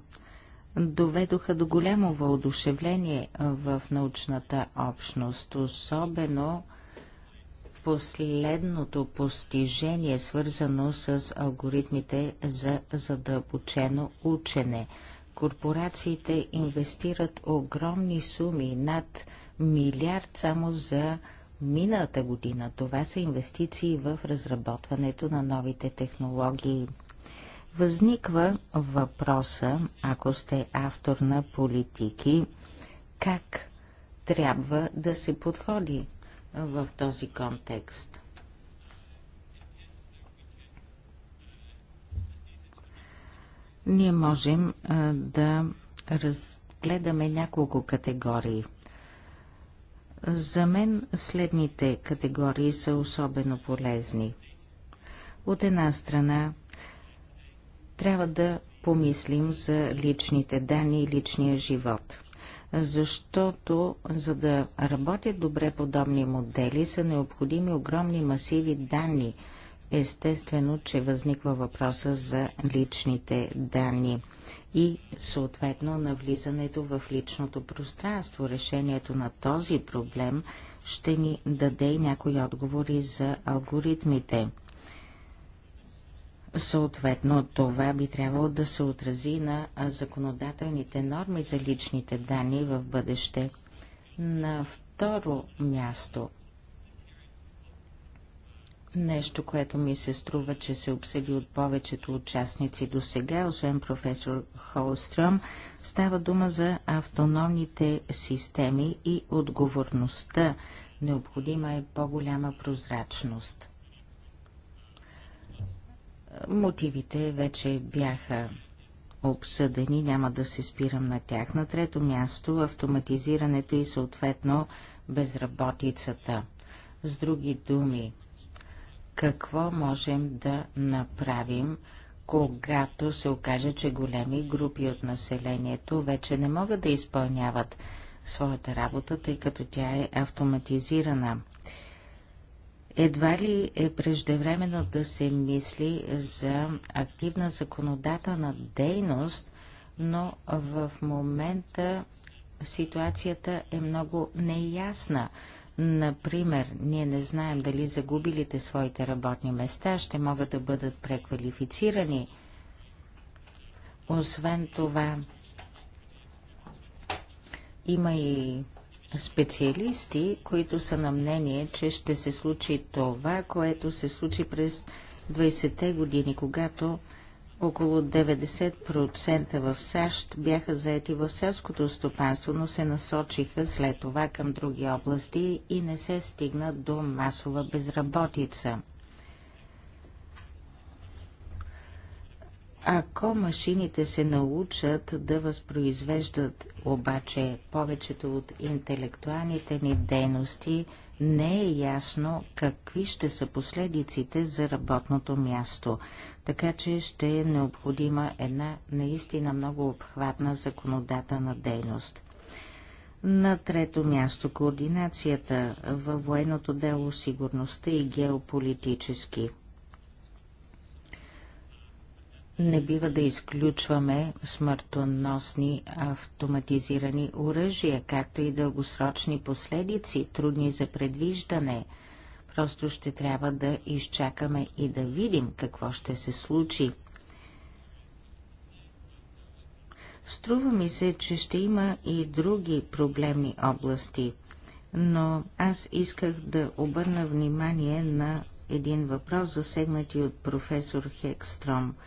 доведоха до голямо въодушевление в научната общност, особено последното постижение, свързано с алгоритмите за задълбочено учене. Корпорациите инвестират огромни суми, над милиард само за миналата година. Това са инвестиции в разработването на новите технологии. Възниква въпроса, ако сте автор на политики, как трябва да се подходи в този контекст. Ние можем да разгледаме няколко категории. За мен следните категории са особено полезни. От една страна, трябва да помислим за личните данни и личния живот – защото за да работят добре подобни модели са необходими огромни масиви данни. Естествено, че възниква въпроса за личните данни и съответно навлизането в личното пространство. Решението на този проблем ще ни даде и някои отговори за алгоритмите. Съответно, това би трябвало да се отрази на законодателните норми за личните данни в бъдеще. На второ място, нещо, което ми се струва, че се обсъди от повечето участници до сега, освен професор Холстрюм, става дума за автономните системи и отговорността. Необходима е по-голяма прозрачност. Мотивите вече бяха обсъдени, няма да се спирам на тях. На трето място автоматизирането и съответно безработицата. С други думи, какво можем да направим, когато се окаже, че големи групи от населението вече не могат да изпълняват своята работа, тъй като тя е автоматизирана. Едва ли е преждевременно да се мисли за активна законодателна дейност, но в момента ситуацията е много неясна. Например, ние не знаем дали загубилите своите работни места ще могат да бъдат преквалифицирани. Освен това, има и специалисти, които са на мнение, че ще се случи това, което се случи през 20-те години, когато около 90% в САЩ бяха заети в селското стопанство, но се насочиха след това към други области и не се стигна до масова безработица. Ако машините се научат да възпроизвеждат обаче повечето от интелектуалните ни дейности, не е ясно какви ще са последиците за работното място, така че ще е необходима една наистина много обхватна законодателна дейност. На трето място координацията във военното дело, сигурността и геополитически – не бива да изключваме смъртоносни автоматизирани оръжия, както и дългосрочни последици, трудни за предвиждане. Просто ще трябва да изчакаме и да видим какво ще се случи. Струва ми се, че ще има и други проблемни области, но аз исках да обърна внимание на един въпрос, засегнати от професор Хекстром –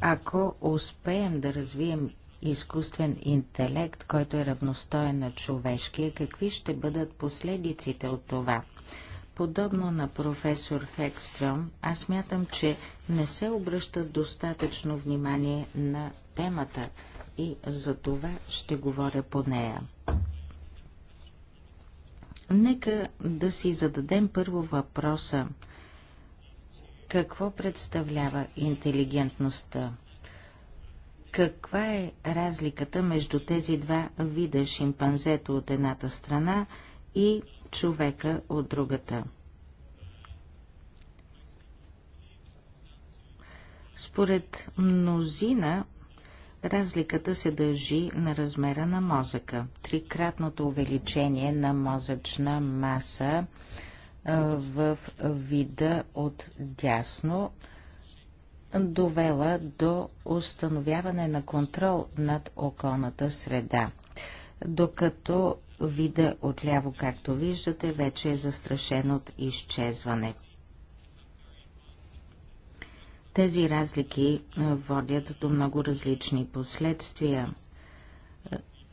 ако успеем да развием изкуствен интелект, който е равностоен на човешкия, какви ще бъдат последиците от това? Подобно на професор Хекстром, аз мятам, че не се обръща достатъчно внимание на темата и за това ще говоря по нея. Нека да си зададем първо въпроса – какво представлява интелигентността? Каква е разликата между тези два вида шимпанзето от едната страна и човека от другата? Според мнозина, разликата се дължи на размера на мозъка. Трикратното увеличение на мозъчна маса в вида от дясно, довела до установяване на контрол над околната среда, докато вида отляво, както виждате, вече е застрашен от изчезване. Тези разлики водят до много различни последствия.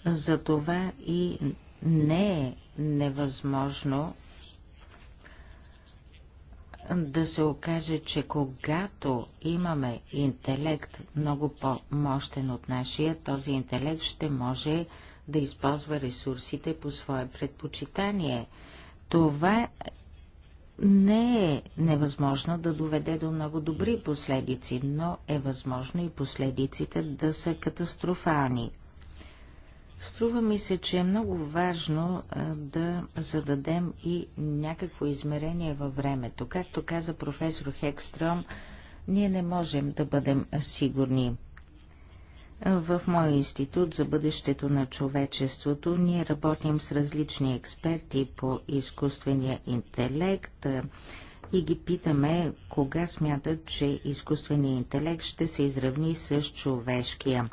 Затова и не е невъзможно да се окаже, че когато имаме интелект много по-мощен от нашия, този интелект ще може да използва ресурсите по свое предпочитание. Това не е невъзможно да доведе до много добри последици, но е възможно и последиците да са катастрофални. Струва ми се, че е много важно да зададем и някакво измерение във времето. Както каза професор Хекстром, ние не можем да бъдем сигурни. В моя институт за бъдещето на човечеството ние работим с различни експерти по изкуствения интелект и ги питаме кога смятат, че изкуственият интелект ще се изравни с човешкия.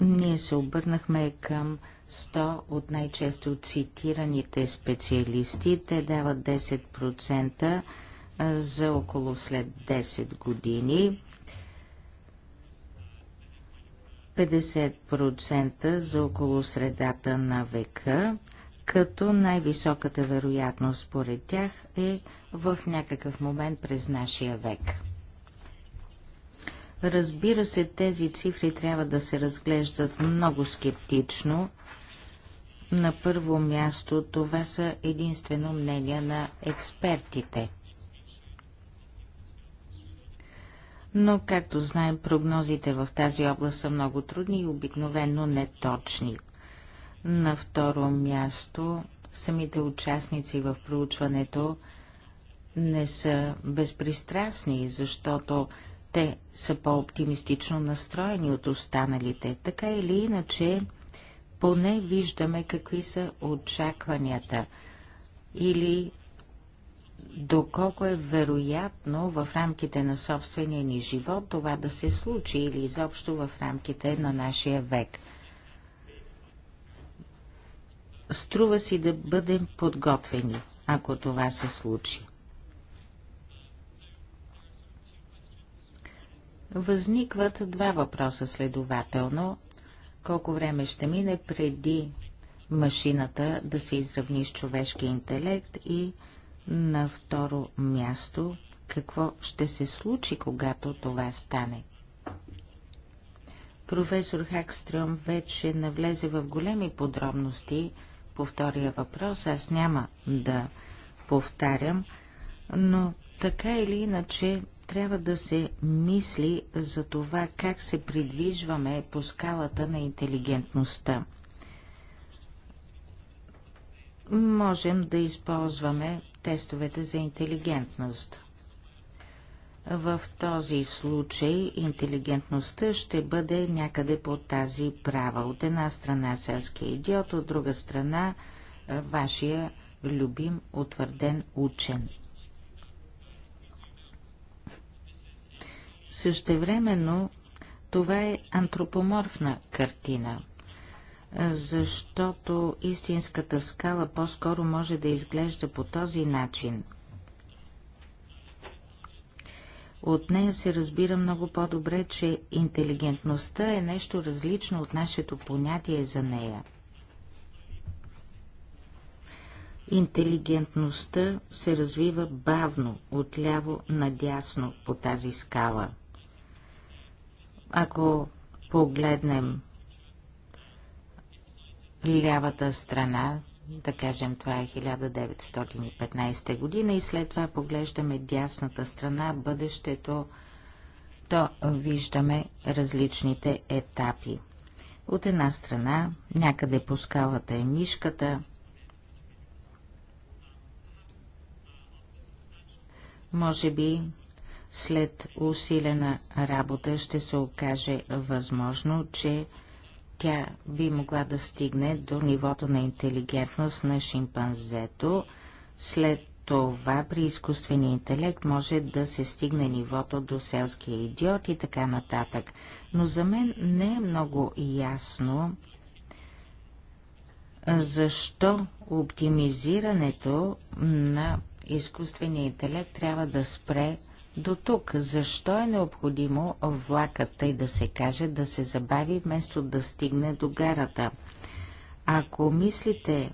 Ние се обърнахме към 100 от най-често цитираните специалисти. Те дават 10% за около след 10 години. 50% за около средата на века, като най-високата вероятност според тях е в някакъв момент през нашия век. Разбира се, тези цифри трябва да се разглеждат много скептично. На първо място това са единствено мнения на експертите. Но, както знаем, прогнозите в тази област са много трудни и обикновено неточни. На второ място, самите участници в проучването не са безпристрастни, защото те са по-оптимистично настроени от останалите. Така или иначе, поне виждаме какви са очакванията или доколко е вероятно в рамките на собствения ни живот това да се случи или изобщо в рамките на нашия век. Струва си да бъдем подготвени, ако това се случи. Възникват два въпроса следователно. Колко време ще мине преди машината да се изравни с човешкия интелект и на второ място какво ще се случи, когато това стане? Професор Хакстрюм вече навлезе в големи подробности по втория въпрос. Аз няма да повтарям, но така или иначе, трябва да се мисли за това как се придвижваме по скалата на интелигентността. Можем да използваме тестовете за интелигентност. В този случай интелигентността ще бъде някъде по тази права. От една страна селския идиот, от друга страна вашия любим утвърден учен. Същевременно това е антропоморфна картина, защото истинската скала по-скоро може да изглежда по този начин. От нея се разбира много по-добре, че интелигентността е нещо различно от нашето понятие за нея. Интелигентността се развива бавно, отляво надясно по тази скала – ако погледнем лявата страна, да кажем това е 1915 година и след това поглеждаме дясната страна, бъдещето, то виждаме различните етапи. От една страна, някъде по скалата е мишката, може би след усилена работа ще се окаже възможно, че тя би могла да стигне до нивото на интелигентност на шимпанзето. След това при изкуствения интелект може да се стигне нивото до селския идиот и така нататък. Но за мен не е много ясно защо оптимизирането на изкуствения интелект трябва да спре до тук, защо е необходимо влакът, тъй да се каже, да се забави, вместо да стигне до гарата? Ако мислите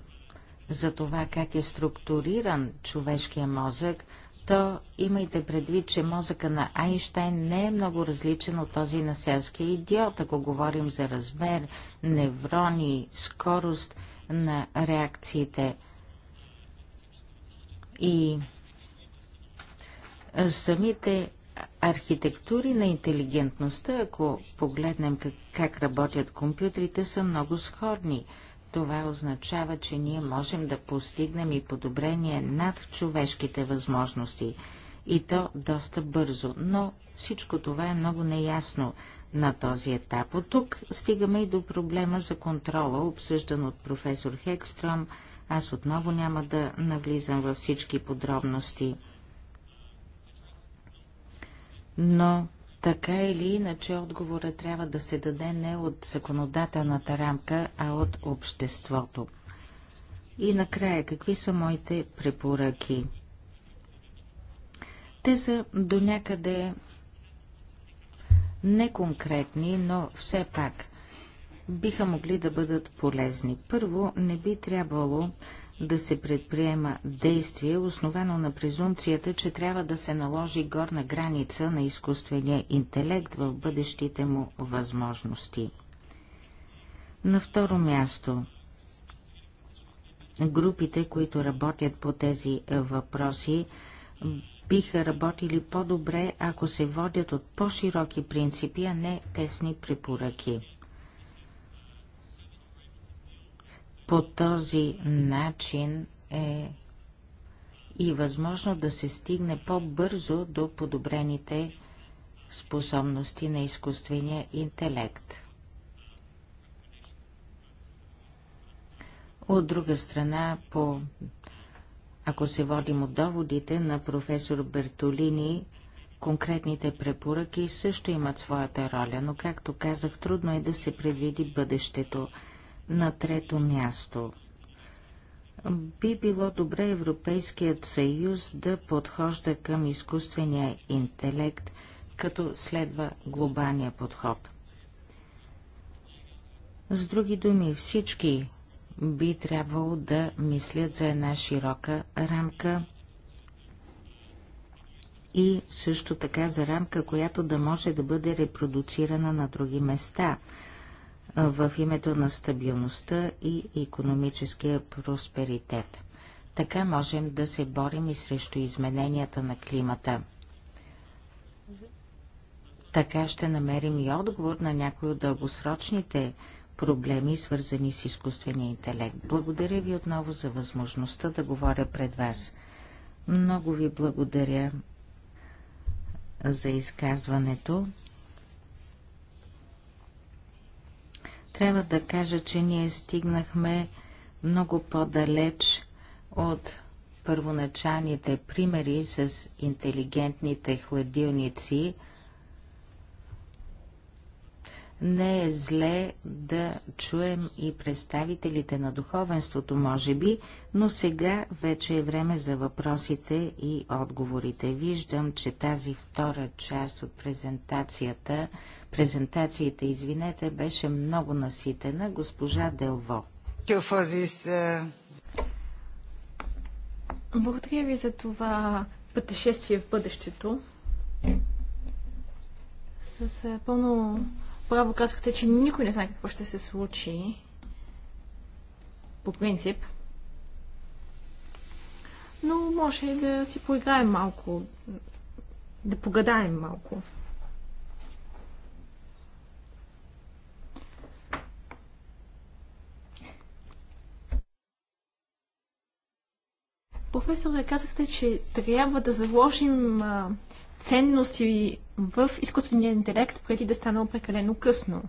за това как е структуриран човешкия мозък, то имайте предвид, че мозъка на Айнштайн не е много различен от този на селския идиот, ако говорим за размер, неврони, скорост на реакциите. И самите архитектури на интелигентността, ако погледнем как, как работят компютрите, са много сходни. Това означава, че ние можем да постигнем и подобрение над човешките възможности. И то доста бързо, но всичко това е много неясно на този етап. От тук стигаме и до проблема за контрола, обсъждан от професор Хекстром. Аз отново няма да навлизам във всички подробности но така или иначе отговора трябва да се даде не от законодателната рамка, а от обществото. И накрая, какви са моите препоръки? Те са до някъде неконкретни, но все пак биха могли да бъдат полезни. Първо, не би трябвало да се предприема действие, основано на презумцията, че трябва да се наложи горна граница на изкуствения интелект в бъдещите му възможности. На второ място групите, които работят по тези въпроси, биха работили по-добре, ако се водят от по-широки принципи, а не тесни препоръки. По този начин е и възможно да се стигне по-бързо до подобрените способности на изкуствения интелект. От друга страна, по... ако се водим от доводите на професор Бертолини, конкретните препоръки също имат своята роля, но както казах, трудно е да се предвиди бъдещето – на трето място би било добре Европейският съюз да подхожда към изкуствения интелект, като следва глобалния подход. С други думи, всички би трябвало да мислят за една широка рамка и също така за рамка, която да може да бъде репродуцирана на други места – в името на стабилността и економическия просперитет. Така можем да се борим и срещу измененията на климата. Така ще намерим и отговор на някои от дългосрочните проблеми, свързани с изкуствения интелект. Благодаря ви отново за възможността да говоря пред вас. Много ви благодаря за изказването. Трябва да кажа, че ние стигнахме много по-далеч от първоначалните примери с интелигентните хладилници. Не е зле да чуем и представителите на духовенството, може би, но сега вече е време за въпросите и отговорите. Виждам, че тази втора част от презентацията презентацията, извинете, беше много наситена. Госпожа Делво. Благодаря ви за това пътешествие в бъдещето. С е, пълно право казахте, че никой не знае какво ще се случи по принцип. Но може да си поиграем малко, да погадаем малко. Професоре, казахте, че трябва да заложим а, ценности в изкуствения интелект, преди да стане прекалено късно.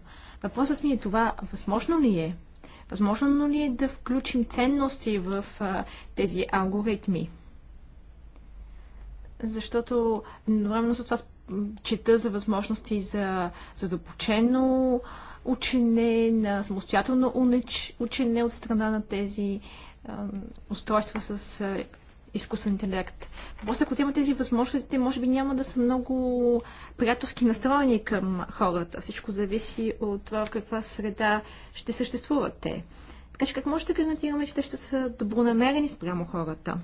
Въпросът ми е това, възможно ли е? Възможно ли е да включим ценности в а, тези алгоритми? Защото едновременно с това чета за възможности за задопочено учене, на самостоятелно учене от страна на тези устройства с изкуствен интелект. После, ако има имат тези възможности, те може би няма да са много приятелски настроени към хората. Всичко зависи от това в каква среда ще съществуват те. Така че как може да гарантираме, че те ще са добронамерени спрямо хората?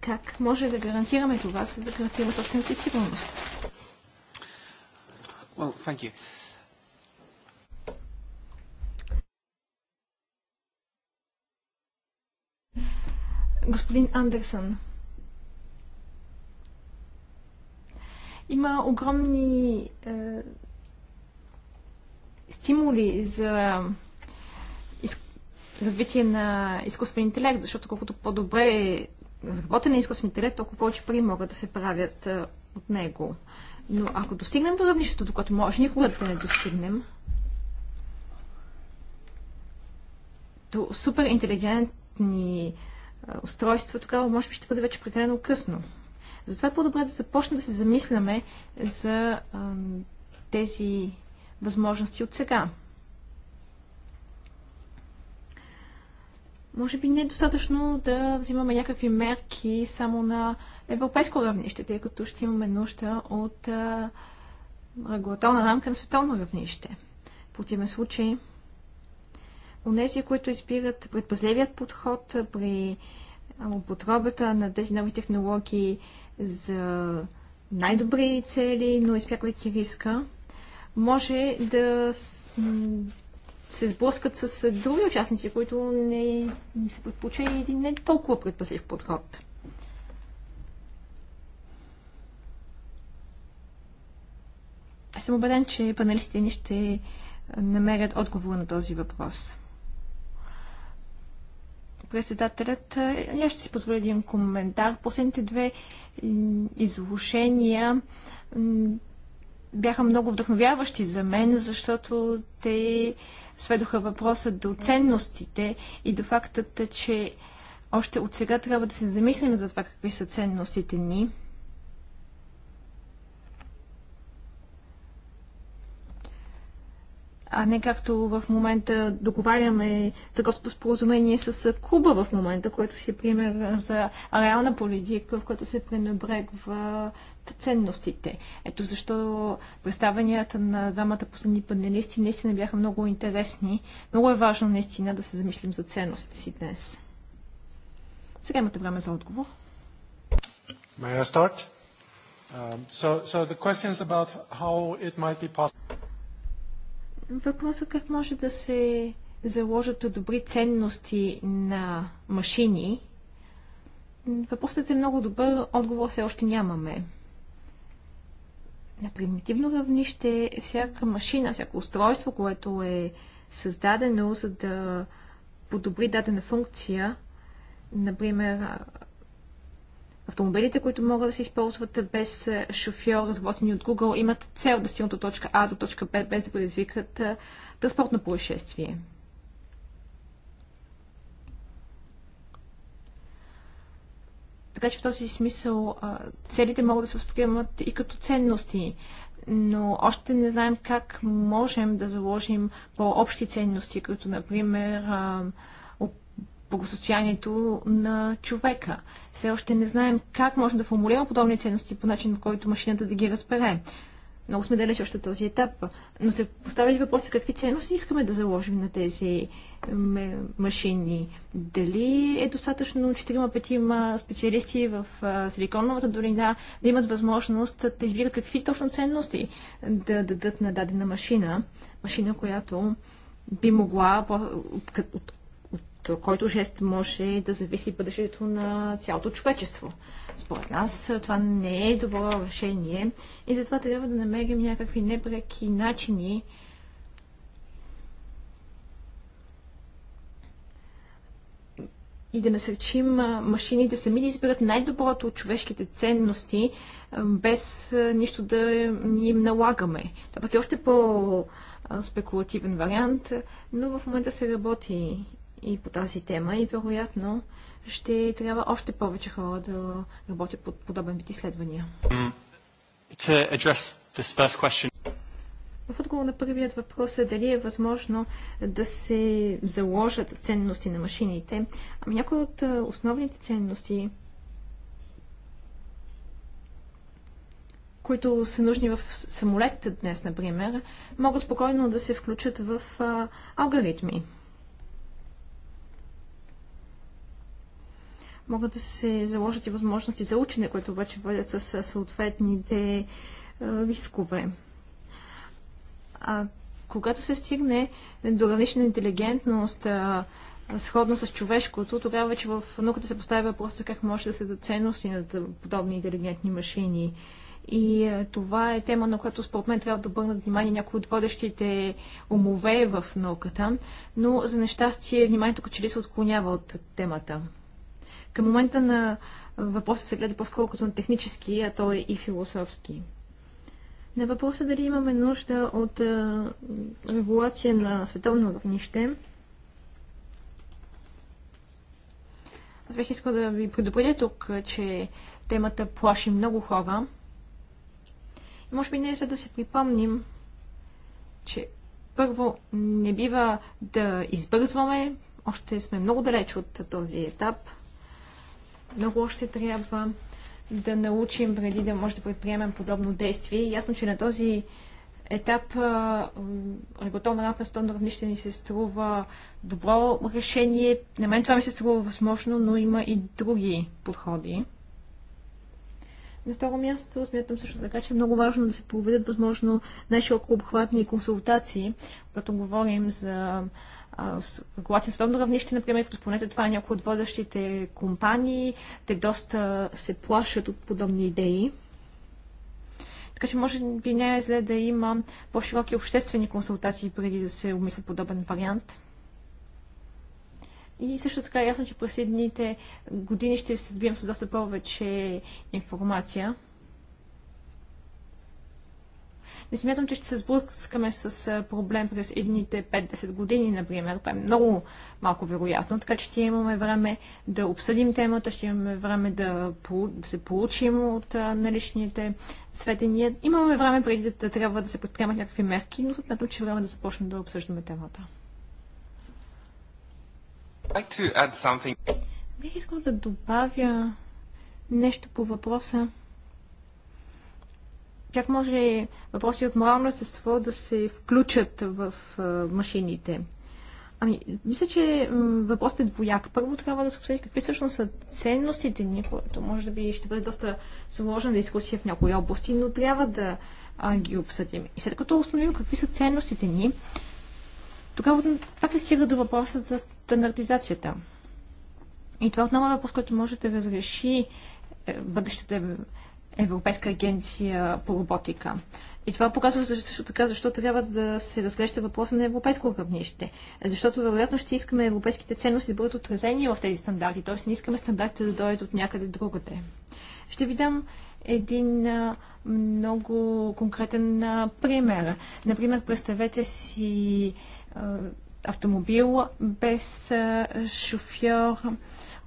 Как може да гарантираме това, за да гарантираме собствената си сигурност? Well, thank you. господин Андерсън. Има огромни е, стимули за из... развитие на изкуствен интелект, защото колкото по-добре е разработен изкуствен интелект, толкова повече пари могат да се правят е, от него. Но ако достигнем до равнището, до което може никога да не достигнем, до супер интелигентни устройство, тогава може би ще бъде вече прекалено късно. Затова е по-добре да започнем да се замисляме за а, тези възможности от сега. Може би не е достатъчно да взимаме някакви мерки само на европейско равнище, тъй като ще имаме нужда от а, регулаторна рамка на световно равнище. В противен случай Онези, които избират предпазливият подход при употребата на тези нови технологии за най-добри цели, но изпяквайки риска, може да се сблъскат с други участници, които не са предпочели и не толкова предпазлив подход. Аз съм убеден, че паналистите ни ще намерят отговор на този въпрос председателят. Я е, ще си позволя един коментар. Последните две изложения бяха много вдъхновяващи за мен, защото те сведоха въпроса до ценностите и до фактата, че още от сега трябва да се замислим за това какви са ценностите ни. а не както в момента договаряме търговското споразумение с Куба в момента, което си е пример за реална политика, в която се пренебрегва ценностите. Ето защо представенията на двамата последни панелисти наистина бяха много интересни. Много е важно наистина да се замислим за ценностите си днес. Сега имате време за отговор. May I start? Um, so, so the question is about how it might be possible. Въпросът как може да се заложат добри ценности на машини. Въпросът е много добър, отговор все още нямаме. На примитивно равнище всяка машина, всяко устройство, което е създадено за да подобри дадена функция, например Автомобилите, които могат да се използват без е, шофьор, разработени от Google, имат цел да стигнат от точка А до точка Б, без да предизвикат е, транспортно происшествие. Така че в този смисъл е, целите могат да се възприемат и като ценности, но още не знаем как можем да заложим по-общи ценности, като например благосостоянието на човека. Все още не знаем как може да формулираме подобни ценности по начин, по който машината да ги разбере. Много сме далеч още този етап. Но се поставя ли въпроса какви ценности искаме да заложим на тези машини? Дали е достатъчно 4-5 специалисти в Силиконовата долина да имат възможност да избират какви точно ценности да дадат на дадена машина? Машина, която би могла, от който жест може да зависи бъдещето на цялото човечество. Според нас това не е добро решение и затова трябва да намерим някакви непреки начини и да насърчим машините сами да изберат най-доброто от човешките ценности, без нищо да им налагаме. Това пък е още по-спекулативен вариант, но в момента се работи и по тази тема и вероятно ще трябва още повече хора да работят под подобен вид изследвания. В отговор на първият въпрос е дали е възможно да се заложат ценности на машините. Ами някои от основните ценности, които са нужни в самолета днес, например, могат спокойно да се включат в алгоритми. могат да се заложат и възможности за учене, които обаче водят с съответните е, рискове. А когато се стигне до гранична интелигентност, сходно с човешкото, тогава вече в науката се поставя въпрос за как може да се дадат ценности на подобни интелигентни машини. И е, това е тема, на която според мен трябва да обърнат внимание някои от водещите умове в науката, но за нещастие вниманието като че ли се отклонява от темата. Към момента на въпроса се гледа по-скоро като на технически, а той е и философски. На въпроса дали имаме нужда от а, регулация на световно равнище, аз бих искал да ви предупредя тук, че темата плаши много хора. И може би не е за да се припомним, че първо не бива да избързваме, още сме много далеч от този етап – много още трябва да научим преди да може да предприемем подобно действие. Ясно, че на този етап реготовна рапа с тонно равнище ни се струва добро решение. На мен това ми се струва възможно, но има и други подходи. На второ място смятам също така, че е много важно да се проведат възможно най-широко обхватни консултации, като говорим за гласен световно равнище, например, като спомнете, това е някои от водещите компании. Те доста се плашат от подобни идеи. Така че може би не е зле да има по-широки обществени консултации преди да се умисля подобен вариант. И също така е ясно, че през едните години ще се сбием с доста повече информация. Не смятам, че ще се сблъскаме с проблем през едните 5-10 години, например. Това е много малко вероятно, така че ще имаме време да обсъдим темата, ще имаме време да, да се получим от наличните сведения. Имаме време преди да, да трябва да се предприемат някакви мерки, но смятам, че е време да започнем да обсъждаме темата. Бих искал да добавя нещо по въпроса как може въпроси от морално естество да се включат в машините? Ами, мисля, че въпросът е двояк. Първо трябва да се обсъди какви всъщност са ценностите ни, което може да би ще бъде доста сложна дискусия в някои области, но трябва да а, ги обсъдим. И след като установим какви са ценностите ни, тогава пак се стига до въпроса за стандартизацията. И това е отново е въпрос, който може да разреши е, бъдещата Европейска агенция по роботика. И това показва също така защо трябва да се разглежда въпроса на европейско равнище. Защото вероятно ще искаме европейските ценности да бъдат отразени в тези стандарти, т.е. не искаме стандартите да дойдат от някъде другаде. Ще ви дам един много конкретен пример. Например, представете си автомобил без шофьор,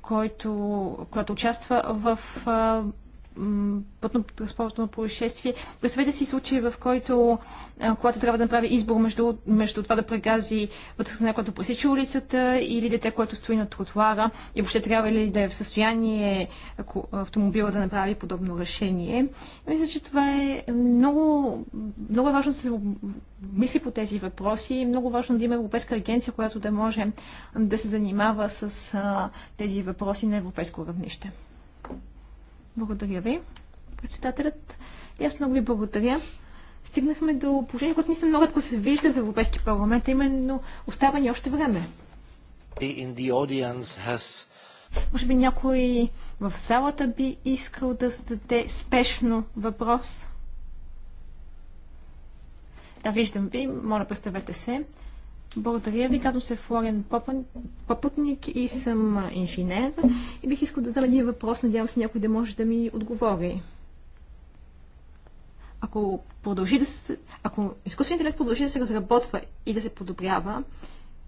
който, който участва в пътно-транспортно происшествие. Представете си случай, в който когато трябва да направи избор между, между това да прегази вътрешна, която пресича улицата или дете, което стои на тротуара и въобще трябва ли да е в състояние ако автомобила да направи подобно решение. Мисля, че това е много, много е важно да се мисли по тези въпроси и много важно да има Европейска агенция, която да може да се занимава с тези въпроси на европейско равнище. Благодаря ви, председателят. И аз много ви благодаря. Стигнахме до положение, което не съм много рядко се вижда в Европейския парламент, именно остава ни още време. Has... Може би някой в залата би искал да зададе спешно въпрос. Да, виждам ви. Моля, представете се. Благодаря ви. Казвам се Флорен Попутник и съм инженер. И бих искал да задам един въпрос. Надявам се някой да може да ми отговори. Ако, продължи да се, ако изкуственият интелект продължи да се разработва и да се подобрява,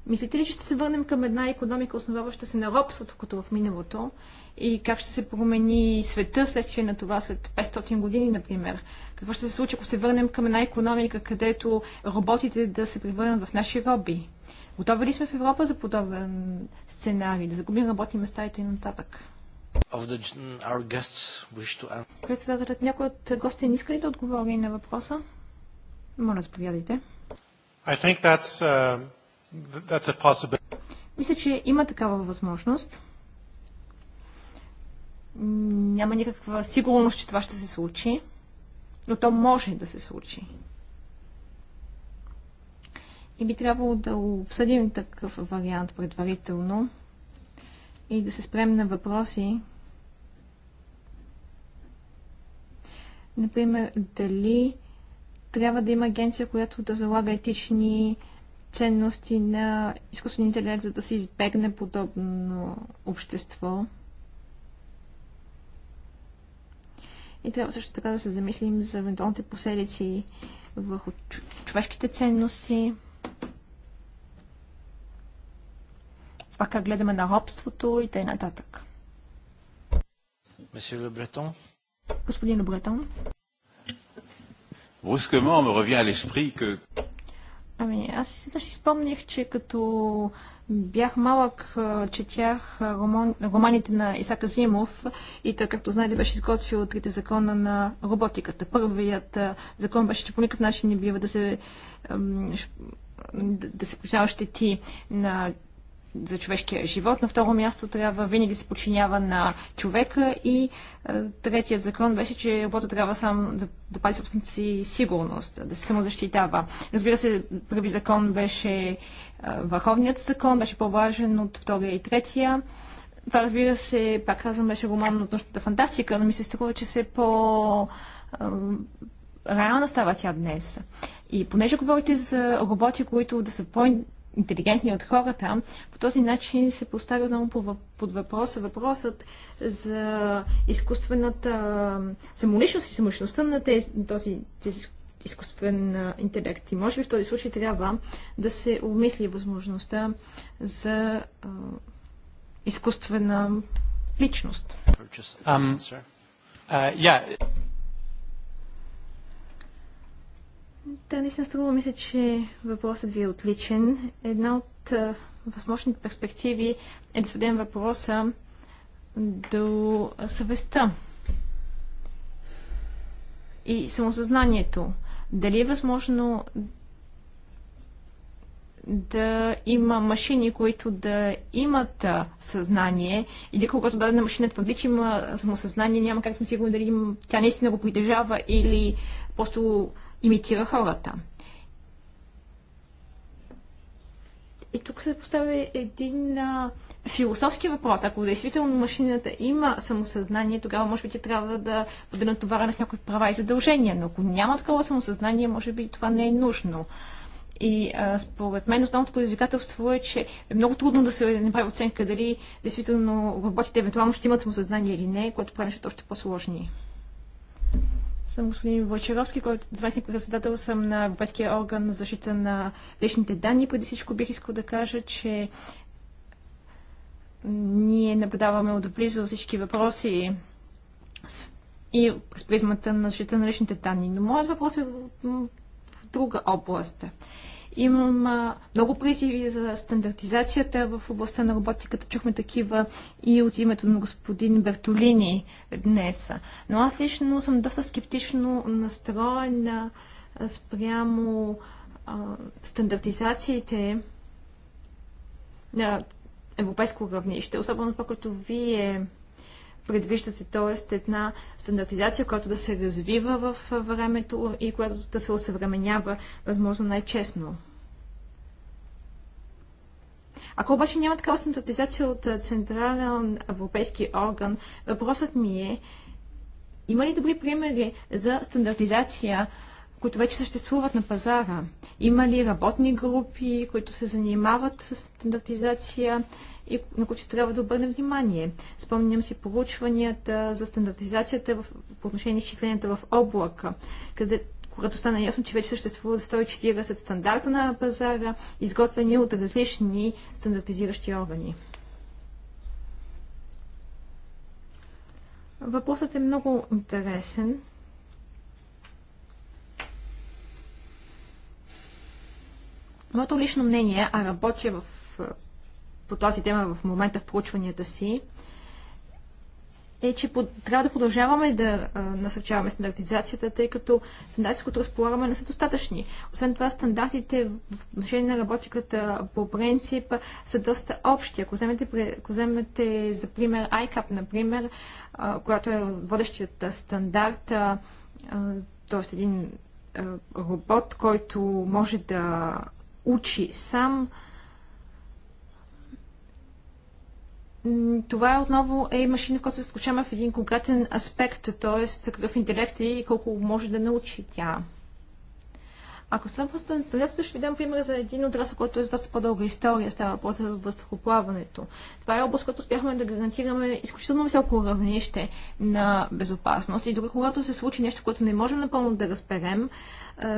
мислите ли, че ще се върнем към една економика, основаваща се на робството, като в миналото? И как ще се промени света следствие на това след 500 години, например? Какво ще се случи, ако се върнем към една економика, където роботите да се превърнат в наши роби? Готови ли сме в Европа за подобен сценарий, да загубим работни места и т.н. Председателят, някой от гостите не иска ли да отговори на въпроса? Моля, заповядайте. I think that's, uh, that's a possibility. Мисля, че има такава възможност. Няма никаква сигурност, че това ще се случи но то може да се случи. И би трябвало да обсъдим такъв вариант предварително и да се спрем на въпроси. Например, дали трябва да има агенция, която да залага етични ценности на изкуствения интелект, за да се избегне подобно общество. И трябва също така да се замислим за евентуалните последици върху човешките ценности, това как гледаме на робството и т.н. Месье Лебретон. Господин Лебретон. Brusquement ме revient à Ами, аз си спомних, че като Бях малък, четях роман, романите на Исака Зимов и той, както знаете, беше изготвил трите закона на роботиката. Първият закон беше, че по никакъв начин не бива да се да се причинява щети на за човешкия живот. На второ място трябва винаги да се подчинява на човека и е, третият закон беше, че робота трябва сам да, да пази собствената си сигурност, да се самозащитава. Разбира се, първи закон беше върховният закон беше по-важен от втория и третия. Това, разбира се, пак казвам, беше роман от нощната фантастика, но ми се струва, че се по реална става тя днес. И понеже говорите за роботи, които да са по-интелигентни от хората, по този начин се поставя отново под въпроса въпросът за изкуствената самоличност и самоличността на тези, този, тези изкуствен интелект. И може би в този случай трябва да се обмисли възможността за изкуствена личност. Um, uh, yeah. Да, наистина струва. Мисля, че въпросът ви е отличен. Една от възможните перспективи е да сведем въпроса до съвестта и самосъзнанието. Дали е възможно да има машини, които да имат съзнание или когато дадена машина е твърди, че има самосъзнание, няма как сме сигурни дали тя наистина го притежава или просто имитира хората. И тук се поставя един а, философски въпрос. Ако действително машината има самосъзнание, тогава може би тя трябва да бъде натоварена с някои права и задължения. Но ако няма такова самосъзнание, може би това не е нужно. И а, според мен основното предизвикателство е, че е много трудно да се направи оценка дали действително роботите евентуално ще имат самосъзнание или не, което прави нещата още по-сложни съм господин Вълчаровски, който заместник председател съм на Европейския орган за защита на личните данни. Преди всичко бих искал да кажа, че ние наблюдаваме отблизо всички въпроси и с призмата на защита на личните данни. Но моят въпрос е в друга област. Имам много призиви за стандартизацията в областта на роботиката. Чухме такива и от името на господин Бертолини днес. Но аз лично съм доста скептично настроена спрямо а, стандартизациите на европейско равнище, особено това, което вие Предвижда се, т.е. една стандартизация, която да се развива в времето и която да се осъвременява възможно най-честно. Ако обаче няма такава стандартизация от централен европейски орган, въпросът ми е, има ли добри примери за стандартизация, които вече съществуват на пазара? Има ли работни групи, които се занимават с стандартизация? и на които трябва да обърнем внимание. Спомням си получванията за стандартизацията в, по отношение на изчисленията в облака, къде, когато стана ясно, че вече съществува 140 стандарта на пазара, изготвени от различни стандартизиращи органи. Въпросът е много интересен. Моето лично мнение, а работя в по тази тема в момента в проучванията си, е, че под, трябва да продължаваме да а, насърчаваме стандартизацията, тъй като стандартите, които разполагаме, не са достатъчни. Освен това, стандартите в отношение на работиката по принцип са доста общи. Ако вземете, ако вземете за пример ICAP, например, а, която е водещият стандарт, т.е. един а, робот, който може да учи сам, а, това отново е машина, в която се случава в един конкретен аспект, т.е. какъв интелект е и колко може да научи тя. Ако сам поставям средства, ще ви дам пример за един отрасъл, който е с доста по-дълга история. Става въпрос за въздухоплаването. Това е област, която успяхме да гарантираме изключително високо равнище на безопасност. И дори когато се случи нещо, което не можем напълно да разберем,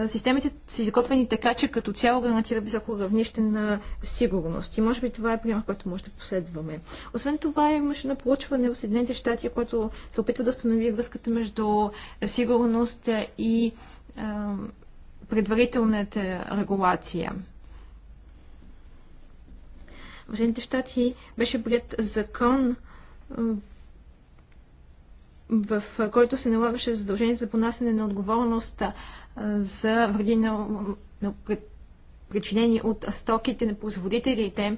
системите са изготвени така, че като цяло гарантира високо равнище на сигурност. И може би това е пример, който може да последваме. Освен това имаше на проучване в Съединените щати, което се опитва да установи връзката между сигурност и предварителната регулация. В Съединените щати беше прият закон, в който се налагаше задължение за понасене на отговорност за вреди на, на причинени от стоките на производителите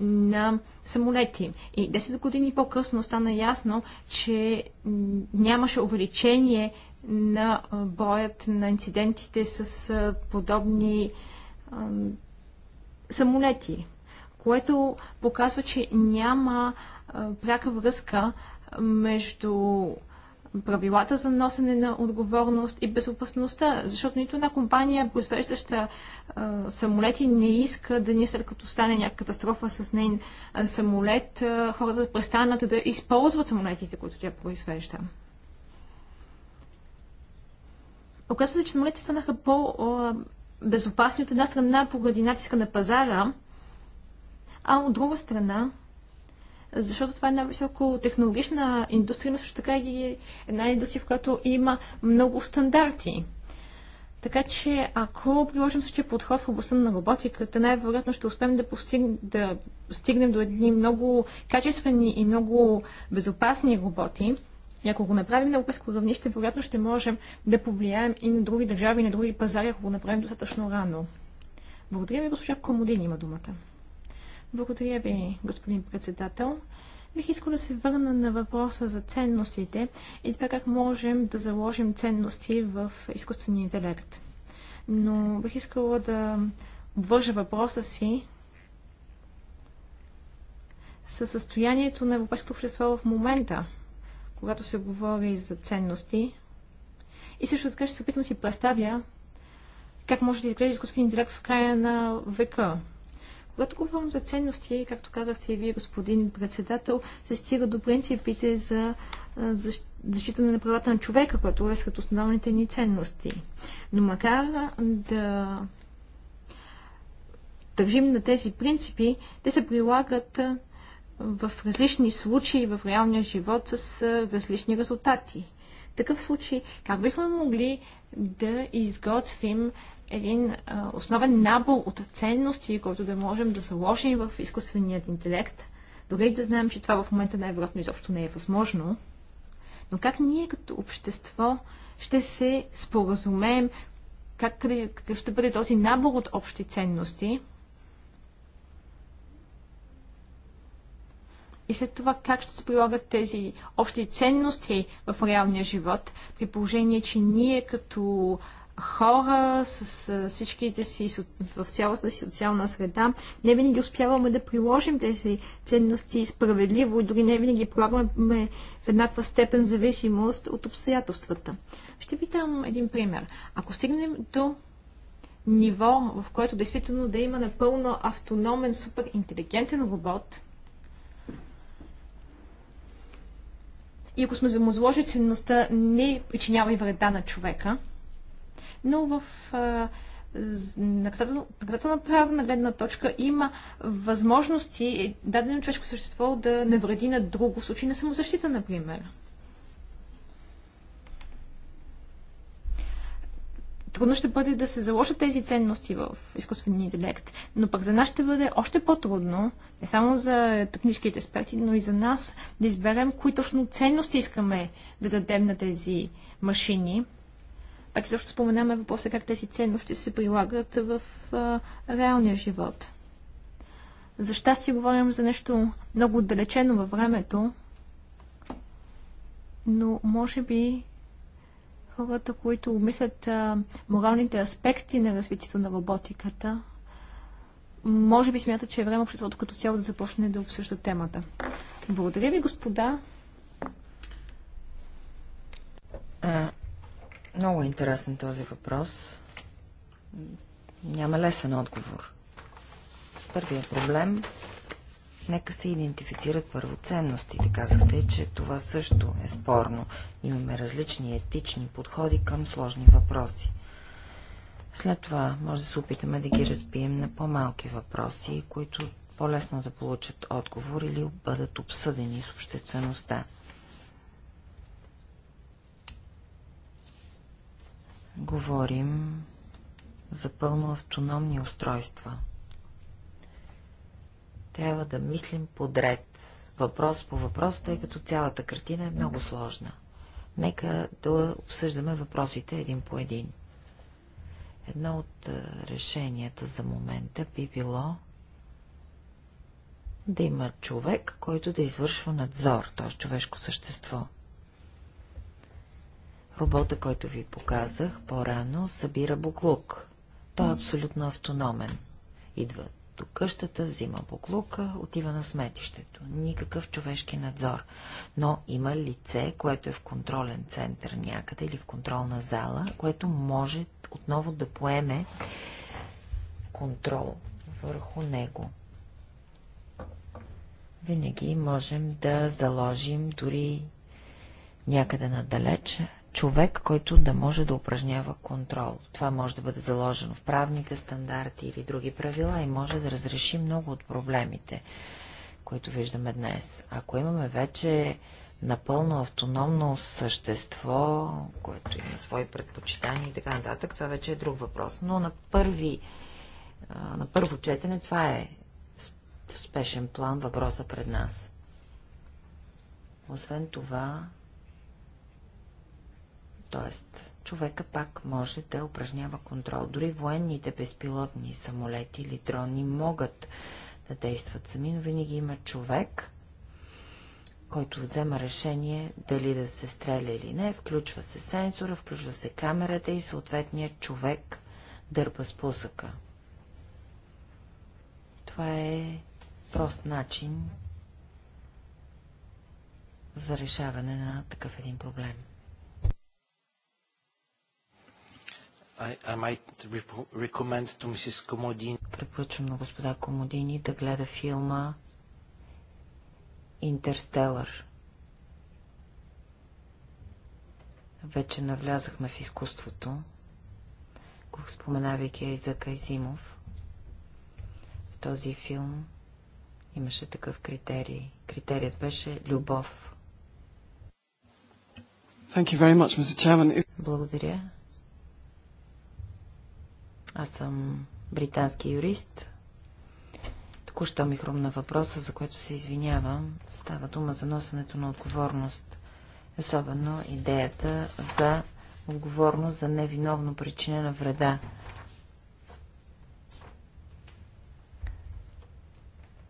на самолети. И 10 години по-късно стана ясно, че нямаше увеличение на боят на инцидентите с подобни самолети, което показва, че няма пряка връзка между правилата за носене на отговорност и безопасността, защото нито една компания, произвеждаща самолети, не иска да ни след като стане някаква катастрофа с нейн самолет, хората да престанат да използват самолетите, които тя произвежда. Оказва се, че самолетите станаха по-безопасни от една страна поради натиска на пазара, а от друга страна, защото това е една високотехнологична индустрия, но също така и една индустрия, в която има много стандарти. Така че, ако приложим същия подход в областта на роботиката, най-вероятно ще успеем да, постиг... да стигнем до едни много качествени и много безопасни роботи, и ако го направим на европейско равнище, вероятно ще можем да повлияем и на други държави, и на други пазари, ако го направим достатъчно рано. Благодаря ви, госпожа Комодин има думата. Благодаря ви, господин председател. Бих искал да се върна на въпроса за ценностите и това как можем да заложим ценности в изкуствения интелект. Но бих искала да обвържа въпроса си със състоянието на европейското общество в момента – когато се говори за ценности. И също така ще се опитам да си представя как може да изглежда изкуствен интелект в края на века. Когато говорим за ценности, както казахте и вие, господин председател, се стига до принципите за защита на правата на човека, което е сред основните ни ценности. Но макар да държим на тези принципи, те се прилагат в различни случаи в реалния живот с различни резултати. В такъв случай, как бихме могли да изготвим един основен набор от ценности, който да можем да заложим в изкуственият интелект, дори и да знаем, че това в момента най-вероятно изобщо не е възможно. Но как ние като общество ще се споразумеем, как, какъв ще бъде този набор от общи ценности, и след това как ще се прилагат тези общи ценности в реалния живот, при положение, че ние като хора с всичките си в цялата си социална среда, не винаги успяваме да приложим тези ценности справедливо и дори не винаги прилагаме в еднаква степен зависимост от обстоятелствата. Ще ви дам един пример. Ако стигнем до ниво, в което действително да има напълно автономен, суперинтелигентен робот, и ако сме замозложили ценността, не причинява и вреда на човека. Но в наказателно, наказателно правна гледна точка има възможности дадено човешко същество да навреди на друго, в случай на самозащита, например. Трудно ще бъде да се заложат тези ценности в изкуствения интелект, но пък за нас ще бъде още по-трудно, не само за техническите експерти, но и за нас да изберем кои точно ценности искаме да дадем на тези машини. Пак и също споменаме въпроса как тези ценности се прилагат в а, реалния живот. За щастие говорим за нещо много отдалечено във времето, но може би хората, които обмислят моралните аспекти на развитието на роботиката, може би смятат, че е време обществото като цяло да започне да обсъжда темата. Благодаря ви, господа. А, много е интересен този въпрос. Няма лесен отговор. Първият проблем Нека се идентифицират първо ценностите. Казахте, че това също е спорно. Имаме различни етични подходи към сложни въпроси. След това може да се опитаме да ги разбием на по-малки въпроси, които по-лесно да получат отговор или бъдат обсъдени с обществеността. Говорим за пълно автономни устройства – трябва да мислим подред, въпрос по въпрос, тъй като цялата картина е много сложна. Нека да обсъждаме въпросите един по един. Едно от е, решенията за момента би било да има човек, който да извършва надзор, т.е. човешко същество. Робота, който ви показах по-рано, събира буклук. Той е абсолютно автономен. Идва от къщата, взима буклука, отива на сметището. Никакъв човешки надзор. Но има лице, което е в контролен център някъде или в контролна зала, което може отново да поеме контрол върху него. Винаги можем да заложим дори някъде надалече човек, който да може да упражнява контрол. Това може да бъде заложено в правните стандарти или други правила и може да разреши много от проблемите, които виждаме днес. Ако имаме вече напълно автономно същество, което има свои предпочитания и така нататък, това вече е друг въпрос. Но на, първи, на първо четене това е в спешен план въпроса пред нас. Освен това, Тоест, човека пак може да упражнява контрол. Дори военните безпилотни самолети или дрони могат да действат сами, но винаги има човек, който взема решение дали да се стреля или не. Включва се сенсора, включва се камерата и съответният човек дърпа спусъка. Това е прост начин за решаване на такъв един проблем. Препоръчвам на господа Комодини да гледа филма Интерстелър. Вече навлязахме в изкуството, го споменавайки и за Кайзимов. В този филм имаше такъв критерий. Критерият беше любов. Much, Благодаря. Аз съм британски юрист. Току-що ми хрумна въпроса, за което се извинявам. Става дума за носенето на отговорност. Особено идеята за отговорност за невиновно причинена вреда.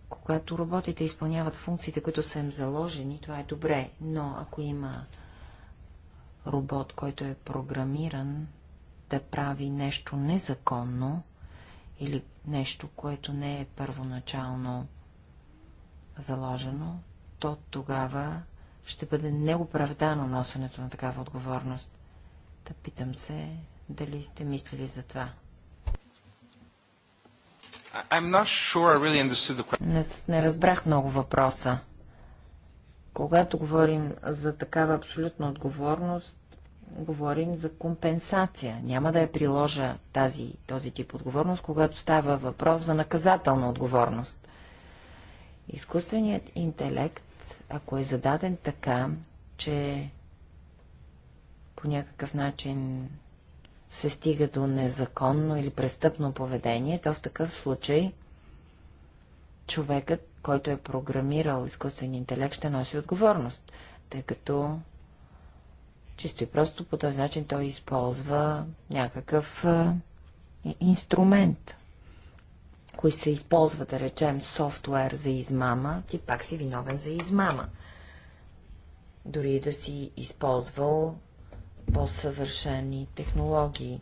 Когато роботите изпълняват функциите, които са им заложени, това е добре, но ако има робот, който е програмиран да прави нещо незаконно или нещо, което не е първоначално заложено, то тогава ще бъде неоправдано носенето на такава отговорност. Та питам се, дали сте мислили за това. Sure really the... не, не разбрах много въпроса. Когато говорим за такава абсолютна отговорност, говорим за компенсация. Няма да я приложа тази, този тип отговорност, когато става въпрос за наказателна отговорност. Изкуственият интелект, ако е зададен така, че по някакъв начин се стига до незаконно или престъпно поведение, то в такъв случай човекът, който е програмирал изкуствен интелект, ще носи отговорност, тъй като Чисто и просто по този начин той използва някакъв а, инструмент. кой се използва, да речем, софтуер за измама, ти пак си виновен за измама. Дори да си използвал по-съвършени технологии.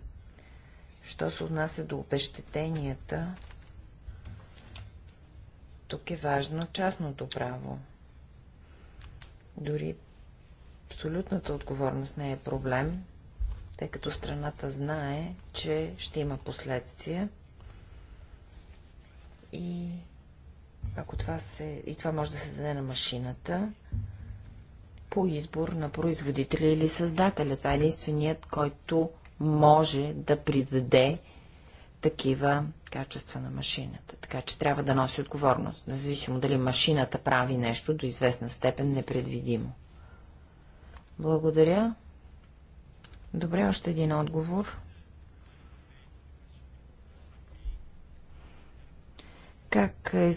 Що се отнася до обещетенията, тук е важно частното право. Дори Абсолютната отговорност не е проблем, тъй като страната знае, че ще има последствия и ако това се... и това може да се даде на машината по избор на производителя или създателя. Това е единственият, който може да придаде такива качества на машината. Така че трябва да носи отговорност, независимо дали машината прави нещо до известна степен непредвидимо. Благодаря. Добре, още един отговор. Как е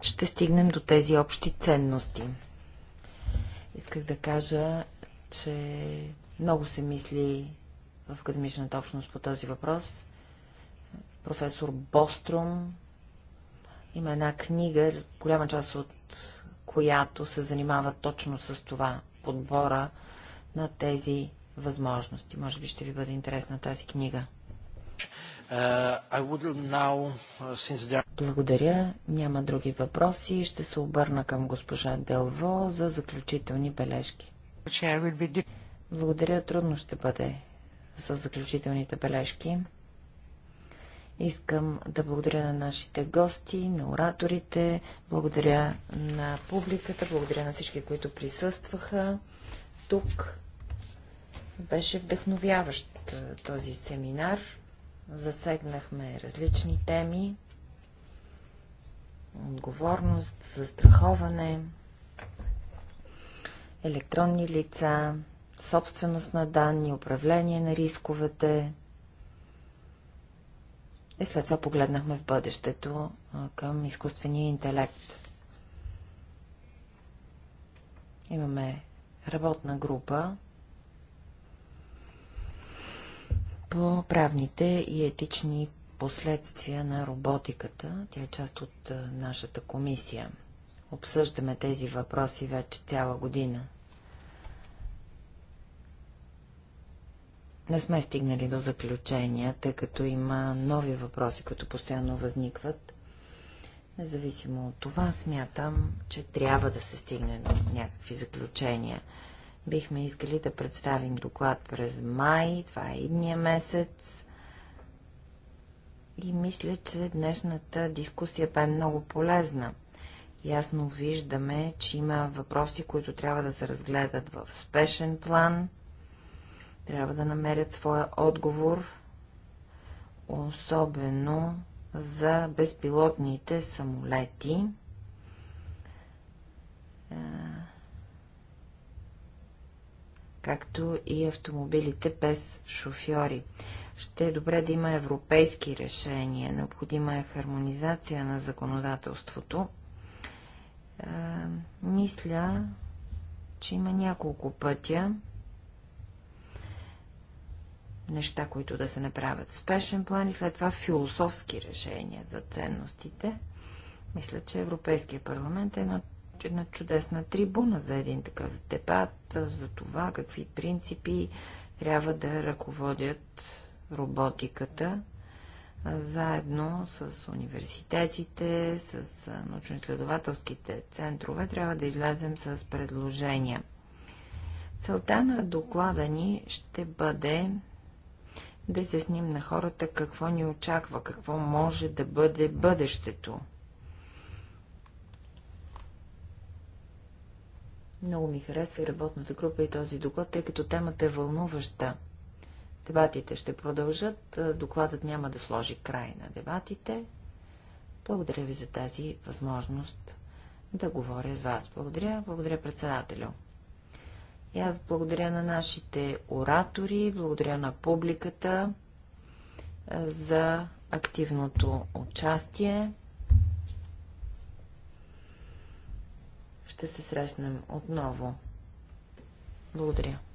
ще стигнем до тези общи ценности? Исках да кажа, че много се мисли в академичната общност по този въпрос. Професор Бостром има една книга, голяма част от която се занимава точно с това подбора на тези възможности. Може би ще ви бъде интересна тази книга. Uh, uh, Благодаря. Няма други въпроси. Ще се обърна към госпожа Делво за заключителни бележки. Благодаря. Трудно ще бъде с заключителните бележки. Искам да благодаря на нашите гости, на ораторите, благодаря на публиката, благодаря на всички, които присъстваха тук. Беше вдъхновяващ този семинар. Засегнахме различни теми. Отговорност, застраховане, електронни лица, собственост на данни, управление на рисковете, и след това погледнахме в бъдещето към изкуствения интелект. Имаме работна група по правните и етични последствия на роботиката. Тя е част от нашата комисия. Обсъждаме тези въпроси вече цяла година. Не сме стигнали до заключения, тъй като има нови въпроси, които постоянно възникват. Независимо от това, смятам, че трябва да се стигне до някакви заключения. Бихме искали да представим доклад през май, това е идния месец. И мисля, че днешната дискусия бе много полезна. Ясно виждаме, че има въпроси, които трябва да се разгледат в спешен план – трябва да намерят своя отговор, особено за безпилотните самолети. Е, както и автомобилите без шофьори. Ще е добре да има европейски решения, необходима е хармонизация на законодателството. Е, мисля, че има няколко пътя, неща, които да се направят спешен план и след това философски решения за ценностите. Мисля, че Европейския парламент е на една чудесна трибуна за един такъв дебат, за това какви принципи трябва да ръководят роботиката заедно с университетите, с научно-изследователските центрове, трябва да излезем с предложения. Целта на доклада ни ще бъде да се сним на хората какво ни очаква, какво може да бъде бъдещето. Много ми харесва и работната група и този доклад, тъй като темата е вълнуваща. Дебатите ще продължат, докладът няма да сложи край на дебатите. Благодаря ви за тази възможност да говоря с вас. Благодаря, благодаря председателю. И аз благодаря на нашите оратори, благодаря на публиката за активното участие. Ще се срещнем отново. Благодаря.